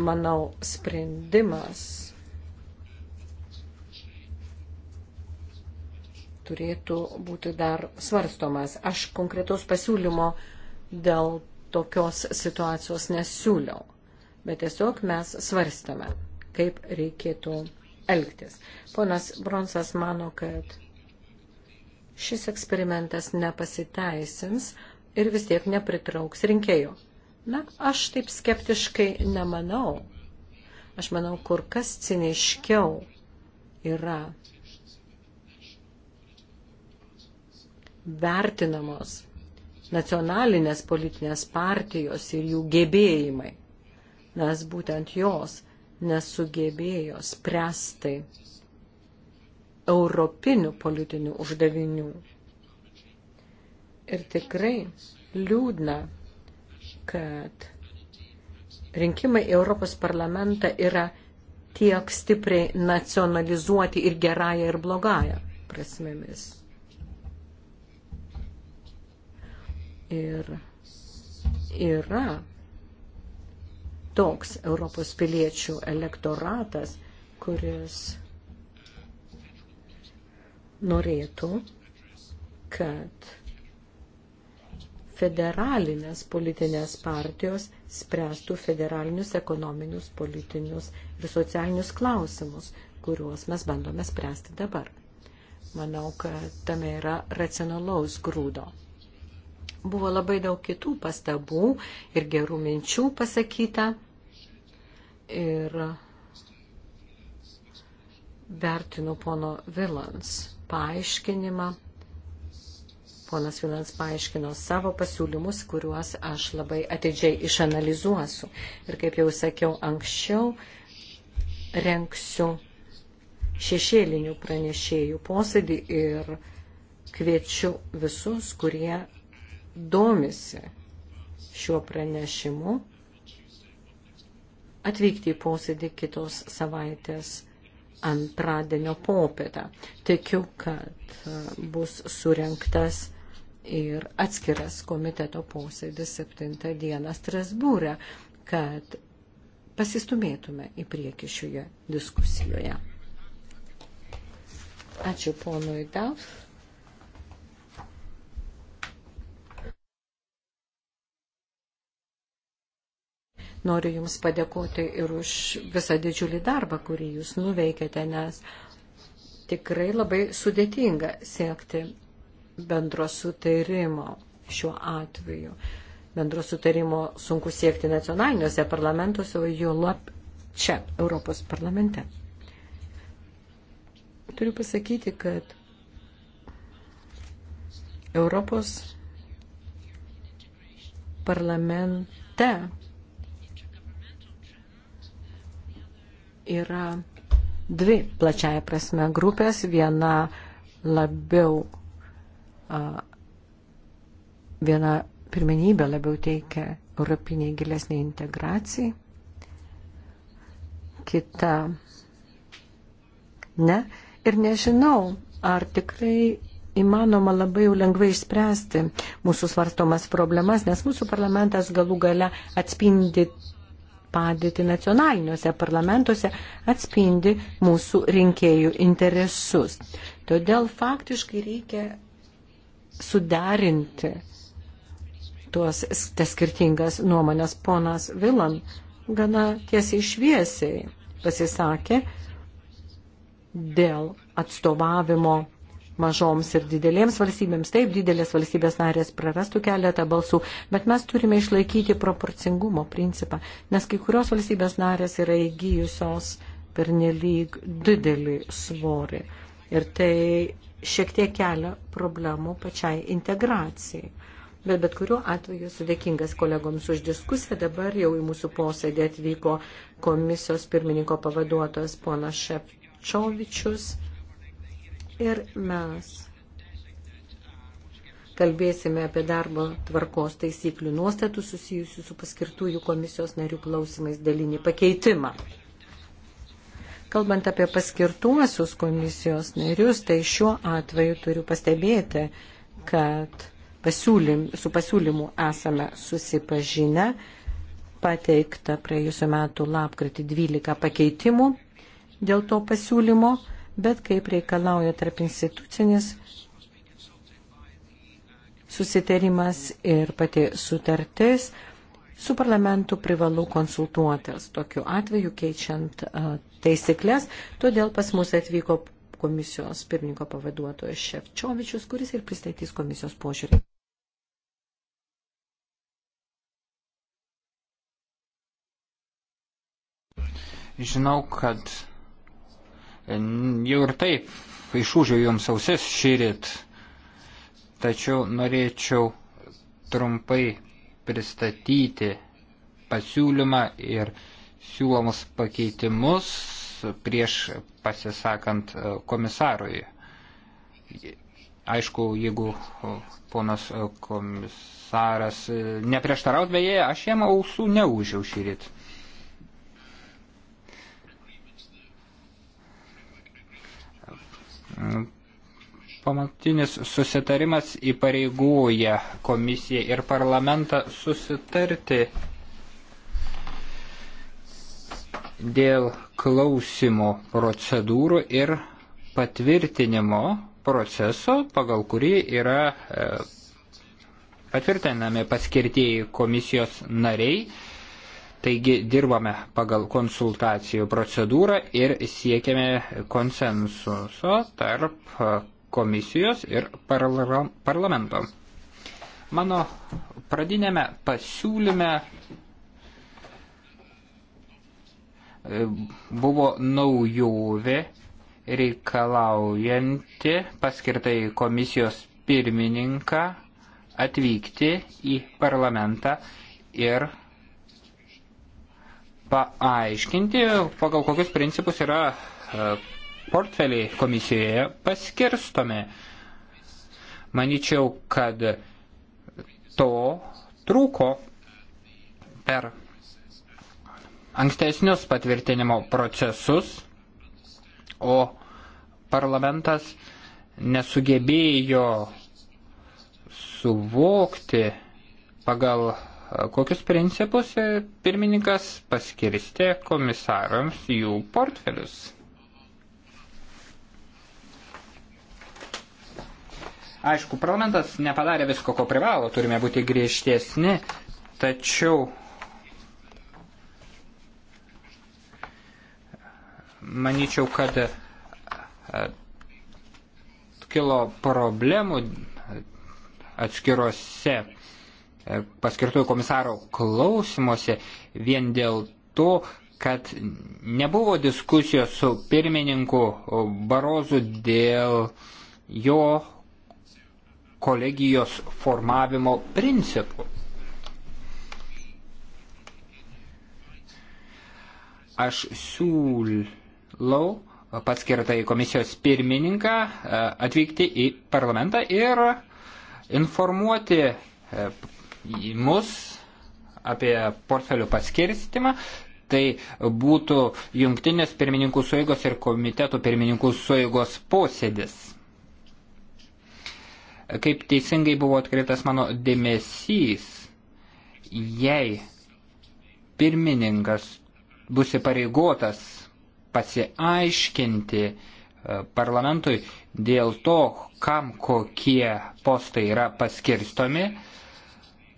manau, sprendimas turėtų būti dar svarstomas. Aš konkretaus pasiūlymo dėl tokios situacijos nesiūliau, bet tiesiog mes svarstame, kaip reikėtų elgtis. Ponas Bronsas mano, kad šis eksperimentas nepasiteisins ir vis tiek nepritrauks rinkėjų. Na, aš taip skeptiškai nemanau. Aš manau, kur kas ciniškiau yra vertinamos nacionalinės politinės partijos ir jų gebėjimai, nes būtent jos nesugebėjo spręsti europinių politinių uždavinių. Ir tikrai liūdna, kad rinkimai Europos parlamentą yra tiek stipriai nacionalizuoti ir gerąją, ir blogąją prasmėmis. ir yra toks Europos piliečių elektoratas, kuris norėtų, kad federalinės politinės partijos spręstų federalinius ekonominius, politinius ir socialinius klausimus, kuriuos mes bandome spręsti dabar. Manau, kad tame yra racionalaus grūdo. Buvo labai daug kitų pastabų ir gerų minčių pasakyta. Ir vertinu pono Vilans paaiškinimą. Ponas Vilans paaiškino savo pasiūlymus, kuriuos aš labai atidžiai išanalizuosiu. Ir kaip jau sakiau anksčiau, renksiu šešėlinių pranešėjų posėdį ir kviečiu visus, kurie domisi šiuo pranešimu, atvykti į posėdį kitos savaitės antradienio popietą. Tikiu, kad e, bus surinktas ir atskiras komiteto posėdis 7 dieną Strasbūrė, kad pasistumėtume į priekį šioje diskusijoje. Ačiū ponui Daf. Noriu Jums padėkoti ir už visą didžiulį darbą, kurį Jūs nuveikėte, nes tikrai labai sudėtinga siekti bendro sutarimo šiuo atveju. Bendro sutarimo sunku siekti nacionaliniuose parlamentuose, o jo lab čia, Europos parlamente. Turiu pasakyti, kad Europos parlamente yra dvi plačiaja prasme grupės. Viena labiau, viena pirmenybė labiau teikia europiniai gilesniai integracijai, kita ne. Ir nežinau, ar tikrai įmanoma labai jau lengvai išspręsti mūsų svarstomas problemas, nes mūsų parlamentas galų gale atspindi padėtį nacionaliniuose parlamentuose atspindi mūsų rinkėjų interesus. Todėl faktiškai reikia suderinti tuos tas skirtingas nuomonės. Ponas Vilan gana tiesiai šviesiai pasisakė dėl atstovavimo mažoms ir didelėms valstybėms. Taip, didelės valstybės narės prarastų keletą balsų, bet mes turime išlaikyti proporcingumo principą, nes kai kurios valstybės narės yra įgyjusios per nelyg didelį svorį. Ir tai šiek tiek kelia problemų pačiai integracijai. Bet bet kuriuo atveju sudėkingas kolegoms už diskusiją. Dabar jau į mūsų posėdį atvyko komisijos pirmininko pavaduotojas ponas Šepčiovičius ir mes kalbėsime apie darbo tvarkos taisyklių nuostatų susijusių su paskirtųjų komisijos narių klausimais dalinį pakeitimą. Kalbant apie paskirtuosius komisijos narius, tai šiuo atveju turiu pastebėti, kad pasiūlym, su pasiūlymu esame susipažinę, pateikta praėjusiu metu lapkritį 12 pakeitimų dėl to pasiūlymo bet kaip reikalauja tarp institucinis susitarimas ir pati sutartis, su parlamentu privalu konsultuotis tokiu atveju keičiant taisyklės, todėl pas mus atvyko komisijos pirmininko pavaduotojas Ševčiovičius, kuris ir pristatys komisijos požiūrį. Žinau, kad Jau ir taip išūžiau jums ausis šyrit, tačiau norėčiau trumpai pristatyti pasiūlymą ir siūlomus pakeitimus prieš pasisakant e, komisarui. Aišku, jeigu e, ponas e, komisaras neprieštaraut, beje, aš jam ausų neužiau šį rytą. Pamatinis susitarimas įpareigoja komisiją ir parlamentą susitarti dėl klausimo procedūrų ir patvirtinimo proceso, pagal kurį yra e, patvirtinami paskirtieji komisijos nariai Taigi dirbame pagal konsultacijų procedūrą ir siekiame konsensuso tarp komisijos ir parla parlamento. Mano pradinėme pasiūlyme e, buvo naujovė reikalaujanti paskirtai komisijos pirmininką atvykti į parlamentą ir paaiškinti, pagal kokius principus yra e, portfeliai komisijoje paskirstomi. Maničiau, kad to trūko per ankstesnius patvirtinimo procesus, o parlamentas nesugebėjo suvokti pagal kokius principus pirmininkas paskirstė komisarams jų portfelius. Aišku, parlamentas nepadarė visko, ko privalo, turime būti griežtesni, tačiau manyčiau, kad e, kilo problemų atskiruose paskirtojų komisaro klausimuose vien dėl to, kad nebuvo diskusijos su pirmininku Barozu dėl jo kolegijos formavimo principų. Aš siūlau paskirtą į komisijos pirmininką e, atvykti į parlamentą ir informuoti e, mus, apie portfelių paskirstimą, tai būtų jungtinės pirmininkų suėgos ir komitetų pirmininkų suėgos posėdis. Kaip teisingai buvo atkreiptas mano dėmesys, jei pirmininkas bus įpareigotas pasiaiškinti e, parlamentui dėl to, kam kokie postai yra paskirstomi,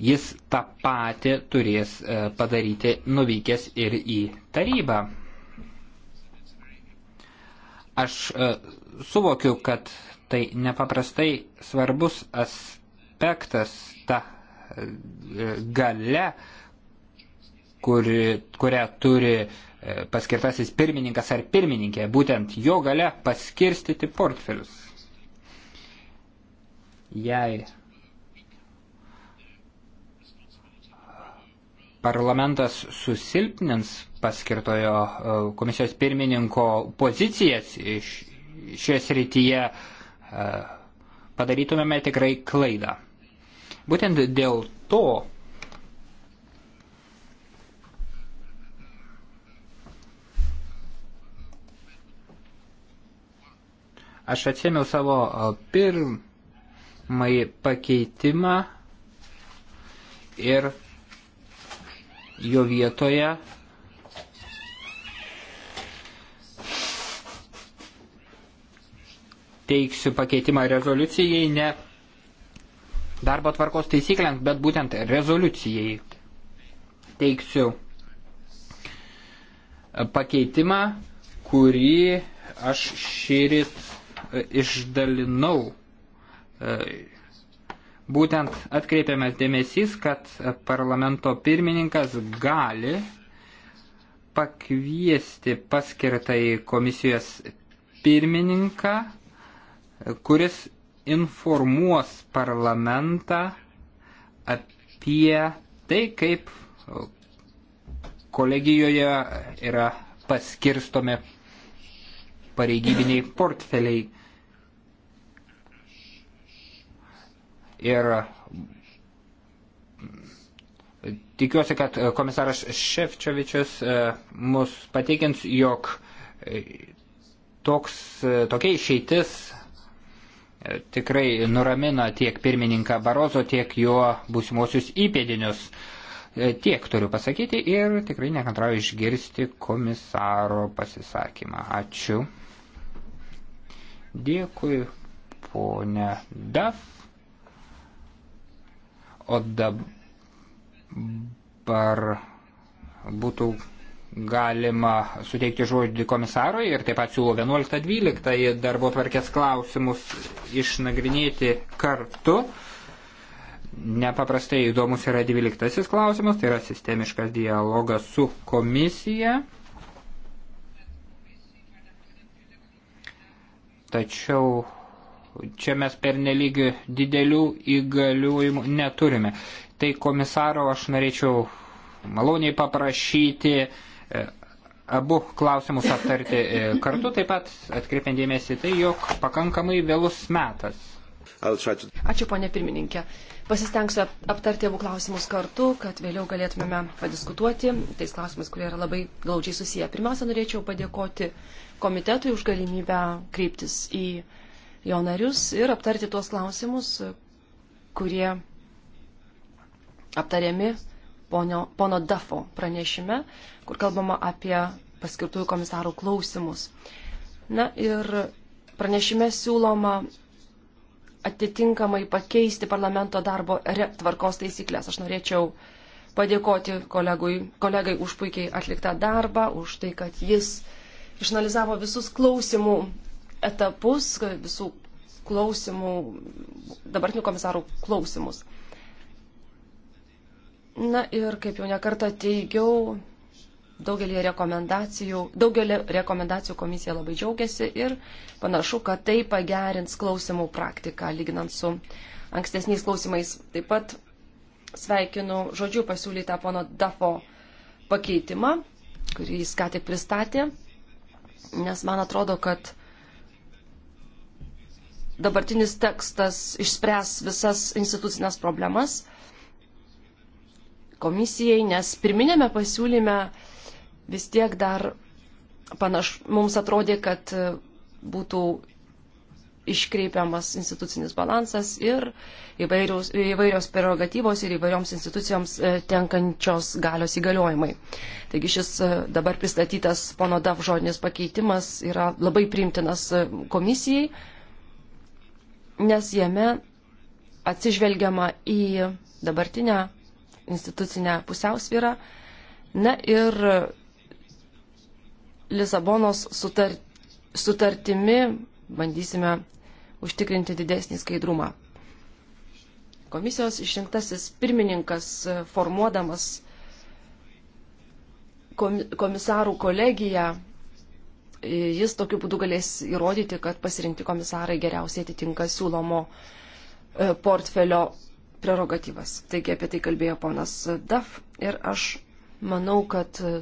jis tą patį turės e, padaryti nuvykęs ir į tarybą. Aš e, suvokiu, kad tai nepaprastai svarbus aspektas, ta e, gale, kuri, kurią turi paskirtasis pirmininkas ar pirmininkė, būtent jo gale paskirstyti portfelius. Jei parlamentas susilpnins paskirtojo e, komisijos pirmininko pozicijas iš šioje srityje, e, padarytumėme tikrai klaidą. Būtent dėl to aš atsėmiau savo e, pirmąjį pakeitimą ir jo vietoje teiksiu pakeitimą rezoliucijai, ne darbo tvarkos taisyklėms, bet būtent rezoliucijai teiksiu pakeitimą, kurį aš šįryt išdalinau e, Būtent atkreipiamas dėmesys, kad parlamento pirmininkas gali pakviesti paskirtai komisijos pirmininką, kuris informuos parlamentą apie tai, kaip kolegijoje yra paskirstomi pareigybiniai portfeliai. Ir tikiuosi, kad komisaras Šefčiovičius e, mus pateikins, jog e, toks, e, tokia išeitis tikrai nuramina tiek pirmininką Barozo, tiek jo būsimuosius įpėdinius. Tiek turiu pasakyti ir tikrai nekantrauju išgirsti komisaro pasisakymą. Ačiū. Dėkui, ponė Daf. O dabar būtų galima suteikti žodį komisarui ir taip pat siūlo 11-12 darbo tvarkės klausimus išnagrinėti kartu. Nepaprastai įdomus yra 12 klausimas, tai yra sistemiškas dialogas su komisija. Tačiau Čia mes pernelyg didelių įgaliojimų neturime. Tai komisaro aš norėčiau maloniai paprašyti e, abu klausimus aptarti e, kartu, taip pat atkreipiant dėmesį tai, jog pakankamai vėlus metas. Ačiū, ponė pirmininkė. Pasistengsiu aptarti abu klausimus kartu, kad vėliau galėtumėme padiskutuoti tais klausimais, kurie yra labai glaudžiai susiję. Pirmiausia, norėčiau padėkoti komitetui už galimybę kreiptis į jo narius ir aptarti tuos klausimus, kurie aptariami ponio, pono Dafo pranešime, kur kalbama apie paskirtųjų komisarų klausimus. Na ir pranešime siūloma atitinkamai pakeisti parlamento darbo tvarkos taisyklės. Aš norėčiau padėkoti kolegui, kolegai už puikiai atliktą darbą, už tai, kad jis išanalizavo visus klausimų etapus, visų klausimų, dabartinių komisarų klausimus. Na ir kaip jau nekartą teigiau, daugelį rekomendacijų, daugelį rekomendacijų komisija labai džiaugiasi ir panašu, kad tai pagerins klausimų praktiką, lyginant su ankstesniais klausimais. Taip pat sveikinu žodžiu pasiūlytą pono Dafo pakeitimą, kurį jis ką tik pristatė, nes man atrodo, kad dabartinis tekstas išspręs visas institucinės problemas komisijai, nes pirminėme pasiūlyme vis tiek dar panaš, mums atrodė, kad būtų iškreipiamas institucinis balansas ir įvairios, įvairios prerogatyvos ir įvairioms institucijoms e, tenkančios galios įgaliojimai. Taigi šis e, dabar pristatytas pono DAF žodinis pakeitimas yra labai primtinas e, komisijai nes jame atsižvelgiama į dabartinę institucinę pusiausvyrą. Na ir Lisabonos sutar, sutartimi bandysime užtikrinti didesnį skaidrumą. Komisijos išrinktasis pirmininkas formuodamas komisarų kolegiją jis tokiu būdu galės įrodyti, kad pasirinkti komisarai geriausiai atitinka siūlomo e, portfelio prerogatyvas. Taigi apie tai kalbėjo ponas Daf ir aš manau, kad e,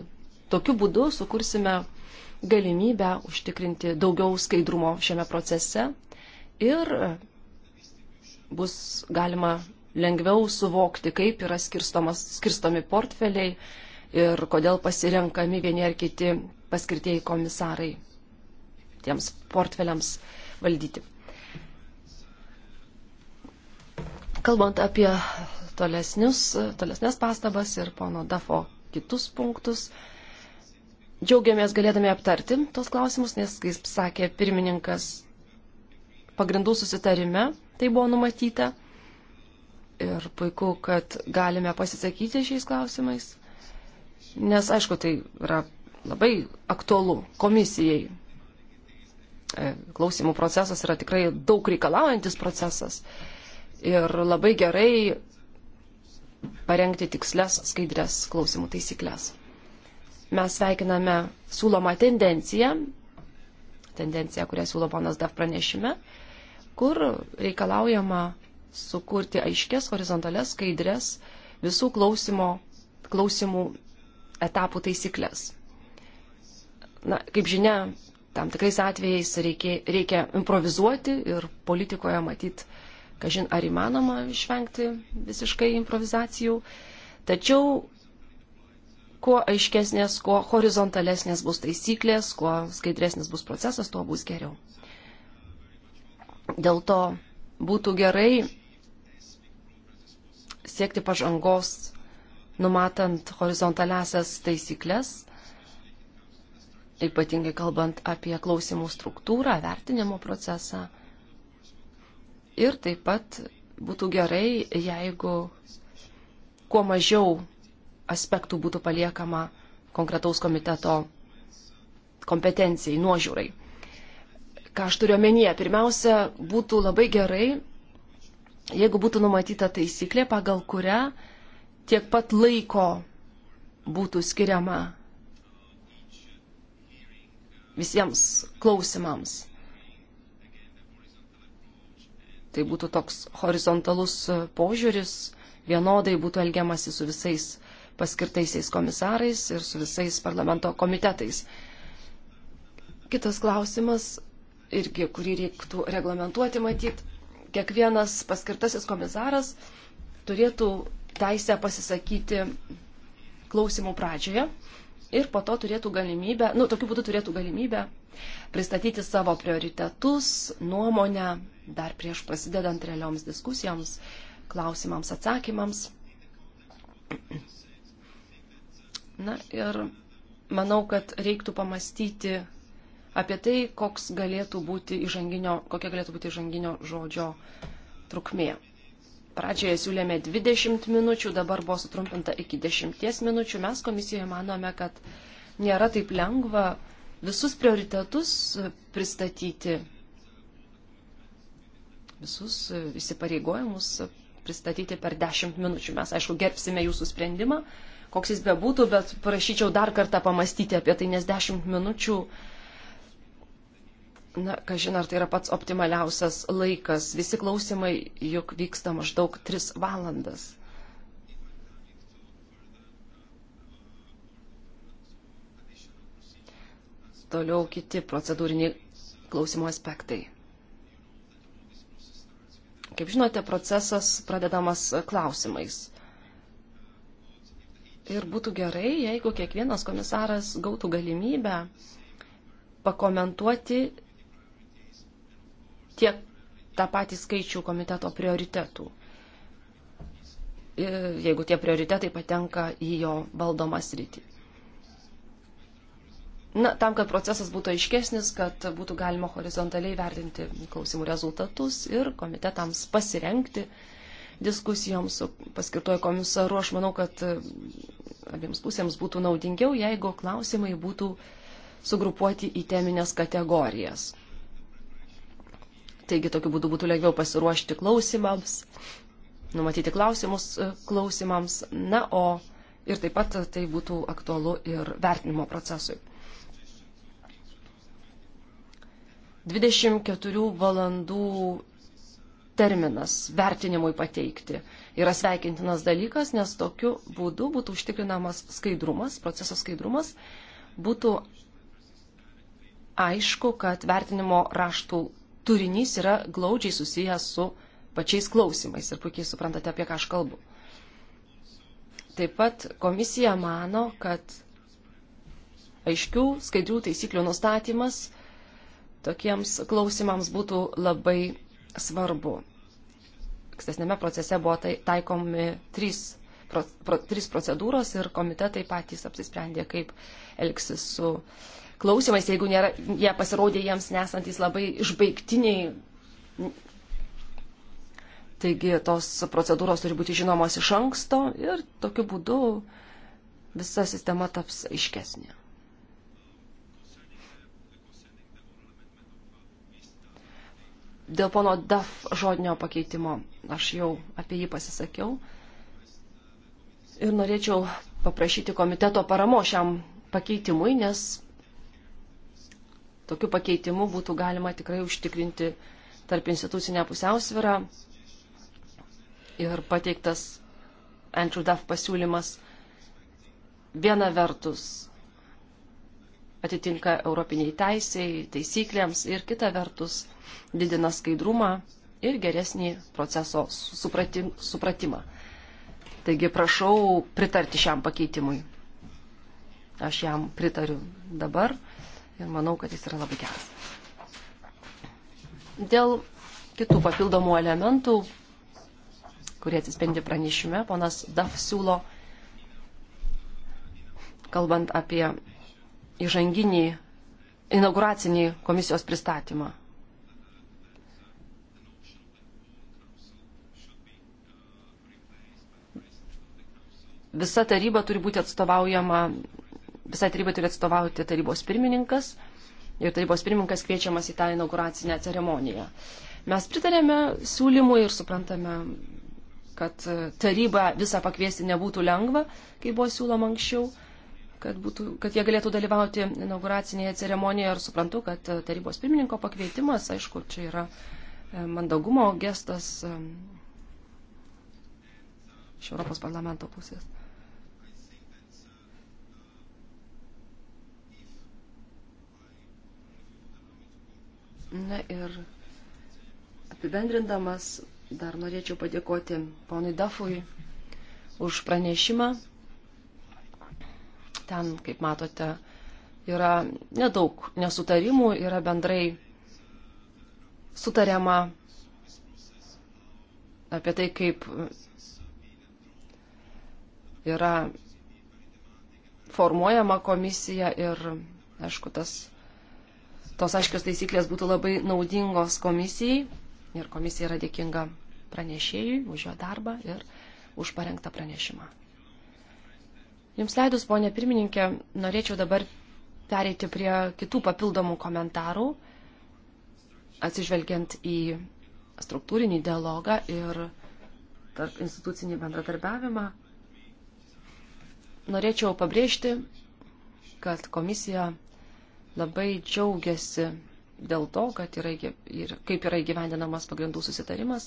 tokiu būdu sukursime galimybę užtikrinti daugiau skaidrumo šiame procese ir e, bus galima lengviau suvokti, kaip yra skirstomi portfeliai ir kodėl pasirenkami vieni ar kiti paskirtieji komisarai tiems portfeliams valdyti. Kalbant apie tolesnės pastabas ir pono Dafo kitus punktus, džiaugiamės galėdami aptarti tos klausimus, nes, kaip sakė pirmininkas, pagrindų susitarime tai buvo numatyta. Ir puiku, kad galime pasisakyti šiais klausimais. Nes, aišku, tai yra labai aktualu komisijai. E, klausimų procesas yra tikrai daug reikalaujantis procesas ir labai gerai parengti tikslias skaidrės klausimų taisyklės. Mes sveikiname siūlomą tendenciją, tendenciją, kurią siūlo ponas DAF pranešime, kur reikalaujama sukurti aiškės horizontales skaidrės visų klausimo, klausimų etapų taisyklės na, kaip žinia, tam tikrais atvejais reikia, reikia improvizuoti ir politikoje matyti, kažin ar įmanoma išvengti visiškai improvizacijų. Tačiau kuo aiškesnės, kuo horizontalesnės bus taisyklės, kuo skaidresnis bus procesas, tuo bus geriau. Dėl to būtų gerai siekti pažangos, numatant horizontaliasias taisyklės ypatingai kalbant apie klausimų struktūrą, vertinimo procesą. Ir taip pat būtų gerai, jeigu kuo mažiau aspektų būtų paliekama konkretaus komiteto kompetencijai, nuožiūrai. Ką aš turiu omenyje, pirmiausia, būtų labai gerai, jeigu būtų numatyta taisyklė, pagal kurią tiek pat laiko būtų skiriama visiems klausimams. Tai būtų toks horizontalus požiūris, vienodai būtų elgiamasi su visais paskirtaisiais komisarais ir su visais parlamento komitetais. Kitas klausimas, irgi kurį reiktų reglamentuoti matyt, kiekvienas paskirtasis komisaras turėtų teisę pasisakyti klausimų pradžioje ir po to turėtų galimybę, nu, tokiu būdu turėtų galimybę pristatyti savo prioritetus, nuomonę dar prieš prasidedant realioms diskusijoms, klausimams, atsakymams. Na ir manau, kad reiktų pamastyti apie tai, koks galėtų būti įžanginio, kokia galėtų būti įžanginio žodžio trukmė. Pradžioje siūlėme 20 minučių, dabar buvo sutrumpinta iki 10 minučių. Mes komisijoje manome, kad nėra taip lengva visus prioritetus pristatyti, visus įsipareigojimus pristatyti per 10 minučių. Mes, aišku, gerbsime jūsų sprendimą, koks jis bebūtų, bet prašyčiau dar kartą pamastyti apie tai, nes 10 minučių uh, Na, kažin ar tai yra pats optimaliausias laikas. Visi klausimai juk vyksta maždaug 3 valandas. Toliau kiti procedūriniai klausimų aspektai. Kaip žinote, procesas pradedamas klausimais. Ir būtų gerai, jeigu kiekvienas komisaras gautų galimybę pakomentuoti tiek tą patį skaičių komiteto prioritetų. Jeigu tie prioritetai patenka į jo valdomą sritį. Na, tam, kad procesas būtų aiškesnis, kad būtų galima horizontaliai vertinti klausimų rezultatus ir komitetams pasirenkti diskusijoms su paskirtoju komisaru, aš manau, kad abiems pusėms būtų naudingiau, jeigu klausimai būtų sugrupuoti į teminės kategorijas taigi tokiu būdu būtų lengviau pasiruošti klausimams, numatyti klausimus e, klausimams, na, o ir taip pat tai būtų aktualu ir vertinimo procesui. 24 valandų terminas vertinimui pateikti yra sveikintinas dalykas, nes tokiu būdu būtų užtikrinamas skaidrumas, proceso skaidrumas, būtų aišku, kad vertinimo raštų turinys yra glaudžiai susijęs su pačiais klausimais ir puikiai suprantate, apie ką aš kalbu. Taip pat komisija mano, kad aiškių, skaidrių taisyklių nustatymas tokiems klausimams būtų labai svarbu. Ankstesnėme procese buvo tai, taikomi trys, pro, pro, trys procedūros ir komitetai patys apsisprendė, kaip elgsis su uh, klausimais, jeigu nėra, jie pasirodė jiems nesantis labai išbaigtiniai. Taigi tos procedūros turi būti žinomos iš anksto ir tokiu būdu visa sistema taps aiškesnė. Dėl pono DAF žodinio pakeitimo aš jau apie jį pasisakiau ir norėčiau paprašyti komiteto paramo šiam pakeitimui, nes tokiu pakeitimu būtų galima tikrai užtikrinti tarp institucinę pusiausvyrą ir pateiktas Andrew Duff pasiūlymas viena vertus atitinka europiniai teisiai, taisyklėms ir kita vertus didina skaidrumą ir geresnį proceso supratim, supratimą. Taigi prašau pritarti šiam pakeitimui. Aš jam pritariu dabar ir manau, kad jis yra labai geras. Dėl kitų papildomų elementų, kurie atsispindi pranešime, ponas Daf siūlo, kalbant apie įžanginį, inauguracinį komisijos pristatymą. Visa taryba turi būti atstovaujama visai tarybai turi atstovauti tarybos pirmininkas ir tarybos pirmininkas kviečiamas į tą inauguracinę ceremoniją. Mes pritarėme siūlymui ir suprantame, kad tarybą visą pakviesti nebūtų lengva, kaip buvo siūloma anksčiau, kad, būtų, kad jie galėtų dalyvauti inauguracinėje ceremonijoje ir suprantu, kad tarybos pirmininko pakvietimas, aišku, čia yra e, mandagumo gestas e, iš Europos parlamento pusės. Na ir apibendrindamas dar norėčiau padėkoti ponui Dafui už pranešimą. Ten, kaip matote, yra nedaug nesutarimų, yra bendrai sutariama apie tai, kaip yra formuojama komisija ir, aišku, tas tos aiškios taisyklės būtų labai naudingos komisijai ir komisija yra dėkinga pranešėjui už jo darbą ir už parengtą pranešimą. Jums leidus, ponė pirmininkė, norėčiau dabar pereiti prie kitų papildomų komentarų, atsižvelgiant į struktūrinį dialogą ir tarp institucinį bendradarbiavimą. Norėčiau pabrėžti, kad komisija labai džiaugiasi dėl to, kad yra, ir kaip yra įgyvendinamas pagrindų susitarimas.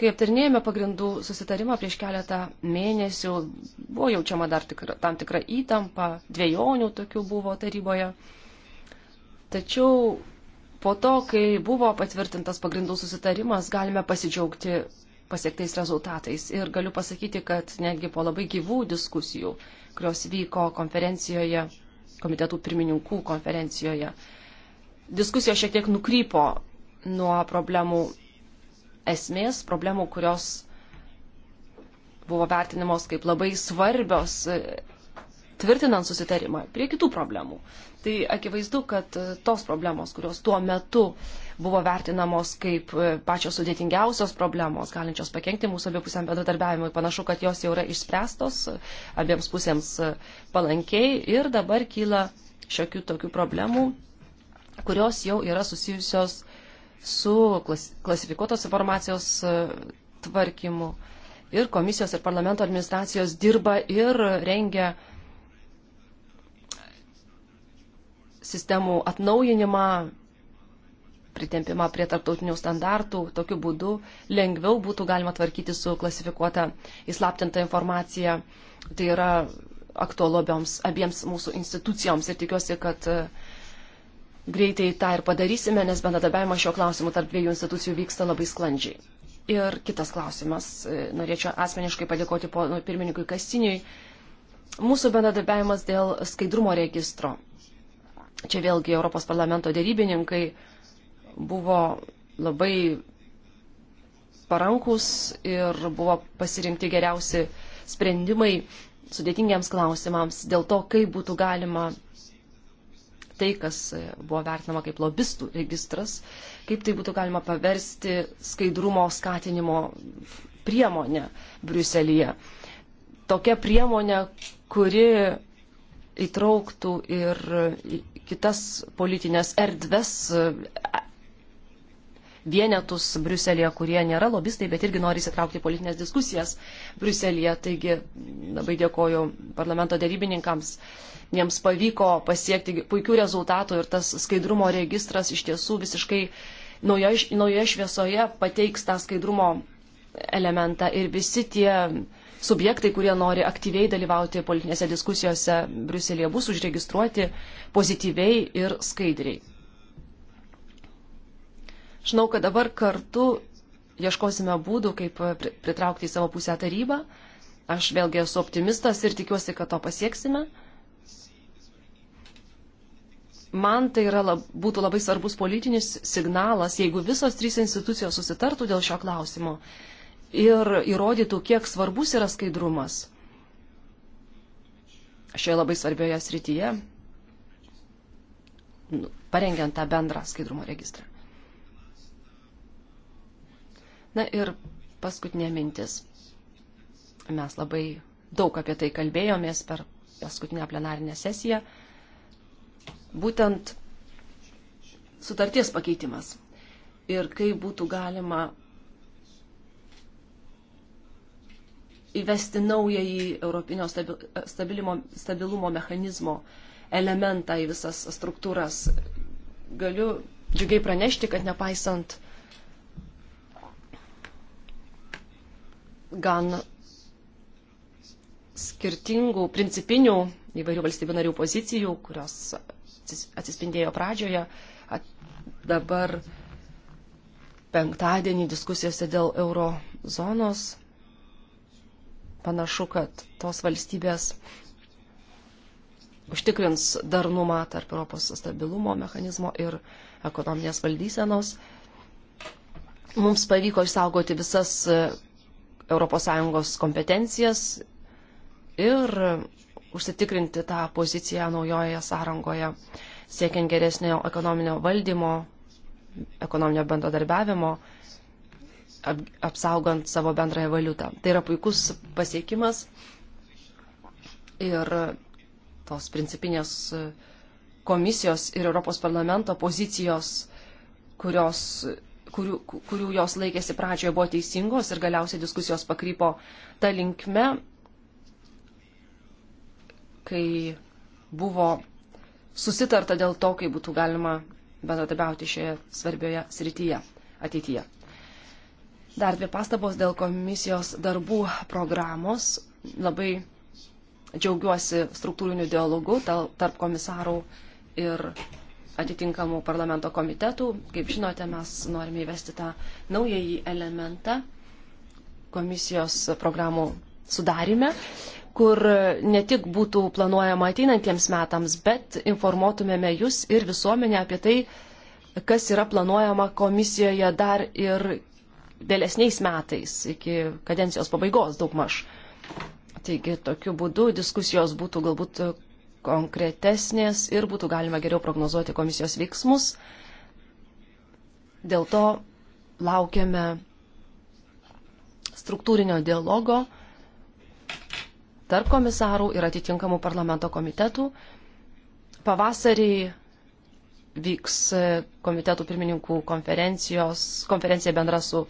Kai aptarnėjome pagrindų susitarimą prieš keletą mėnesių, buvo jaučiama dar tikra, tam tikra įtampa, dviejonių tokių buvo taryboje. Tačiau po to, kai buvo patvirtintas pagrindų susitarimas, galime pasidžiaugti pasiektais rezultatais. Ir galiu pasakyti, kad netgi po labai gyvų diskusijų, kurios vyko konferencijoje komitetų pirmininkų konferencijoje. Diskusijos šiek tiek nukrypo nuo problemų esmės, problemų, kurios buvo vertinamos kaip labai svarbios e, tvirtinant susitarimą prie kitų problemų. Tai akivaizdu, kad e, tos problemos, kurios tuo metu uh, buvo vertinamos kaip e, pačios sudėtingiausios problemos, galinčios pakengti mūsų abipusiam bendradarbiavimui. Panašu, kad jos jau yra išspręstos e, abiems pusėms e, palankiai ir dabar kyla šiokių tokių problemų, kurios jau yra susijusios su klasifikuotos informacijos tvarkymu. Ir komisijos ir parlamento administracijos dirba ir rengia sistemų atnaujinimą, pritempima prie tarptautinių standartų. Tokiu būdu lengviau būtų galima tvarkyti su klasifikuota įslaptinta informacija. Tai yra aktualu abiems mūsų institucijoms ir tikiuosi, kad e, greitai tą ir padarysime, nes bendradarbiavimas šio klausimu tarp dviejų institucijų vyksta labai sklandžiai. Ir kitas klausimas. E, norėčiau asmeniškai padėkoti pirmininkui Kastiniui. Mūsų bendradarbiavimas dėl skaidrumo registro. Čia vėlgi Europos parlamento dėrybininkai buvo labai parankus ir buvo pasirinkti geriausi sprendimai sudėtingiams klausimams dėl to, kaip būtų galima tai, kas buvo vertinama kaip lobistų registras, kaip tai būtų galima paversti skaidrumo skatinimo priemonę Briuselyje. Tokia priemonė, kuri įtrauktų ir kitas politinės erdves vienetus Briuselėje, kurie nėra lobistai, bet irgi nori įsitraukti į politinės diskusijas Briuselėje. Taigi labai dėkoju parlamento dėrybininkams. Jiems pavyko pasiekti puikių rezultatų ir tas skaidrumo registras iš tiesų visiškai naujoje, naujoje šviesoje pateiks tą skaidrumo elementą ir visi tie subjektai, kurie nori aktyviai dalyvauti politinėse diskusijose Briuselėje, bus užregistruoti pozityviai ir skaidriai. Žinau, kad dabar kartu ieškosime būdų, kaip e, pritraukti į savo pusę tarybą. Aš vėlgi esu optimistas ir tikiuosi, kad to pasieksime. Man tai yra, lab, būtų labai svarbus politinis signalas, jeigu visos trys institucijos susitartų dėl šio klausimo ir įrodytų, kiek svarbus yra skaidrumas šioje labai svarbioje srityje, nu, parengiant tą bendrą skaidrumo registrą. Na ir paskutinė mintis. Mes labai daug apie tai kalbėjomės per paskutinę plenarinę sesiją. Būtent sutarties pakeitimas. Ir kaip būtų galima įvesti naująjį Europinio stabilimo, stabilumo mechanizmo elementą į visas struktūras. Galiu džiugiai pranešti, kad nepaisant gan skirtingų principinių įvairių valstybių narių pozicijų, kurios atsispindėjo pradžioje. At, dabar penktadienį diskusijose dėl euro zonos panašu, kad tos valstybės užtikrins darnumą tarp Europos stabilumo mechanizmo ir ekonominės valdysenos. Mums pavyko išsaugoti visas ES kompetencijas ir užsitikrinti tą poziciją naujoje sąrangoje, siekiant geresnio ekonominio valdymo, ekonominio bendradarbiavimo, ap, apsaugant savo bendrąją valiutą. Tai yra puikus pasiekimas ir tos principinės komisijos ir Europos parlamento pozicijos, kurios kurių, kurių jos laikėsi pradžioje, buvo teisingos ir galiausiai diskusijos pakrypo tą linkme, kai buvo susitarta dėl to, kaip būtų galima bendradabiauti šioje svarbioje srityje ateityje. Dar dvi pastabos dėl komisijos darbų programos. Labai džiaugiuosi struktūriniu dialogu tarp komisarų ir atitinkamų parlamento komitetų. Kaip žinote, mes norime įvesti tą naująjį elementą komisijos programų sudarime, kur ne tik būtų planuojama ateinantiems metams, bet informuotumėme jūs ir visuomenę apie tai, kas yra planuojama komisijoje dar ir vėlesniais metais, iki kadencijos pabaigos daugmaž. Taigi tokiu būdu diskusijos būtų galbūt konkretesnės ir būtų galima geriau prognozuoti komisijos veiksmus. Dėl to laukiame struktūrinio dialogo tarp komisarų ir atitinkamų parlamento komitetų. Pavasarį vyks komitetų pirmininkų konferencija bendra su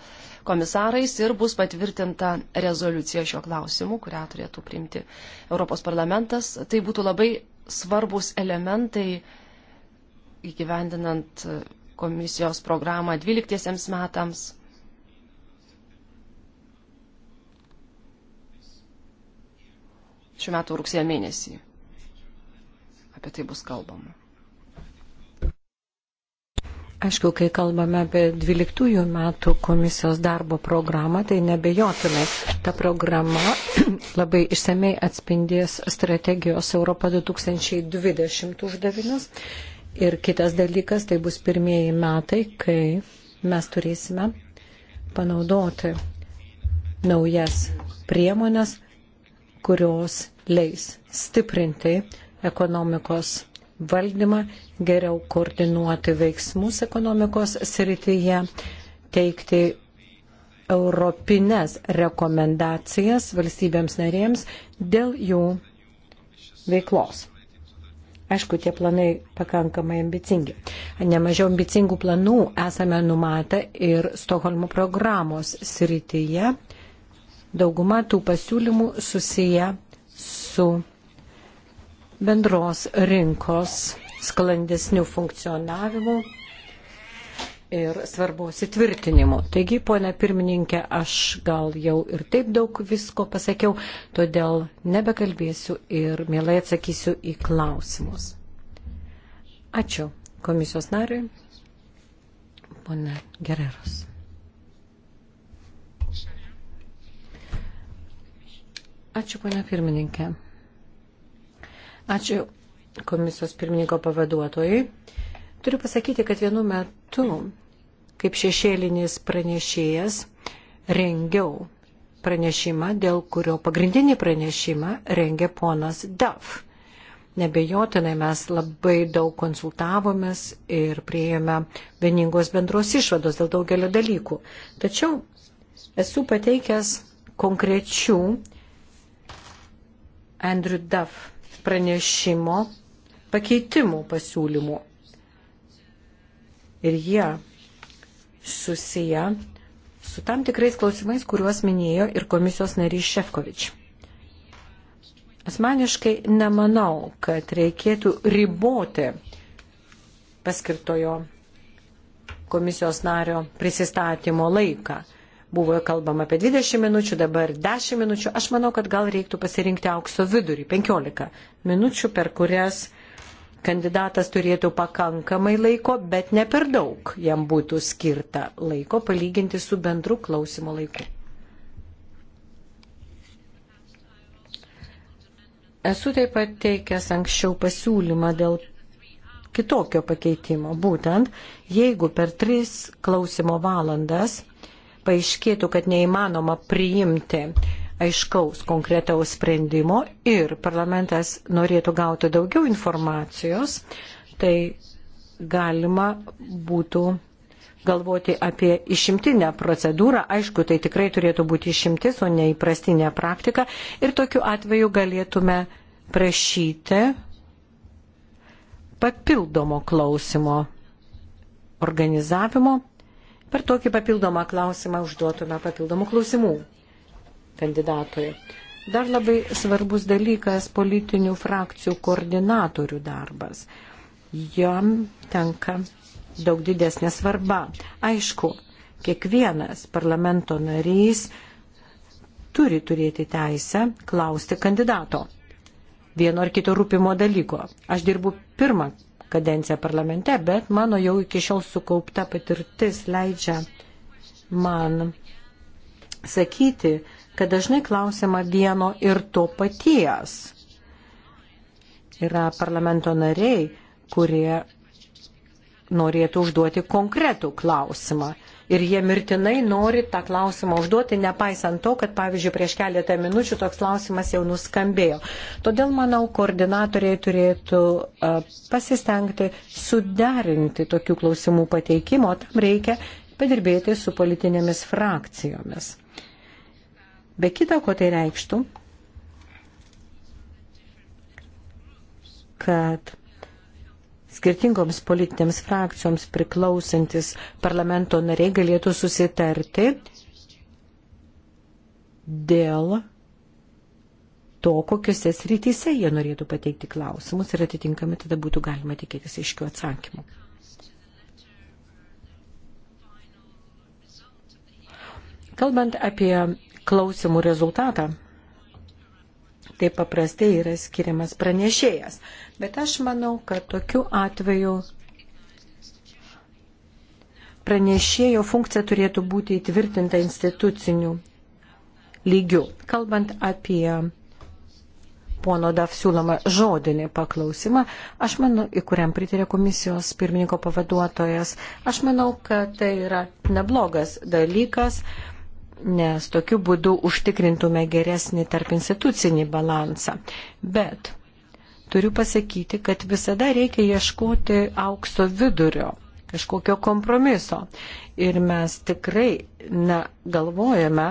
komisarais ir bus patvirtinta rezoliucija šiuo klausimu, kurią turėtų priimti Europos parlamentas. Tai būtų labai svarbus elementai įgyvendinant komisijos programą 12 metams. Šiuo metu rugsėjo mėnesį. Apie tai bus kalbama. Aišku, kai kalbame apie 12 metų komisijos darbo programą, tai nebejotinai ta programa (clears throat) labai išsamei atspindės strategijos Europa 2020 uždavinius. Ir kitas dalykas, tai bus pirmieji metai, kai mes turėsime panaudoti naujas priemonės, kurios leis stiprinti ekonomikos valdymą, geriau koordinuoti veiksmus ekonomikos srityje, teikti europines rekomendacijas valstybėms narėms dėl jų veiklos. Aišku, tie planai pakankamai ambicingi. Nemažiau ambicingų planų esame numatę ir Stokholmo programos srityje. Dauguma tų pasiūlymų susiję su bendros rinkos sklandesnių funkcionavimų ir svarbos įtvirtinimu. Taigi, ponia pirmininkė, aš gal jau ir taip daug visko pasakiau, todėl nebekalbėsiu ir mielai atsakysiu į klausimus. Ačiū komisijos nariui, ponia Gereros. Ačiū, ponia pirmininkė. Ačiū komisijos pirmininko pavaduotojai. Turiu pasakyti, kad vienu metu, kaip šešėlinis pranešėjas, rengiau pranešimą, dėl kurio pagrindinį pranešimą rengė ponas Duff. Nebejotinai mes labai daug konsultavomės ir prieėjome vieningos bendros išvados dėl daugelio dalykų. Tačiau esu pateikęs konkrečių Andrew Duff pranešimo pakeitimų pasiūlymų. Ir jie susiję su tam tikrais klausimais, kuriuos minėjo ir komisijos narys Šefkovič. Asmeniškai nemanau, kad reikėtų riboti paskirtojo komisijos nario prisistatymo laiką. Buvo kalbama apie 20 minučių, dabar 10 minučių. Aš manau, kad gal reiktų pasirinkti aukso vidurį - 15 minučių, per kurias kandidatas turėtų pakankamai laiko, bet ne per daug jam būtų skirta laiko palyginti su bendru klausimo laiku. Esu taip pat teikęs anksčiau pasiūlymą dėl kitokio pakeitimo. Būtent, jeigu per tris klausimo valandas paaiškėtų, kad neįmanoma priimti aiškaus konkretaus sprendimo ir parlamentas norėtų gauti daugiau informacijos, tai galima būtų galvoti apie išimtinę procedūrą. Aišku, tai tikrai turėtų būti išimtis, o ne įprastinė praktika. Ir tokiu atveju galėtume prašyti papildomo klausimo organizavimo Per tokį papildomą klausimą užduotume papildomų klausimų kandidatui. Dar labai svarbus dalykas politinių frakcijų koordinatorių darbas. Jam tenka daug didesnė svarba. Aišku, kiekvienas parlamento narys turi turėti teisę klausti kandidato vieno ar kito rūpimo dalyko. Aš dirbu pirmą kadenciją parlamente, bet mano jau iki šiol sukaupta patirtis leidžia man sakyti, kad dažnai klausima vieno ir to paties. Yra parlamento nariai, kurie norėtų užduoti konkretų klausimą ir jie mirtinai nori tą klausimą užduoti, nepaisant to, kad, pavyzdžiui, prieš keletą minučių toks klausimas jau nuskambėjo. Todėl, manau, koordinatoriai turėtų e, pasistengti suderinti tokių klausimų pateikimo, tam reikia padirbėti su politinėmis frakcijomis. Be kita, ko tai reikštų, kad skirtingoms politinėms frakcijoms priklausantis parlamento nariai galėtų susitarti dėl to, kokiuose srityse jie norėtų pateikti klausimus ir atitinkamai tada būtų galima tikėtis aiškių atsakymų. Kalbant apie klausimų rezultatą, tai paprastai yra skiriamas pranešėjas. Bet aš manau, kad tokiu atveju pranešėjo funkcija turėtų būti įtvirtinta instituciniu lygiu. Kalbant apie pono DAF siūlomą žodinį paklausimą, aš manau, į kuriam pritarė komisijos pirmininko pavaduotojas, aš manau, kad tai yra neblogas dalykas, nes tokiu būdu užtikrintume geresnį tarp institucinį balansą. Bet turiu pasakyti, kad visada reikia ieškoti aukso vidurio, kažkokio kompromiso. Ir mes tikrai na, galvojame,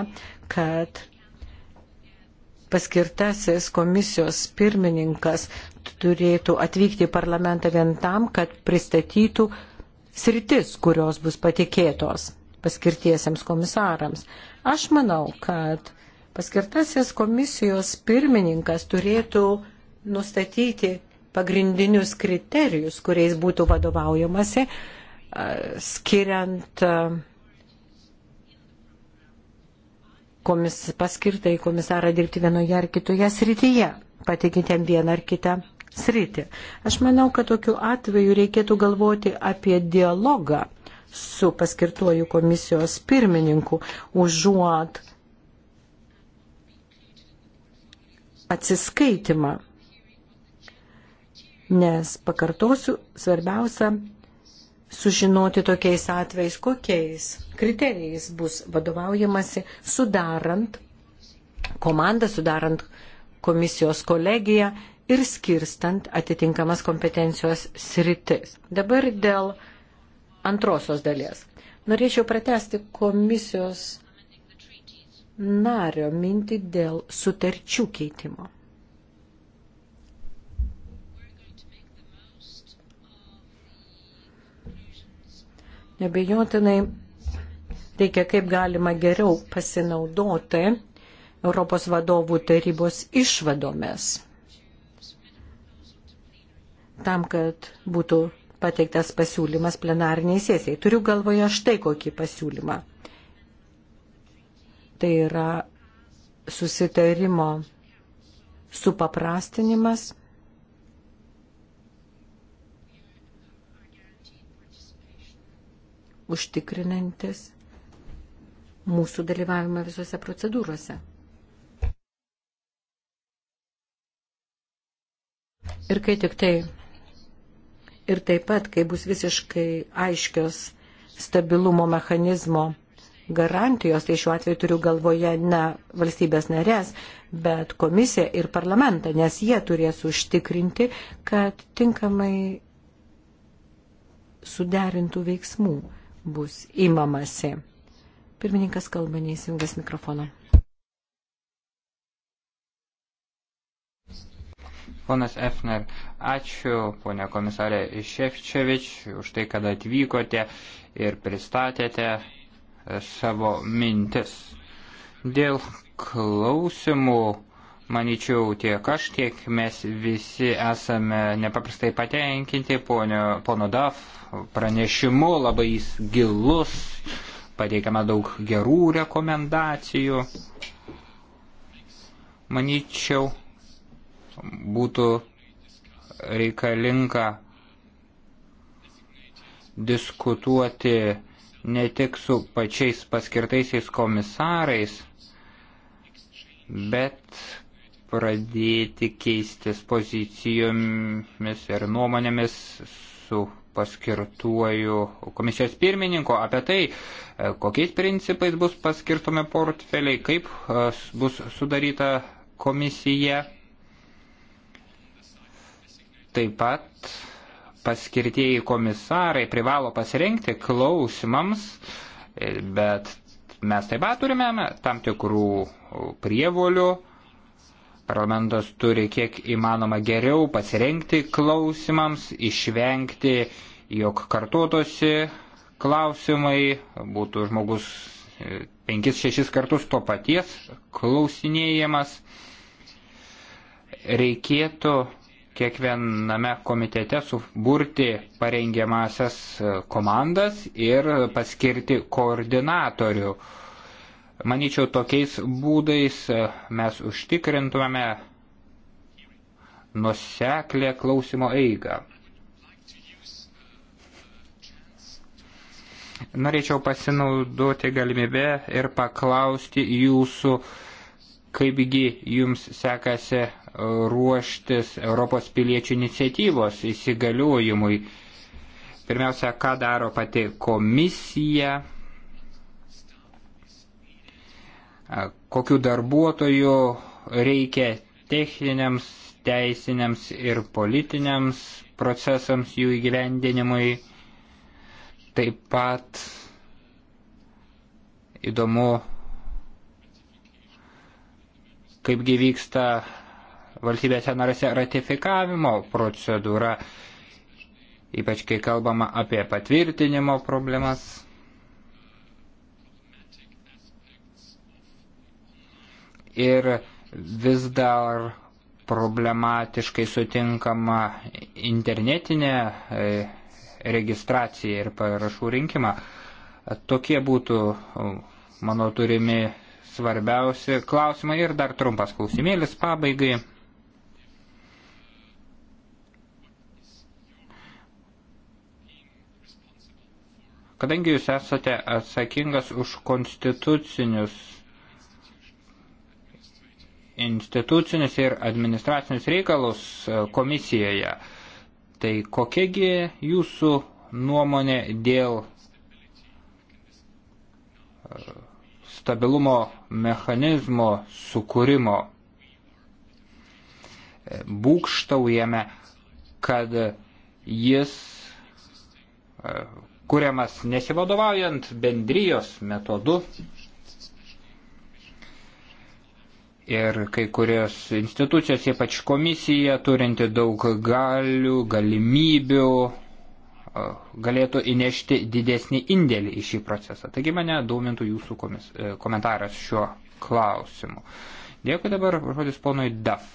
kad paskirtasis komisijos pirmininkas turėtų atvykti į parlamentą vien tam, kad pristatytų sritis, kurios bus patikėtos paskirtiesiems komisarams. Aš manau, kad paskirtasis komisijos pirmininkas turėtų uh, nustatyti pagrindinius kriterijus, kuriais būtų vadovaujamasi, skiriant komis, paskirtai komisarą dirbti vienoje ar kitoje srityje, patikintėm vieną ar kitą sritį. Aš manau, kad tokiu atveju reikėtų galvoti apie dialogą su paskirtuoju komisijos pirmininku, užuot atsiskaitimą Nes, pakartosiu, svarbiausia sužinoti tokiais atvejais, kokiais kriterijais bus vadovaujamasi, sudarant komandą, sudarant komisijos kolegiją ir skirstant atitinkamas kompetencijos sritis. Dabar dėl antrosios dalies. Norėčiau pratesti komisijos nario mintį dėl sutarčių keitimo. Nebejotinai reikia kaip galima geriau pasinaudoti Europos vadovų tarybos išvadomis tam, kad būtų pateiktas pasiūlymas plenariniai sesijai. Turiu galvoje štai kokį pasiūlymą. Tai yra susitarimo supaprastinimas užtikrinantis mūsų dalyvavimą visose procedūrose. Ir kai tik tai, ir taip pat, kai bus visiškai aiškios stabilumo mechanizmo garantijos, tai šiuo atveju turiu galvoje ne valstybės narės, bet komisiją ir parlamentą, nes jie turės užtikrinti, kad tinkamai suderintų veiksmų bus įmamasi. Pirmininkas kalba neįsijungęs mikrofoną. Ponas Efner, ačiū, ponė komisarė Šefčevič, už tai, kad atvykote ir pristatėte e, savo mintis. Dėl klausimų Maničiau, tiek aš, tiek mes visi esame nepaprastai patenkinti ponio, pono DAF pranešimu, labai jis gilus, pateikiama daug gerų rekomendacijų. Maničiau, būtų reikalinga diskutuoti ne tik su pačiais paskirtaisiais komisarais, bet pradėti keistis pozicijomis ir nuomonėmis su paskirtuoju komisijos pirmininku apie tai, e, kokiais principais bus paskirtume portfeliai, kaip e, bus sudaryta komisija. Taip pat paskirtieji komisarai privalo pasirinkti klausimams, e, bet mes taip pat turime tam tikrų prievolių Parlamentas turi kiek įmanoma geriau pasirengti klausimams, išvengti, jog kartuotosi klausimai, būtų žmogus e, penkis, šešis kartus to paties klausinėjimas. Reikėtų kiekviename komitete suburti parengiamasias e, komandas ir paskirti koordinatorių. Manyčiau, tokiais būdais e, mes užtikrintumėme nuseklę klausimo eigą. Norėčiau pasinaudoti galimybę ir paklausti jūsų, kaipgi jums sekasi ruoštis Europos piliečių iniciatyvos įsigaliojimui. Pirmiausia, ką daro pati komisija kokių darbuotojų reikia techniniams, teisiniams ir politiniams procesams jų įgyvendinimui. Taip pat įdomu, kaip gyvyksta valstybėse narėse ratifikavimo procedūra, ypač kai kalbama apie patvirtinimo problemas. ir vis dar problematiškai sutinkama internetinė e, registracija ir parašų rinkimą. Tokie būtų mano turimi svarbiausi klausimai ir dar trumpas klausimėlis pabaigai. Kadangi jūs esate atsakingas už konstitucinius institucinius ir administracinius reikalus e, komisijoje. Tai kokiagi jūsų nuomonė dėl e, stabilumo mechanizmo sukūrimo? E, būkštaujame, kad jis kuriamas nesivadovaujant bendrijos metodu ir kai kurios institucijos, ypač komisija, turinti daug galių, galimybių, galėtų įnešti didesnį indėlį į šį procesą. Taigi mane daumintų jūsų komis, e, komentaras šiuo klausimu. Dėkui dabar žodis ponui Daf.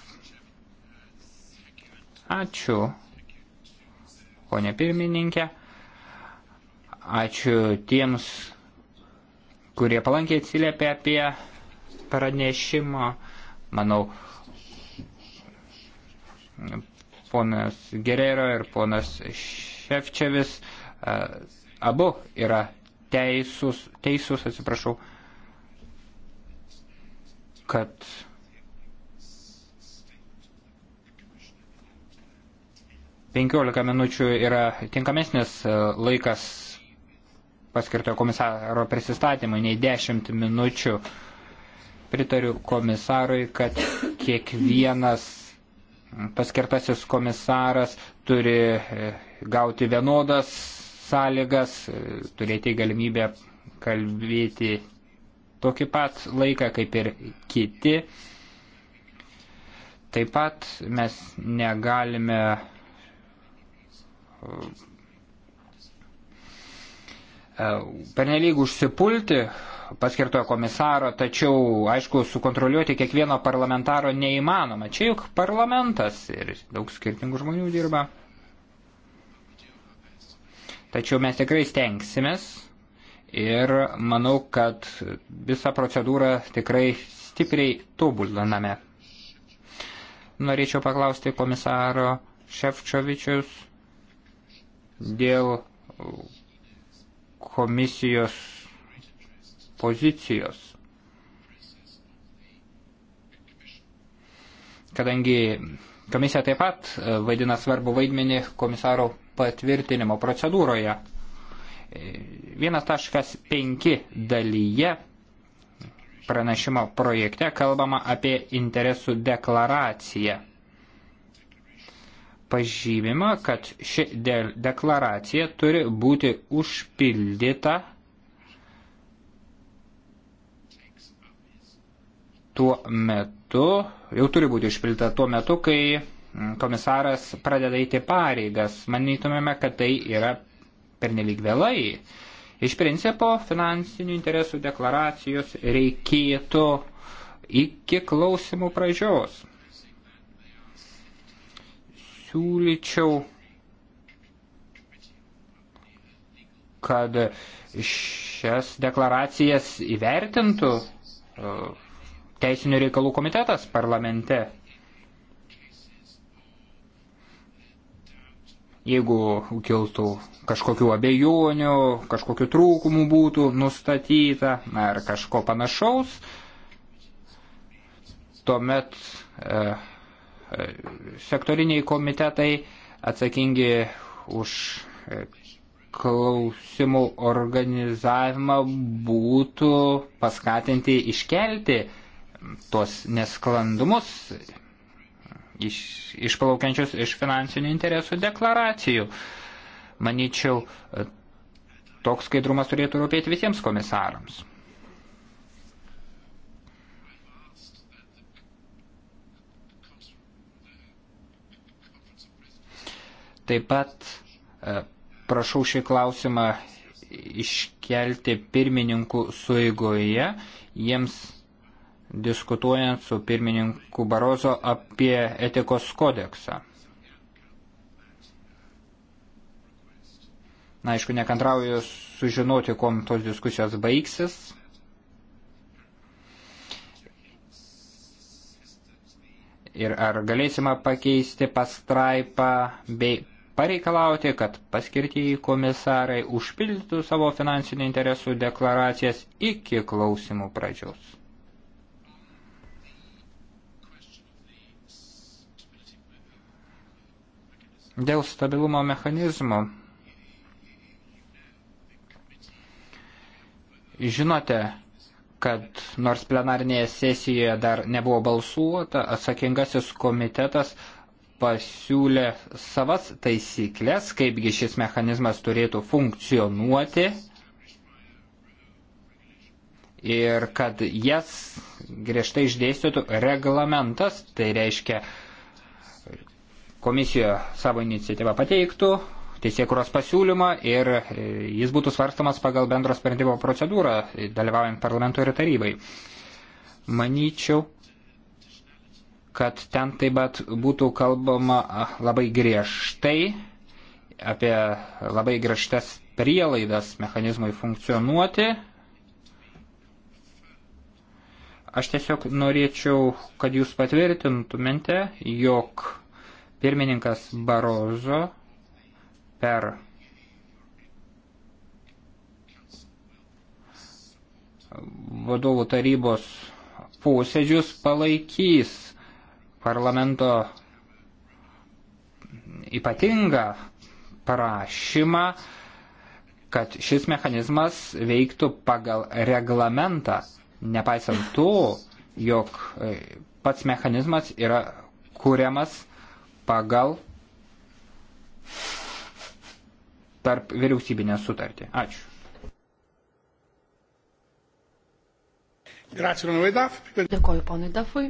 Ačiū, ponė pirmininkė. Ačiū tiems, kurie palankiai atsiliepia apie pranešimą. Manau, ponas Gerero ir ponas Šefčevis e, abu yra teisus, teisus atsiprašau, kad penkiolika minučių yra tinkamesnis laikas paskirtojo komisaro prisistatymui nei dešimt minučių uh, pritariu komisarui, kad kiekvienas paskirtasis komisaras turi e, gauti vienodas sąlygas, e, turėti galimybę kalbėti tokį pat laiką kaip ir kiti. Taip pat mes negalime E, pernelyg užsipulti paskirtojo komisaro, tačiau, aišku, sukontroliuoti kiekvieno parlamentaro neįmanoma. Čia juk parlamentas ir daug skirtingų žmonių dirba. Tačiau mes tikrai stengsimės ir manau, kad visą procedūrą tikrai stipriai tobuliname. Norėčiau paklausti komisaro Šefčovičius dėl komisijos pozicijos. Kadangi komisija taip pat e, vaidina svarbu vaidmenį komisaro patvirtinimo procedūroje. 1.5 e, dalyje pranešimo projekte kalbama apie interesų deklaraciją pažymima, kad ši deklaracija turi būti užpildyta tuo metu, jau turi būti išpildyta tuo metu, kai mm, komisaras pradeda eiti pareigas. Manytumėme, kad tai yra pernelyg vėlai. Iš principo finansinių interesų deklaracijos reikėtų iki klausimų pradžios siūlyčiau, kad šias deklaracijas įvertintų e, Teisinių reikalų komitetas parlamente. Jeigu kiltų kažkokių abejonių, kažkokių trūkumų būtų nustatyta ar kažko panašaus, tuomet e, sektoriniai komitetai atsakingi už e, klausimų organizavimą būtų paskatinti iškelti tuos nesklandumus iš, išplaukiančius iš finansinių interesų deklaracijų. Manyčiau, toks skaidrumas turėtų rūpėti visiems komisarams. Taip pat e, prašau šį klausimą iškelti pirmininkų suigoje, jiems diskutuojant su pirmininku Barozo apie etikos kodeksą. Na, aišku, nekantrauju sužinoti, kom tos diskusijos baigsis. Ir ar galėsime pakeisti pastraipą bei pareikalauti, kad paskirtieji komisarai užpildytų savo finansinių interesų deklaracijas iki klausimų pradžios. Dėl stabilumo mechanizmo žinote, kad nors plenarnėje sesijoje dar nebuvo balsuota, atsakingasis komitetas pasiūlė savas taisyklės, kaipgi šis mechanizmas turėtų funkcionuoti ir kad jas griežtai išdėstytų reglamentas, tai reiškia komisijoje savo iniciatyvą pateiktų teisėkuros pasiūlymą ir jis būtų svarstamas pagal bendro sprendimo procedūrą, dalyvaujant parlamentui ir tarybai. Manyčiau, kad ten taip pat būtų kalbama labai griežtai apie labai griežtas prielaidas mechanizmui funkcionuoti. Aš tiesiog norėčiau, kad jūs patvirtintumėte, jog pirmininkas Barozo per vadovų tarybos posėdžius palaikys parlamento ypatingą prašymą, kad šis mechanizmas veiktų pagal reglamentą, nepaisant to, jog e, pats mechanizmas yra kūriamas pagal tarp vyriausybinę sutartį. Ačiū. Dėkoju ponui Dafui.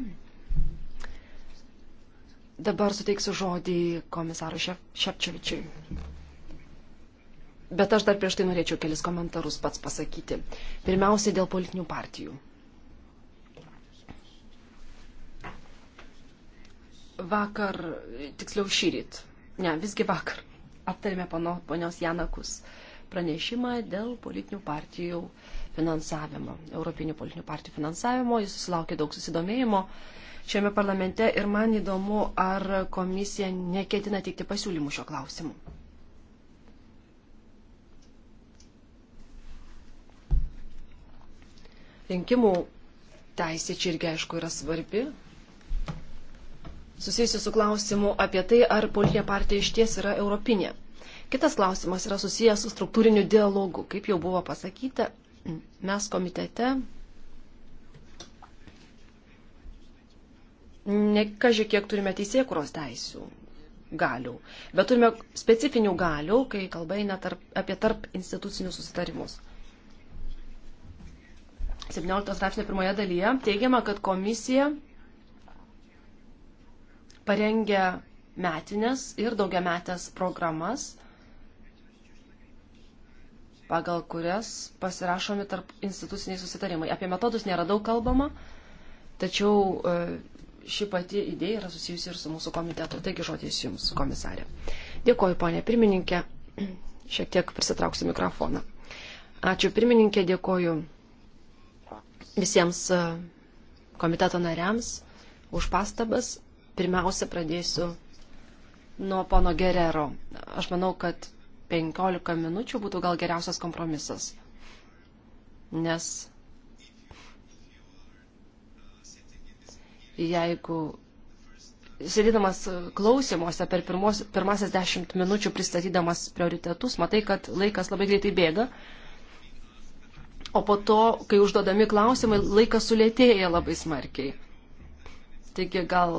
Dabar suteiksiu žodį komisarui Šepčiovičiui. Bet aš dar prieš tai norėčiau kelis komentarus pats pasakyti. Pirmiausiai dėl politinių partijų. Vakar, tiksliau šyryt, ne, visgi vakar, aptarėme pano, ponios Janakus pranešimą dėl politinių partijų finansavimo, europinių politinių partijų finansavimo. Jis susilaukė daug susidomėjimo. Uh, šiame parlamente ir man įdomu, ar komisija neketina teikti pasiūlymų šio klausimu. Rinkimų teisė čia irgi aišku yra svarbi. Susijusi su klausimu apie tai, ar politinė partija iš ties yra europinė. Kitas klausimas yra susijęs su struktūriniu dialogu. Kaip jau buvo pasakyta, mes komitete nekažiai kiek turime teisėkuros teisių galių, bet turime specifinių galių, kai kalba eina tarp, apie tarp institucinius susitarimus. 17 straipsnio pirmoje dalyje teigiama, kad komisija parengia metinės ir daugiametės programas, pagal kurias pasirašomi tarp instituciniai susitarimai. Apie metodus nėra daug kalbama, tačiau e, ši pati idėja yra susijusi ir su mūsų komitetu. Taigi žodis Jums, komisarė. Dėkoju, ponė pirmininkė. (clears throat) Šiek tiek prisitrauksiu mikrofoną. Ačiū pirmininkė, dėkoju visiems e, komiteto nariams už pastabas. Pirmiausia, pradėsiu nuo pono Gerero. Aš manau, kad 15 minučių būtų gal geriausias kompromisas. Nes jeigu sėdėdamas klausimuose per pirmos, pirmasis dešimt minučių pristatydamas prioritetus, matai, kad laikas labai greitai bėga, o po to, kai užduodami klausimai, laikas sulėtėja labai smarkiai. Taigi gal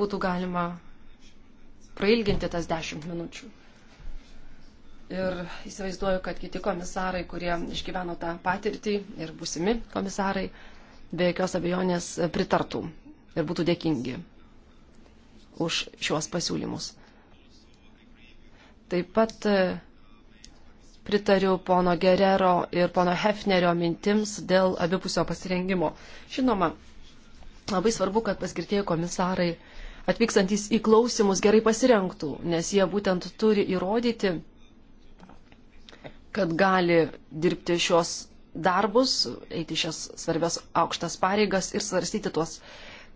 būtų galima prailginti tas dešimt minučių. Ir įsivaizduoju, kad kiti komisarai, kurie išgyveno tą patirtį ir būsimi komisarai, be jokios abejonės pritartų ir būtų dėkingi už šiuos pasiūlymus. Taip pat e, pritariu pono Gerero ir pono Hefnerio mintims dėl abipusio pasirengimo. Žinoma, labai svarbu, kad paskirtieji komisarai atvykstantys į klausimus gerai pasirengtų, nes jie būtent turi įrodyti, kad gali dirbti šios darbus, eiti šias svarbias aukštas pareigas ir svarstyti tuos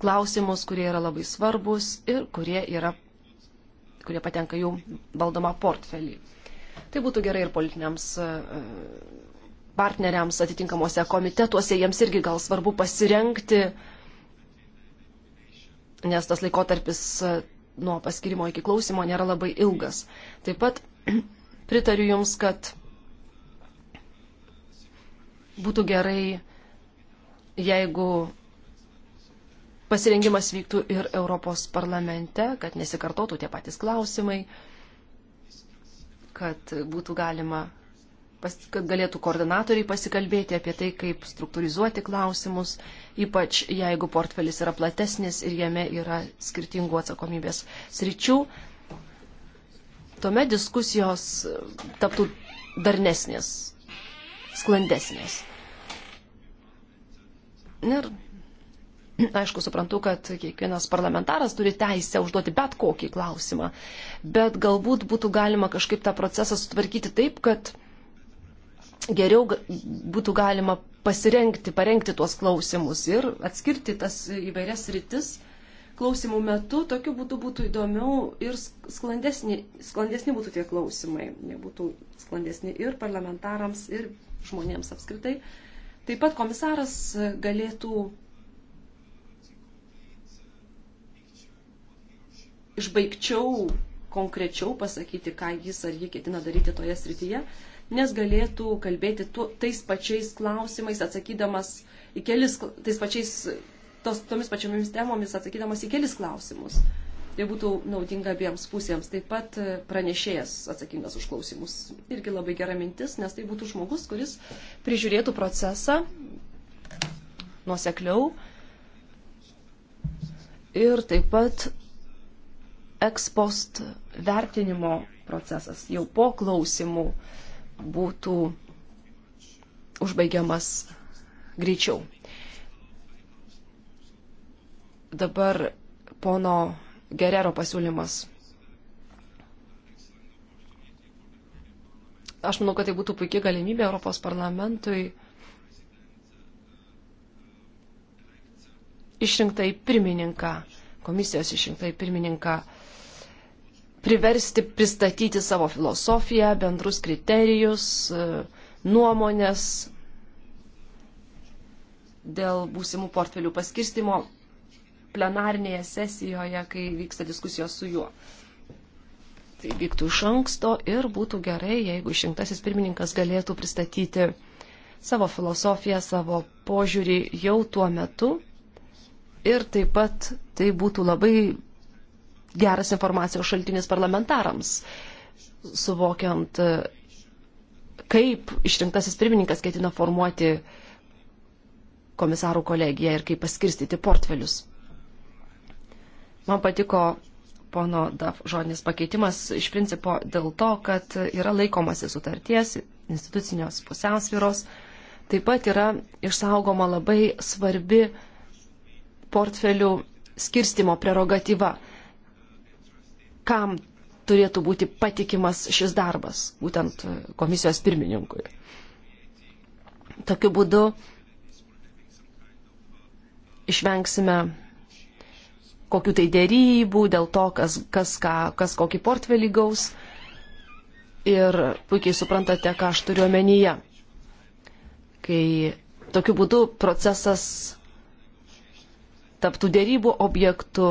klausimus, kurie yra labai svarbus ir kurie, yra, kurie patenka jų valdomą portfelį. Tai būtų gerai ir politiniams e, partneriams atitinkamuose komitetuose, jiems irgi gal svarbu pasirenkti, nes tas laikotarpis e, nuo paskirimo iki klausimo nėra labai ilgas. Taip pat (clears throat) pritariu Jums, kad būtų gerai, jeigu pasirengimas vyktų ir Europos parlamente, kad nesikartotų tie patys klausimai, kad būtų galima, kad galėtų koordinatoriai pasikalbėti apie tai, kaip struktūrizuoti klausimus, ypač jeigu portfelis yra platesnis ir jame yra skirtingų atsakomybės sričių, tuomet diskusijos taptų darnesnės sklandesnės. Ir Aišku, suprantu, kad kiekvienas parlamentaras turi teisę užduoti bet kokį klausimą, bet galbūt būtų galima kažkaip tą procesą sutvarkyti taip, kad geriau būtų galima pasirengti, parengti tuos klausimus ir atskirti tas įvairias rytis klausimų metu. Tokiu būdu būtų įdomiau ir sklandesni, sklandesni būtų tie klausimai, nebūtų sklandesni ir parlamentarams, ir žmonėms apskritai. Taip pat komisaras galėtų išbaigčiau, konkrečiau pasakyti, ką jis ar ji ketina daryti toje srityje, nes galėtų kalbėti tu, tais pačiais klausimais, atsakydamas į kelis, tais pačiais, tos, tomis pačiomis temomis atsakydamas į kelis klausimus. Uh, tai būtų naudinga abiems pusėms. Taip pat e, pranešėjas atsakingas už klausimus. Irgi labai gera mintis, nes tai būtų žmogus, kuris prižiūrėtų procesą nuosekliau ir taip pat ekspost vertinimo procesas jau po klausimų būtų užbaigiamas greičiau. Dabar pono Gerero pasiūlymas. Aš manau, kad tai būtų puikia galimybė Europos parlamentui išrinktai pirmininką, komisijos išrinktai pirmininką, priversti pristatyti savo filosofiją, bendrus kriterijus, nuomonės dėl būsimų portfelių paskirstimo plenarnėje sesijoje, kai vyksta diskusijos su juo. Tai vyktų iš anksto ir būtų gerai, jeigu išrinktasis pirmininkas galėtų pristatyti savo filosofiją, savo požiūrį jau tuo metu. Ir taip pat tai būtų labai geras informacijos šaltinis parlamentarams, suvokiant, kaip išrinktasis pirmininkas ketina formuoti komisarų kolegiją ir kaip paskirstyti portfelius. Man patiko pono DAF žodinis pakeitimas iš principo dėl to, kad yra laikomasi sutarties, institucinios pusiausviros. Taip pat yra išsaugoma labai svarbi portfelių skirstimo prerogatyva, kam turėtų būti patikimas šis darbas, būtent komisijos pirmininkui. Tokiu būdu išvengsime kokiu tai dėrybų, dėl to, kas, kas, ką, kas kokį portfelį gaus. Ir puikiai suprantate, ką aš turiu omenyje. Kai tokiu būdu procesas taptų dėrybų objektų.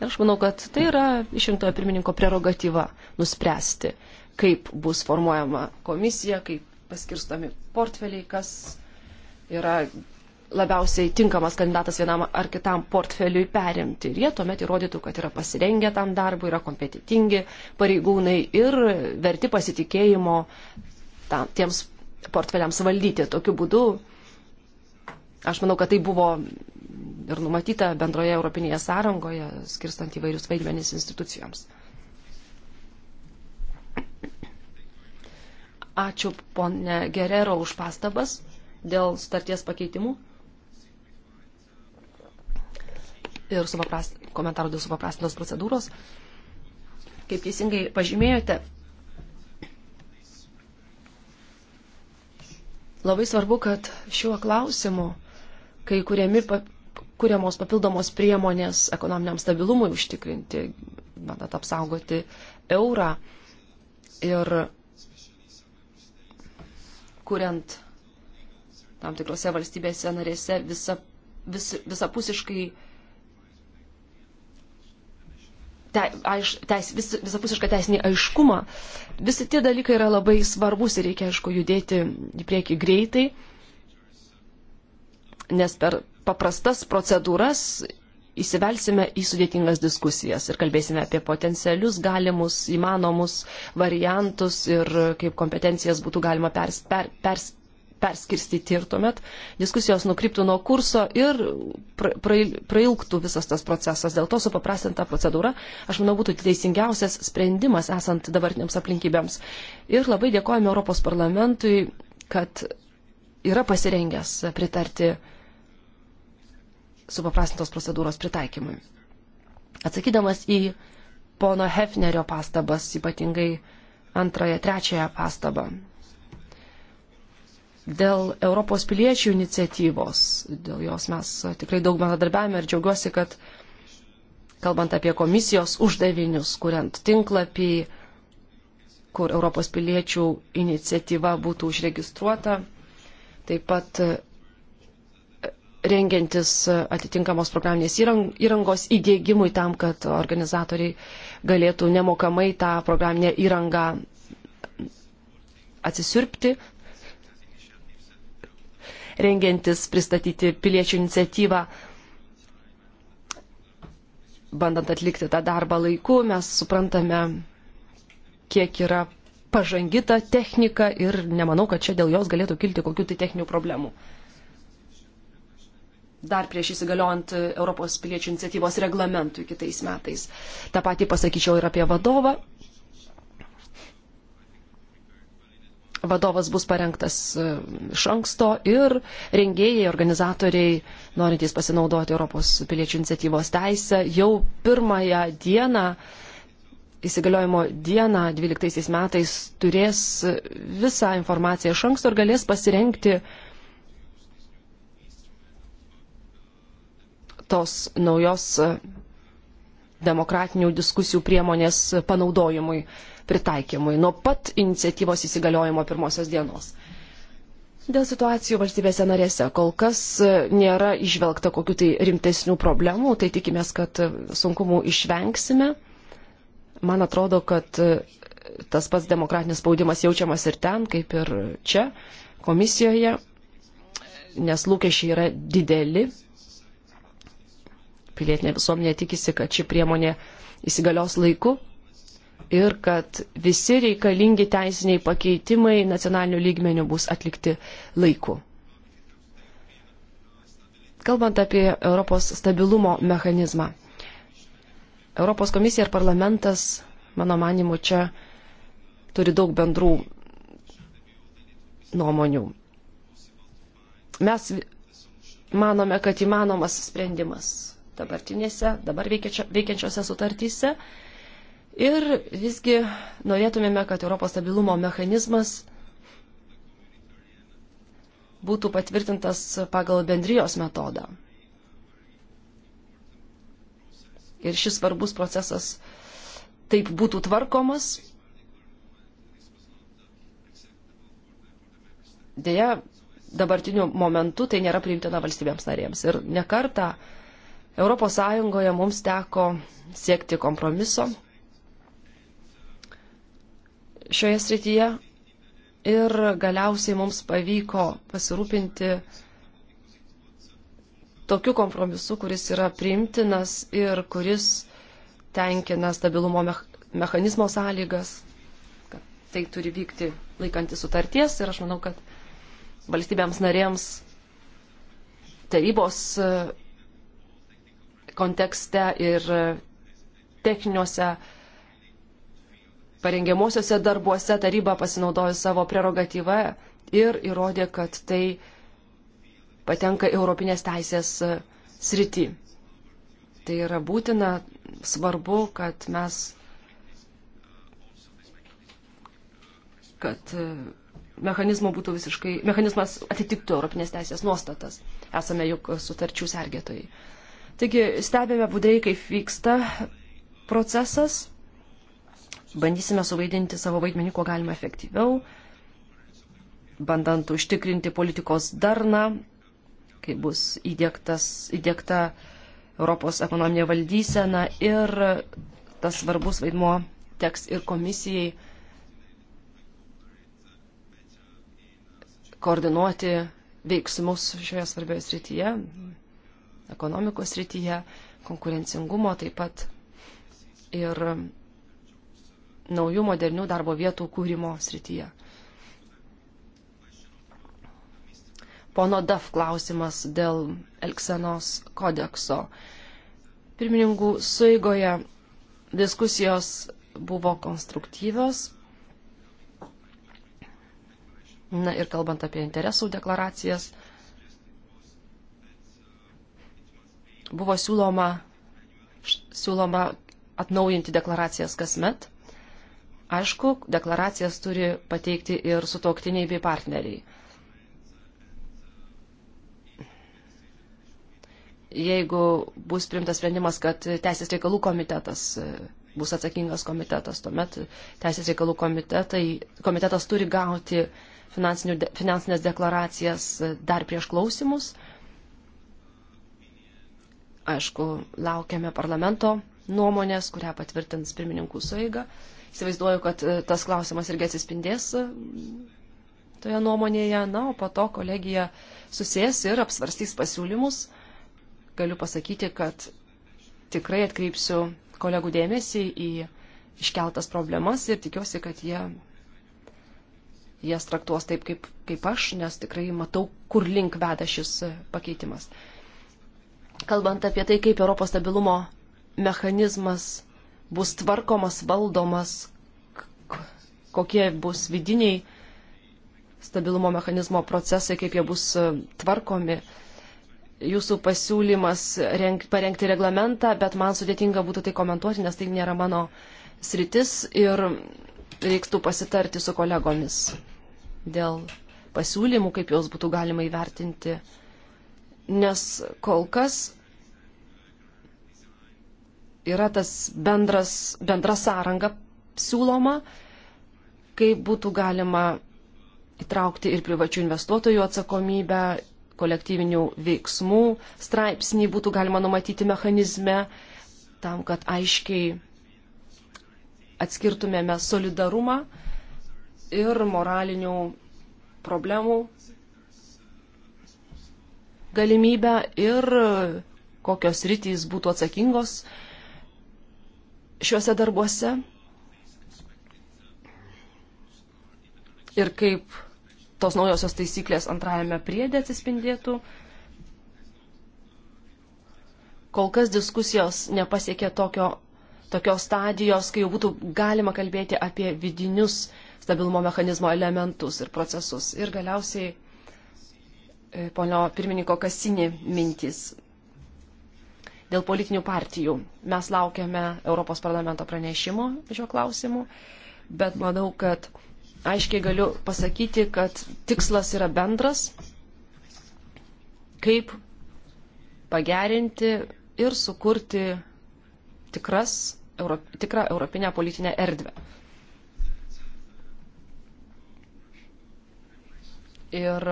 Ir aš manau, kad tai yra išrinktojo pirmininko prerogatyva nuspręsti, kaip bus formuojama komisija, kaip paskirstomi portfeliai, kas yra labiausiai tinkamas kandidatas vienam ar kitam portfeliui perimti. Ir jie tuomet įrodytų, kad yra pasirengę tam darbui, yra kompetitingi pareigūnai ir verti pasitikėjimo tam, tiems portfeliams valdyti. Tokiu būdu, aš manau, kad tai buvo ir numatyta bendroje Europinėje sąrangoje, skirstant įvairius vaidmenys institucijoms. Ačiū ponė Gerero už pastabas dėl starties pakeitimų. ir suprast, komentarų dėl supaprastintos procedūros. Kaip teisingai pažymėjote, labai svarbu, kad šiuo klausimu, kai kuriami, kuriamos papildomos priemonės ekonominiam stabilumui užtikrinti, bandant apsaugoti eurą ir kuriant tam tikrose valstybėse narėse visa, vis, visapusiškai visa te, aiš, teis, vis, visapusišką teisinį aiškumą. Visi tie dalykai yra labai svarbus ir reikia, aišku, judėti į priekį greitai, nes per paprastas procedūras įsivelsime į sudėtingas diskusijas ir kalbėsime apie potencialius galimus, įmanomus variantus ir kaip kompetencijas būtų galima pers, per, pers, perskirstyti ir tuomet diskusijos nukryptų nuo kurso ir prailgtų visas tas procesas. Dėl to supaprastinta procedūra, aš manau, būtų teisingiausias sprendimas esant dabartiniams aplinkybėms. Ir labai dėkojame Europos parlamentui, kad yra pasirengęs pritarti supaprastintos procedūros pritaikymui. Atsakydamas į pono Hefnerio pastabas, ypatingai antrąją, trečiąją pastabą, dėl Europos piliečių iniciatyvos. Dėl jos mes uh, tikrai daug bendradarbiavime ir džiaugiuosi, kad kalbant apie komisijos uždavinius, kuriant tinklapį, kur Europos piliečių iniciatyva būtų užregistruota, taip pat uh, rengiantis uh, atitinkamos programinės įrangos įdėgymui tam, kad organizatoriai galėtų nemokamai tą programinę įrangą atsisirpti, rengiantis pristatyti piliečių iniciatyvą. Bandant atlikti tą darbą laiku, mes suprantame, kiek yra pažangi ta technika ir nemanau, kad čia dėl jos galėtų kilti kokių tai techninių problemų. Dar prieš įsigaliojant Europos piliečių iniciatyvos reglamentui kitais metais. Ta pati pasakyčiau ir apie vadovą vadovas bus parengtas e, iš anksto ir rengėjai, organizatoriai, norintys pasinaudoti Europos piliečių iniciatyvos teisę, jau pirmąją dieną, įsigaliojimo dieną 12 metais turės visą informaciją iš anksto ir galės pasirengti tos naujos demokratinių diskusijų priemonės panaudojimui pritaikymui nuo pat iniciatyvos įsigaliojimo pirmosios dienos. Dėl situacijų valstybėse narėse kol kas e, nėra išvelgta kokių tai rimtesnių problemų, tai tikimės, kad e, sunkumų išvengsime. Man atrodo, kad e, tas pats demokratinis spaudimas jaučiamas ir ten, kaip ir čia, komisijoje, nes lūkesčiai yra dideli. Pilietinė visuomenė tikisi, kad ši priemonė įsigalios laiku ir kad visi reikalingi teisiniai pakeitimai nacionaliniu lygmeniu bus atlikti laiku. Kalbant apie Europos stabilumo mechanizmą. Europos komisija ir parlamentas, mano manimu, čia turi daug bendrų nuomonių. Mes manome, kad įmanomas sprendimas dabartinėse, dabar veikiančiose sutartyse Ir visgi norėtumėme, kad Europos stabilumo mechanizmas būtų patvirtintas pagal bendrijos metodą. Ir šis svarbus procesas taip būtų tvarkomas. Deja, dabartiniu momentu tai nėra priimtina valstybėms narėms. Ir nekarta ES mums teko siekti kompromiso šioje srityje ir galiausiai mums pavyko pasirūpinti tokiu kompromisu, kuris yra priimtinas ir kuris tenkina stabilumo mechanizmo sąlygas, kad tai turi vykti laikantis sutarties ir aš manau, kad valstybėms narėms tarybos e, kontekste ir e, techniniuose parengiamuosiuose darbuose taryba pasinaudojo savo prerogatyvą ir įrodė, kad tai patenka Europinės teisės e, srity. Tai yra būtina, svarbu, kad mes kad e, mechanizmo būtų visiškai, mechanizmas atitiktų Europinės teisės nuostatas. Esame juk sutarčių sergėtojai. Taigi stebėme budriai, kaip vyksta procesas bandysime suvaidinti savo vaidmenį, kuo galima efektyviau, bandant užtikrinti politikos darną, kai bus įdėkta Europos ekonominė valdysena ir tas svarbus vaidmo teks ir komisijai koordinuoti veiksmus šioje svarbioje srityje, ekonomikos srityje, konkurencingumo taip pat ir naujų modernių darbo vietų kūrimo srityje. Pono Daf klausimas dėl Elksenos kodekso. Pirmininkų suigoje diskusijos buvo konstruktyvios. Na ir kalbant apie interesų deklaracijas, buvo siūloma, siūloma atnaujinti deklaracijas kasmet. Aišku, deklaracijas turi pateikti ir sutoktiniai bei partneriai. Jeigu bus primtas sprendimas, kad Teisės reikalų komitetas e, bus atsakingas komitetas, tuomet Teisės reikalų komitetas turi gauti finansinės deklaracijas e, dar prieš klausimus. Aišku, laukiame parlamento nuomonės, kurią patvirtins pirmininkų suiga. So Įsivaizduoju, kad e, tas klausimas irgi atsispindės e, toje nuomonėje. Na, o po to kolegija susės ir apsvarstys pasiūlymus. Galiu pasakyti, kad tikrai atkreipsiu kolegų dėmesį į iškeltas problemas ir tikiuosi, kad jie jas traktuos taip, kaip, kaip aš, nes tikrai matau, kur link veda šis pakeitimas. Kalbant apie tai, kaip Europos stabilumo mechanizmas bus tvarkomas, valdomas, kokie bus vidiniai stabilumo mechanizmo procesai, kaip jie bus e, tvarkomi. Jūsų pasiūlymas renk, parengti reglamentą, bet man sudėtinga būtų tai komentuoti, nes tai nėra mano sritis ir reiktų pasitarti su kolegomis dėl pasiūlymų, kaip juos būtų galima įvertinti. Nes kol kas yra tas bendras, bendra sąranga siūloma, kaip būtų galima įtraukti ir privačių investuotojų atsakomybę, kolektyvinių veiksmų straipsnį būtų galima numatyti mechanizme, tam, kad aiškiai atskirtumėme solidarumą ir moralinių problemų galimybę ir kokios rytys būtų atsakingos šiuose darbuose ir kaip tos naujosios taisyklės antrajame priedė atsispindėtų. Kol kas diskusijos nepasiekė tokio, tokios stadijos, kai jau būtų galima kalbėti apie vidinius stabilumo mechanizmo elementus ir procesus. Ir galiausiai e, ponio pirmininko kasinį mintis dėl politinių partijų. Mes laukiame Europos parlamento pranešimo šiuo klausimu, bet manau, kad aiškiai galiu pasakyti, kad tikslas yra bendras, kaip pagerinti ir sukurti tikras, euro, tikrą europinę politinę erdvę. Ir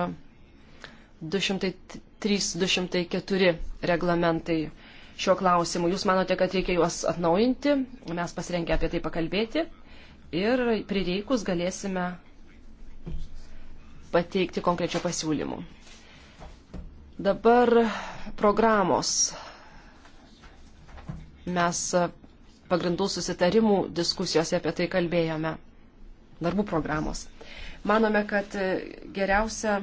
203-204 reglamentai šiuo klausimu. Jūs manote, kad reikia juos atnaujinti, mes pasirengę apie tai pakalbėti ir prireikus galėsime pateikti konkrečio pasiūlymų. Dabar programos. Mes pagrindų susitarimų diskusijose apie tai kalbėjome. Darbų programos. Manome, kad geriausia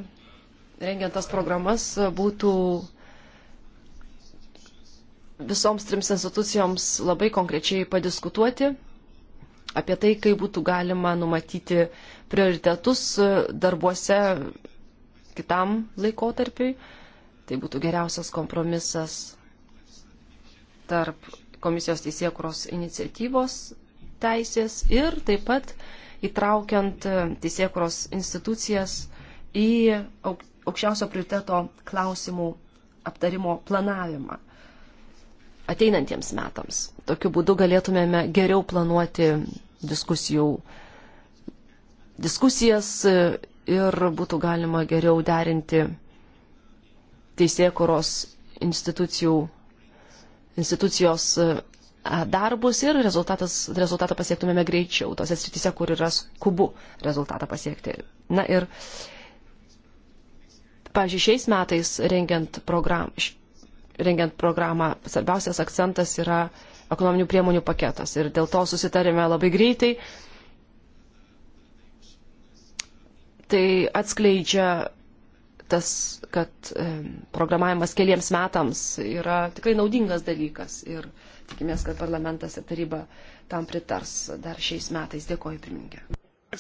rengiant tas programas būtų visoms trims institucijoms labai konkrečiai padiskutuoti apie tai, kaip būtų galima numatyti prioritetus darbuose kitam laikotarpiui. Tai būtų geriausias kompromisas tarp komisijos teisėkuros iniciatyvos teisės ir taip pat įtraukiant teisėkuros institucijas į aukščiausio prioriteto klausimų aptarimo planavimą ateinantiems metams. Tokiu būdu galėtumėme geriau planuoti diskusijų, diskusijas e, ir būtų galima geriau derinti teisėkuros institucijų, institucijos e, darbus ir rezultatą pasiektumėme greičiau, tose srityse, kur yra skubu rezultatą pasiekti. Na ir, pavyzdžiui, šiais metais rengiant program, rengiant programą, svarbiausias akcentas yra ekonominių priemonių paketas. Ir dėl to susitarėme labai greitai. Tai atskleidžia tas, kad programavimas keliems metams yra tikrai naudingas dalykas. Ir tikimės, kad parlamentas ir taryba tam pritars dar šiais metais. Dėkoju, pirmininkė. Eh,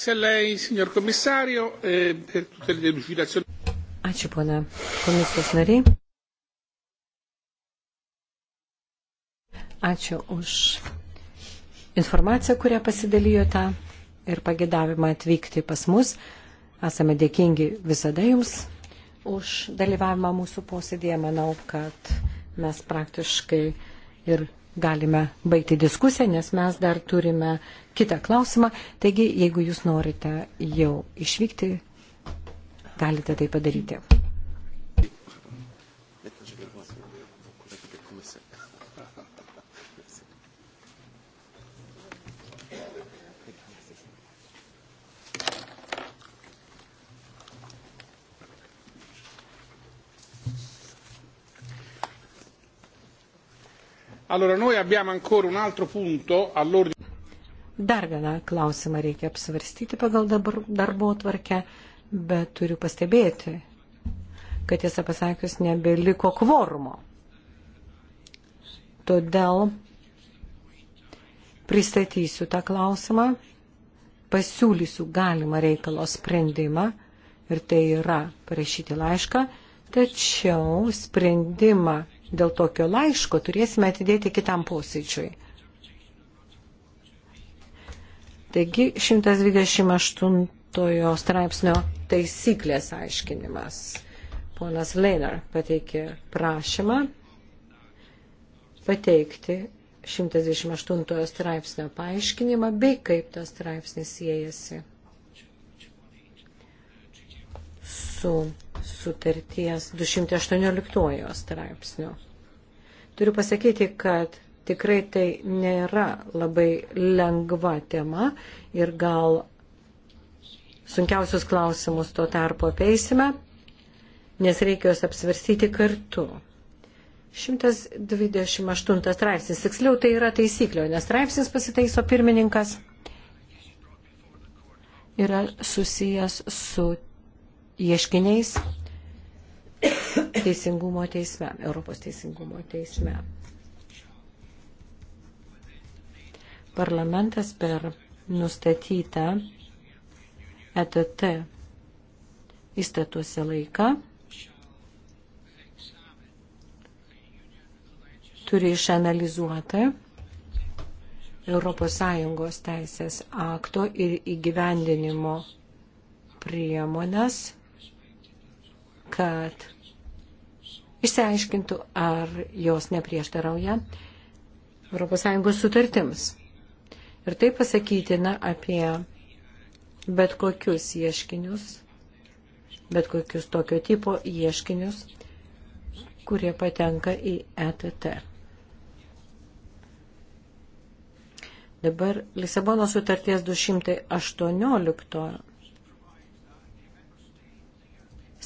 Ačiū, pana komisijos nariai. Ačiū už informaciją, kurią pasidalijote ir pagėdavimą atvykti pas mus. Esame dėkingi visada jums už dalyvavimą mūsų posėdėje. Manau, kad mes praktiškai ir galime baigti diskusiją, nes mes dar turime kitą klausimą. Taigi, jeigu jūs norite jau išvykti, galite tai padaryti. Allora, noi abbiamo ancora un altro punto all'ordine. Dar vieną klausimą reikia apsvarstyti pagal dabar darbo tvarkę, bet turiu pastebėti, kad tiesą pasakius nebeliko kvorumo. Todėl pristatysiu tą klausimą, pasiūlysiu galimą reikalo sprendimą ir tai yra parašyti laišką, tačiau sprendimą dėl tokio laiško turėsime atidėti kitam posėdžiui. Taigi 128 straipsnio taisyklės aiškinimas. Ponas Leiner pateikė prašymą pateikti 128 straipsnio paaiškinimą bei kaip tas straipsnis siejasi su sutarties 218 straipsnio. Turiu pasakyti, kad tikrai tai nėra labai lengva tema ir gal sunkiausius klausimus tuo tarpu apeisime, nes reikia juos apsvarstyti kartu. 128 straipsnis, tiksliau tai yra taisyklio, nes straipsnis pasitaiso pirmininkas yra susijęs su ieškiniais teisingumo teisme, Europos teisingumo teisme. Parlamentas per nustatytą ETT įstatuose laiką turi išanalizuoti ES teisės akto ir įgyvendinimo priemonės kad išsiaiškintų, ar jos neprieštarauja ES sutartims. Ir tai pasakytina apie bet kokius ieškinius, bet kokius tokio tipo ieškinius, kurie patenka į ETT. Dabar Lisabono sutarties 218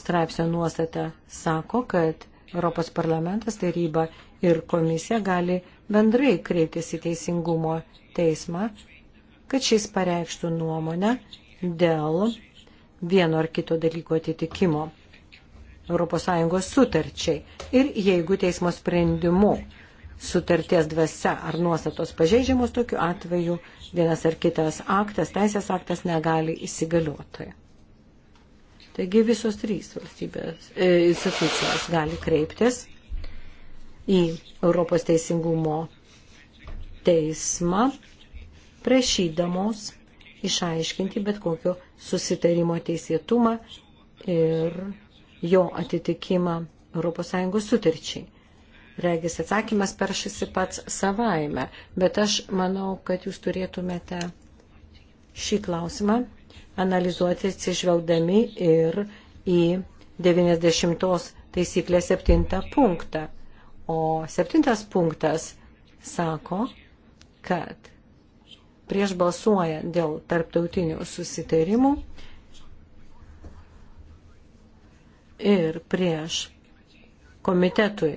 straipsnio nuostata sako, kad Europos parlamentas, taryba ir komisija gali bendrai kreiptis į teisingumo teismą, kad šis pareikštų nuomonę dėl vieno ar kito dalyko atitikimo ES sutarčiai. Ir jeigu teismo sprendimu sutarties dvasia ar nuostatos pažeidžiamos tokiu atveju, vienas ar kitas aktas, teisės aktas negali įsigaliuoti. Taigi visos trys valstybės e, institucijos gali kreiptis į Europos teisingumo teismą, prašydamos išaiškinti bet kokio susitarimo teisėtumą ir jo atitikimą ES sutarčiai. Regis atsakymas peršasi pats savaime, bet aš manau, kad jūs turėtumėte šį klausimą analizuoti atsižvelgdami ir į 90 taisyklės 7 punktą. O 7 punktas sako, kad prieš balsuojant dėl tarptautinių susitarimų ir prieš komitetui,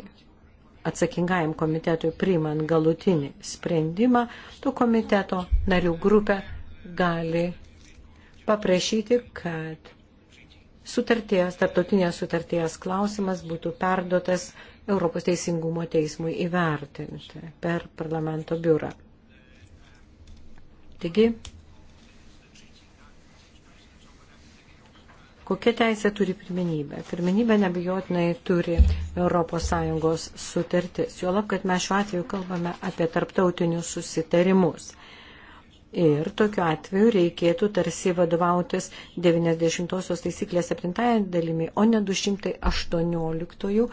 atsakingajam komitetui priimant galutinį sprendimą, tų komiteto narių grupė gali paprašyti, kad sutarties, tarptautinės sutarties klausimas būtų perduotas Europos Teisingumo Teismui įvertinti per parlamento biurą. Taigi, kokia teisė turi pirmenybę? Pirmenybę nebejotinai turi ES sutartis. Juolab, kad mes šiuo atveju kalbame apie tarptautinius susitarimus. Ir tokiu atveju reikėtų tarsi vadovautis 90-osios taisyklės 7 dalimi, o ne 218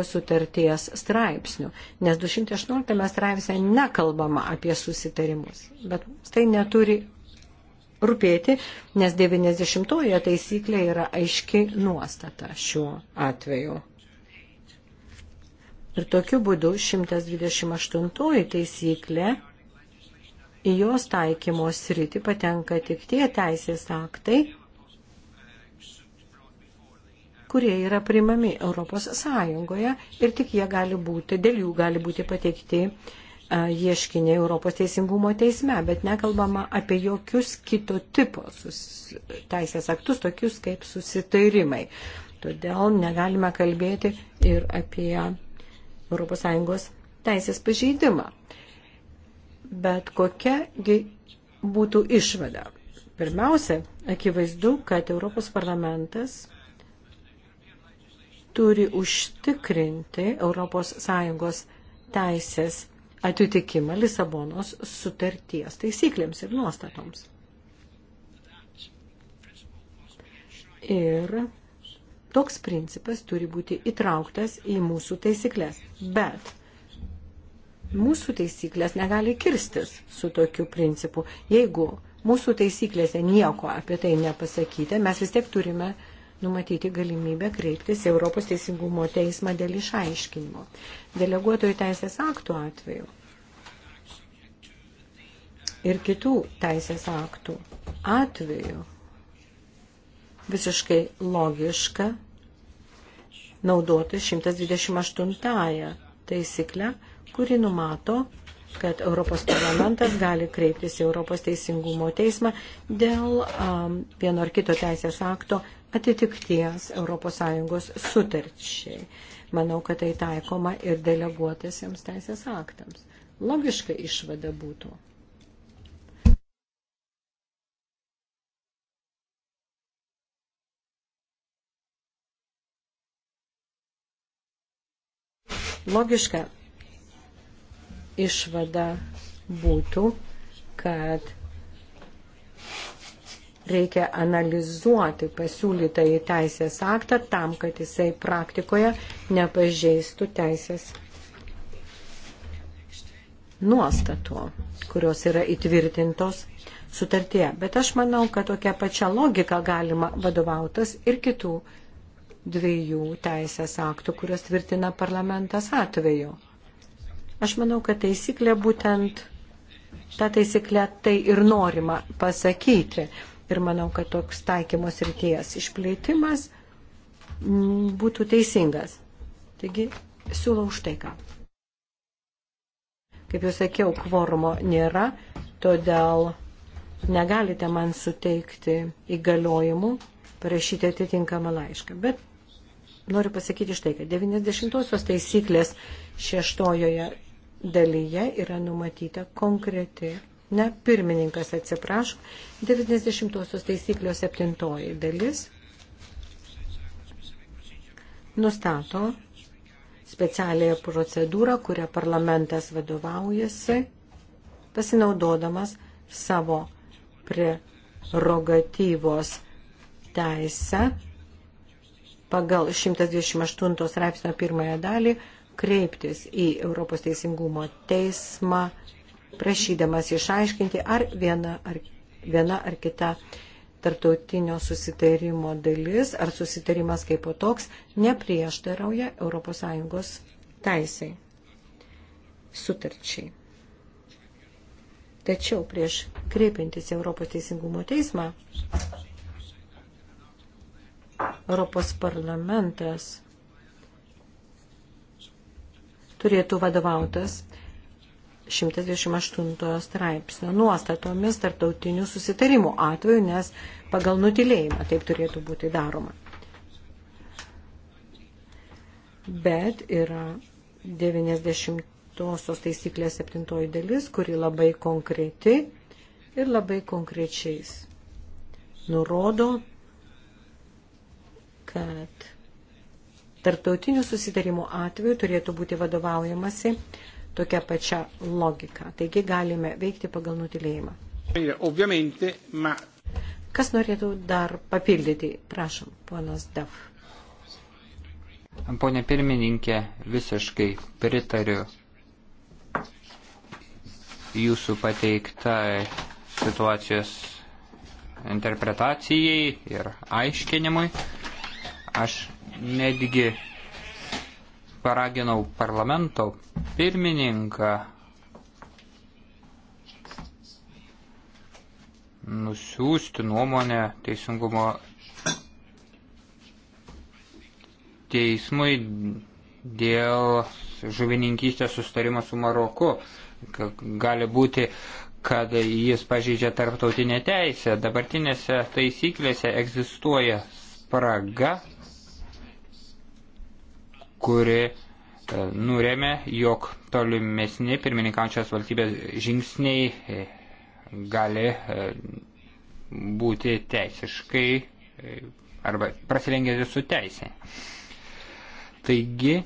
ES sutarties straipsnių. Nes 218 straipsnė nekalbama apie susitarimus, bet tai neturi rūpėti, nes 90-oje taisyklė yra aiški nuostata šiuo atveju. Ir tokiu būdu 128 taisyklė į jos taikymo sritį patenka tik tie teisės aktai, kurie yra primami Europos Sąjungoje ir tik jie gali būti, dėl jų gali būti pateikti e, ieškiniai Europos teisingumo teisme, bet nekalbama apie jokius kito tipo sus, teisės aktus, tokius kaip susitairimai. Todėl negalime kalbėti ir apie ES teisės pažeidimą. Bet kokiagi būtų išvada? Pirmiausia, akivaizdu, kad Europos parlamentas turi užtikrinti ES teisės atitikimą Lisabonos sutarties taisyklėms ir nuostatoms. Ir toks principas turi būti įtrauktas į mūsų taisyklės. Bet mūsų taisyklės negali kirstis su tokiu principu. Jeigu mūsų taisyklėse nieko apie tai nepasakyti, mes vis tiek turime numatyti galimybę kreiptis į Europos teisingumo teismą dėl išaiškinimo. Deleguotojų teisės aktų atveju ir kitų teisės aktų atveju visiškai logiška naudoti 128 taisyklę kuri numato, kad Europos parlamentas gali kreiptis į Europos teisingumo teismą dėl um, vieno ar kito teisės akto atitikties ES sutarčiai. Manau, kad tai taikoma ir deleguotasiems teisės aktams. Logiška išvada būtų. Logiška išvada būtų, kad reikia analizuoti pasiūlytą į teisės aktą tam, kad jisai praktikoje nepažeistų teisės nuostatų, kurios yra įtvirtintos sutartie. Bet aš manau, kad tokia pačia logika galima vadovautas ir kitų dviejų teisės aktų, kurios tvirtina parlamentas atveju. Aš manau, kad taisyklė būtent tą taisyklę tai ir norima pasakyti. Ir manau, kad toks taikymos ryties išplėtimas mm, būtų teisingas. Taigi, siūlau už tai ką. Kaip jau sakiau, kvormo nėra, todėl negalite man suteikti įgaliojimų parašyti atitinkamą laišką. Bet noriu pasakyti štai, kad 90-osios taisyklės šeštojoje dalyje yra numatyta konkreti, ne pirmininkas atsiprašo, 90-osios taisyklio 7 dalis nustato specialiąją procedūrą, kurią parlamentas vadovaujasi, pasinaudodamas savo prerogatyvos teisę pagal 128 straipsnio pirmąją dalį kreiptis į Europos teisingumo teismą, prašydamas išaiškinti, ar viena ar, viena ar kita tartautinio susitarimo dalis ar susitarimas kaip o toks neprieštarauja ES teisai sutarčiai. Tačiau prieš kreipiantis Europos teisingumo teismą, Europos parlamentas turėtų vadovautas 128 straipsnio nuostatomis tarptautinių susitarimų atveju, nes pagal nutilėjimą taip turėtų būti daroma. Bet yra 90-osios taisyklės 7 dalis, kuri labai konkreti ir labai konkrečiais nurodo, kad Tarptautinių susitarimų atveju turėtų būti vadovaujamasi tokia pačia logika. Taigi galime veikti pagal nutilėjimą. Kas norėtų dar papildyti? Prašom, ponas Daf. Pone pirmininkė, visiškai pritariu jūsų pateikta situacijos interpretacijai ir aiškinimui. Aš netgi paraginau parlamento pirmininką nusiųsti nuomonę teisingumo teismui dėl žuvininkystės sustarimo su Maroku. Gali būti, kad jis pažydžia tarptautinę teisę. Dabartinėse taisyklėse egzistuoja spraga kuri e, nurėmė, jog tolimesni pirmininkaujančios valstybės žingsniai e, gali e, būti teisiškai arba prasilengėti su teisė. Taigi,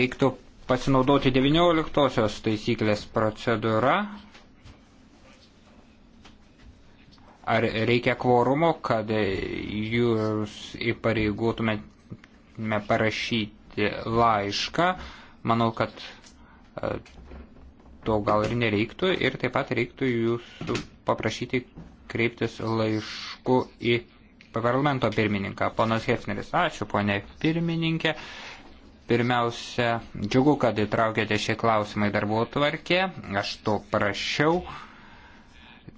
reiktų pasinaudoti 19 taisyklės procedūra. Ar reikia kvorumo, kad jūs įpareigotumėt galime parašyti laišką. Manau, kad e, to gal ir nereiktų ir taip pat reiktų jūsų paprašyti kreiptis laišku į parlamento pirmininką. Ponas Hefneris, ačiū, ponė pirmininkė. Pirmiausia, džiugu, kad įtraukėte šį klausimą į darbo tvarkę. Aš to prašiau.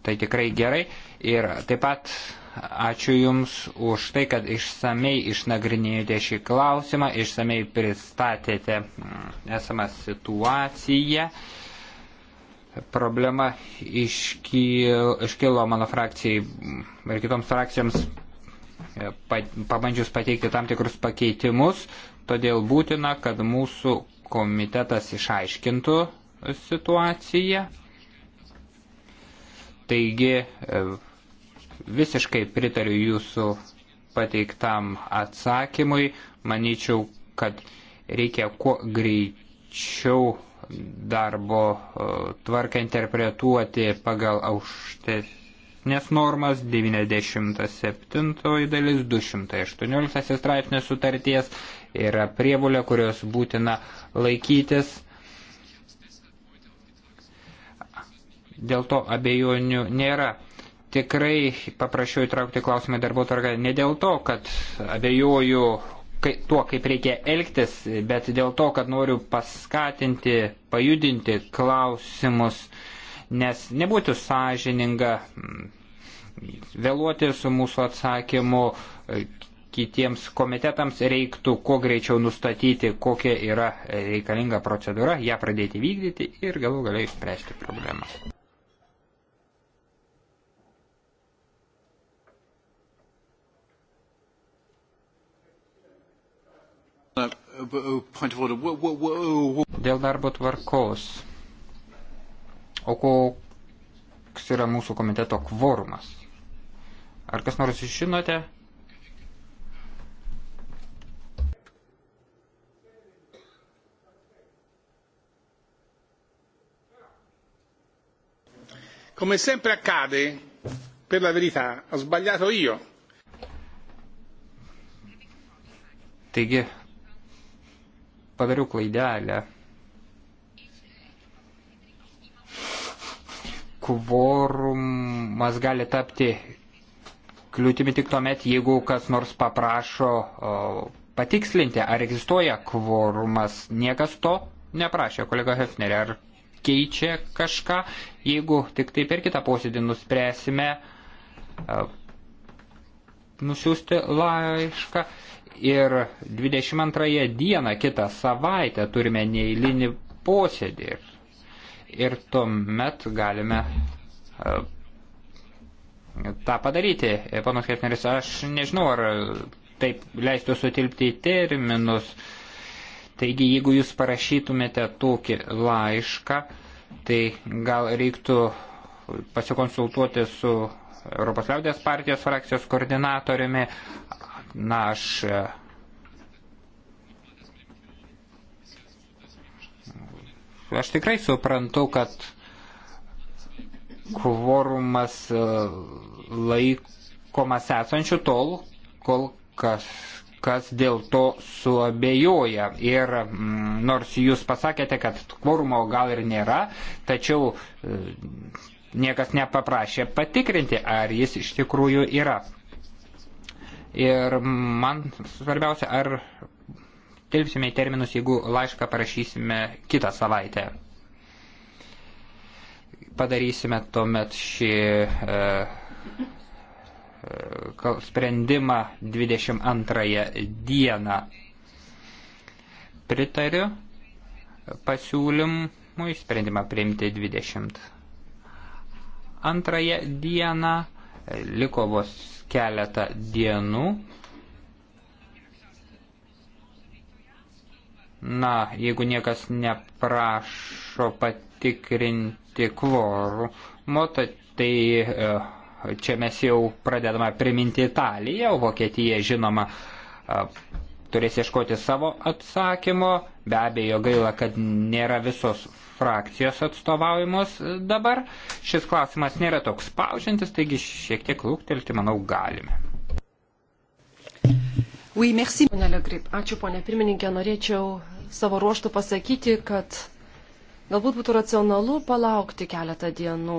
Tai tikrai gerai. Ir taip pat Ačiū Jums už tai, kad išsamei išnagrinėjote šį klausimą, išsamei pristatėte mm, esamą situaciją. Problema iškilo, iškilo mano frakcijai mm, ir kitoms frakcijoms e, pabandžius pateikti tam tikrus pakeitimus, todėl būtina, kad mūsų komitetas išaiškintų situaciją. Taigi e, Visiškai pritariu jūsų pateiktam atsakymui. Manyčiau, kad reikia kuo greičiau darbo e, tvarką interpretuoti pagal aukštesnės normas 97 dalis 218 straipsnės sutarties yra prievulė, kurios būtina laikytis. Dėl to abejonių nėra tikrai paprašiau įtraukti klausimą darbo tvarką ne dėl to, kad abejoju kai, tuo, kaip reikia elgtis, bet dėl to, kad noriu paskatinti, pajudinti klausimus, nes nebūtų sąžininga mm, vėluoti su mūsų atsakymu e, kitiems komitetams reiktų kuo greičiau nustatyti, kokia yra e, reikalinga procedūra, ją pradėti vykdyti ir galų galiai išspręsti problemas. Dėl darbo tvarkos. O koks yra mūsų komiteto kvorumas? Ar kas nors žinote? Come sempre accade, per la verità, ho sbagliato io. Taigi, padariau klaidelę. Kvorumas gali tapti kliūtimi tik tuomet, jeigu kas nors paprašo o, patikslinti, ar egzistuoja kvorumas. Niekas to neprašė, kolega Hefner, ar keičia kažką, jeigu tik tai per kitą posėdį nuspręsime. O, nusiųsti laišką ir 22 dieną kitą savaitę turime neįlinį posėdį ir tuomet galime e, tą padaryti. E, Panas Kefneris, aš nežinau, ar taip leistų sutilpti į terminus. Taigi, jeigu jūs parašytumėte tokį laišką, tai gal reiktų pasikonsultuoti su Europos liaudės partijos frakcijos koordinatoriumi. Na, aš e, aš tikrai suprantu, kad kvorumas e, laikomas esančių tol, kol kas, kas dėl to suabejoja. Ir mm, nors jūs pasakėte, kad kvorumo gal ir nėra, tačiau e, niekas nepaprašė patikrinti, ar jis iš tikrųjų yra. Ir man svarbiausia, ar tilpsime į terminus, jeigu laišką parašysime kitą savaitę. Padarysime tuomet šį e, e sprendimą 22 dieną. Pritariu pasiūlymui sprendimą priimti 20 antrąją dieną, liko vos keletą dienų. Na, jeigu niekas neprašo patikrinti kvorumo, tai e, čia mes jau pradedame priminti Italiją, Vokietija žinoma e, turės ieškoti savo atsakymo. Be abejo gaila, kad nėra visos frakcijos atstovaujamos dabar. Šis klausimas nėra toks paužiantis, taigi šiek tiek lūktelti, manau, galime. Oui, merci. Ačiū, ponė pirmininkė. Norėčiau savo ruoštų pasakyti, kad galbūt būtų racionalu palaukti keletą dienų.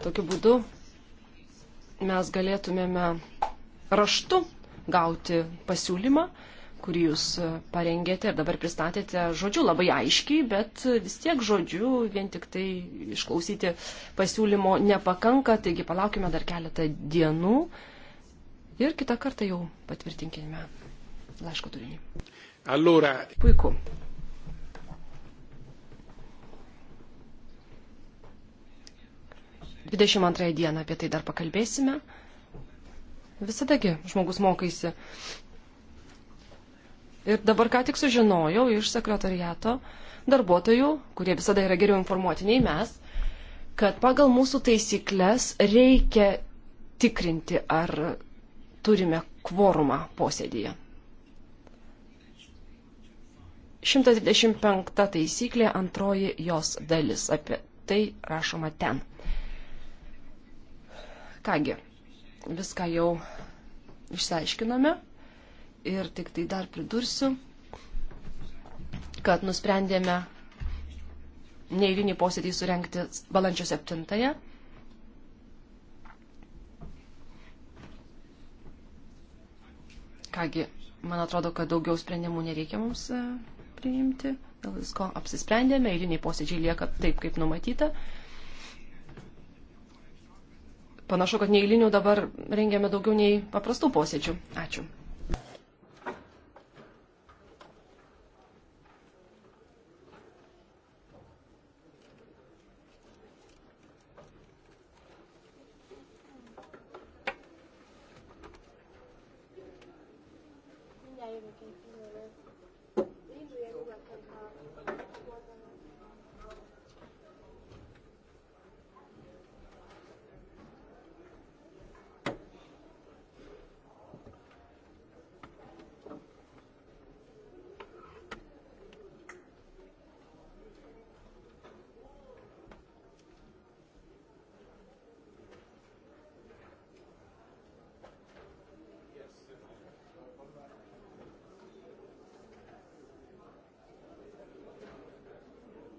Tokiu būdu mes galėtumėme raštu gauti pasiūlymą kurį jūs e, parengėte ir dabar pristatėte žodžiu labai aiškiai, bet vis tiek žodžiu vien tik tai išklausyti pasiūlymo nepakanka, taigi palaukime dar keletą dienų ir kitą kartą jau patvirtinkime laiško turinį. Allora. Puiku. Dvidešimt antrąją dieną apie tai dar pakalbėsime. Visadagi žmogus mokaisi. Ir dabar ką tik sužinojau iš sekretariato darbuotojų, kurie visada yra geriau informuoti nei mes, kad pagal mūsų taisyklės reikia tikrinti, ar turime kvorumą posėdėje. 125 taisyklė antroji jos dalis. Apie tai rašoma ten. Kągi, viską jau išsiaiškinome. Ir tik tai dar pridursiu, kad nusprendėme neįlinį posėdį surenkti balandžio 7-ąją. Kągi, man atrodo, kad daugiau sprendimų nereikia mums e, priimti. Dėl visko apsisprendėme, eiliniai posėdžiai lieka taip, kaip numatyta. Panašu, kad neįlinių dabar rengiame daugiau nei paprastų posėdžių. Ačiū.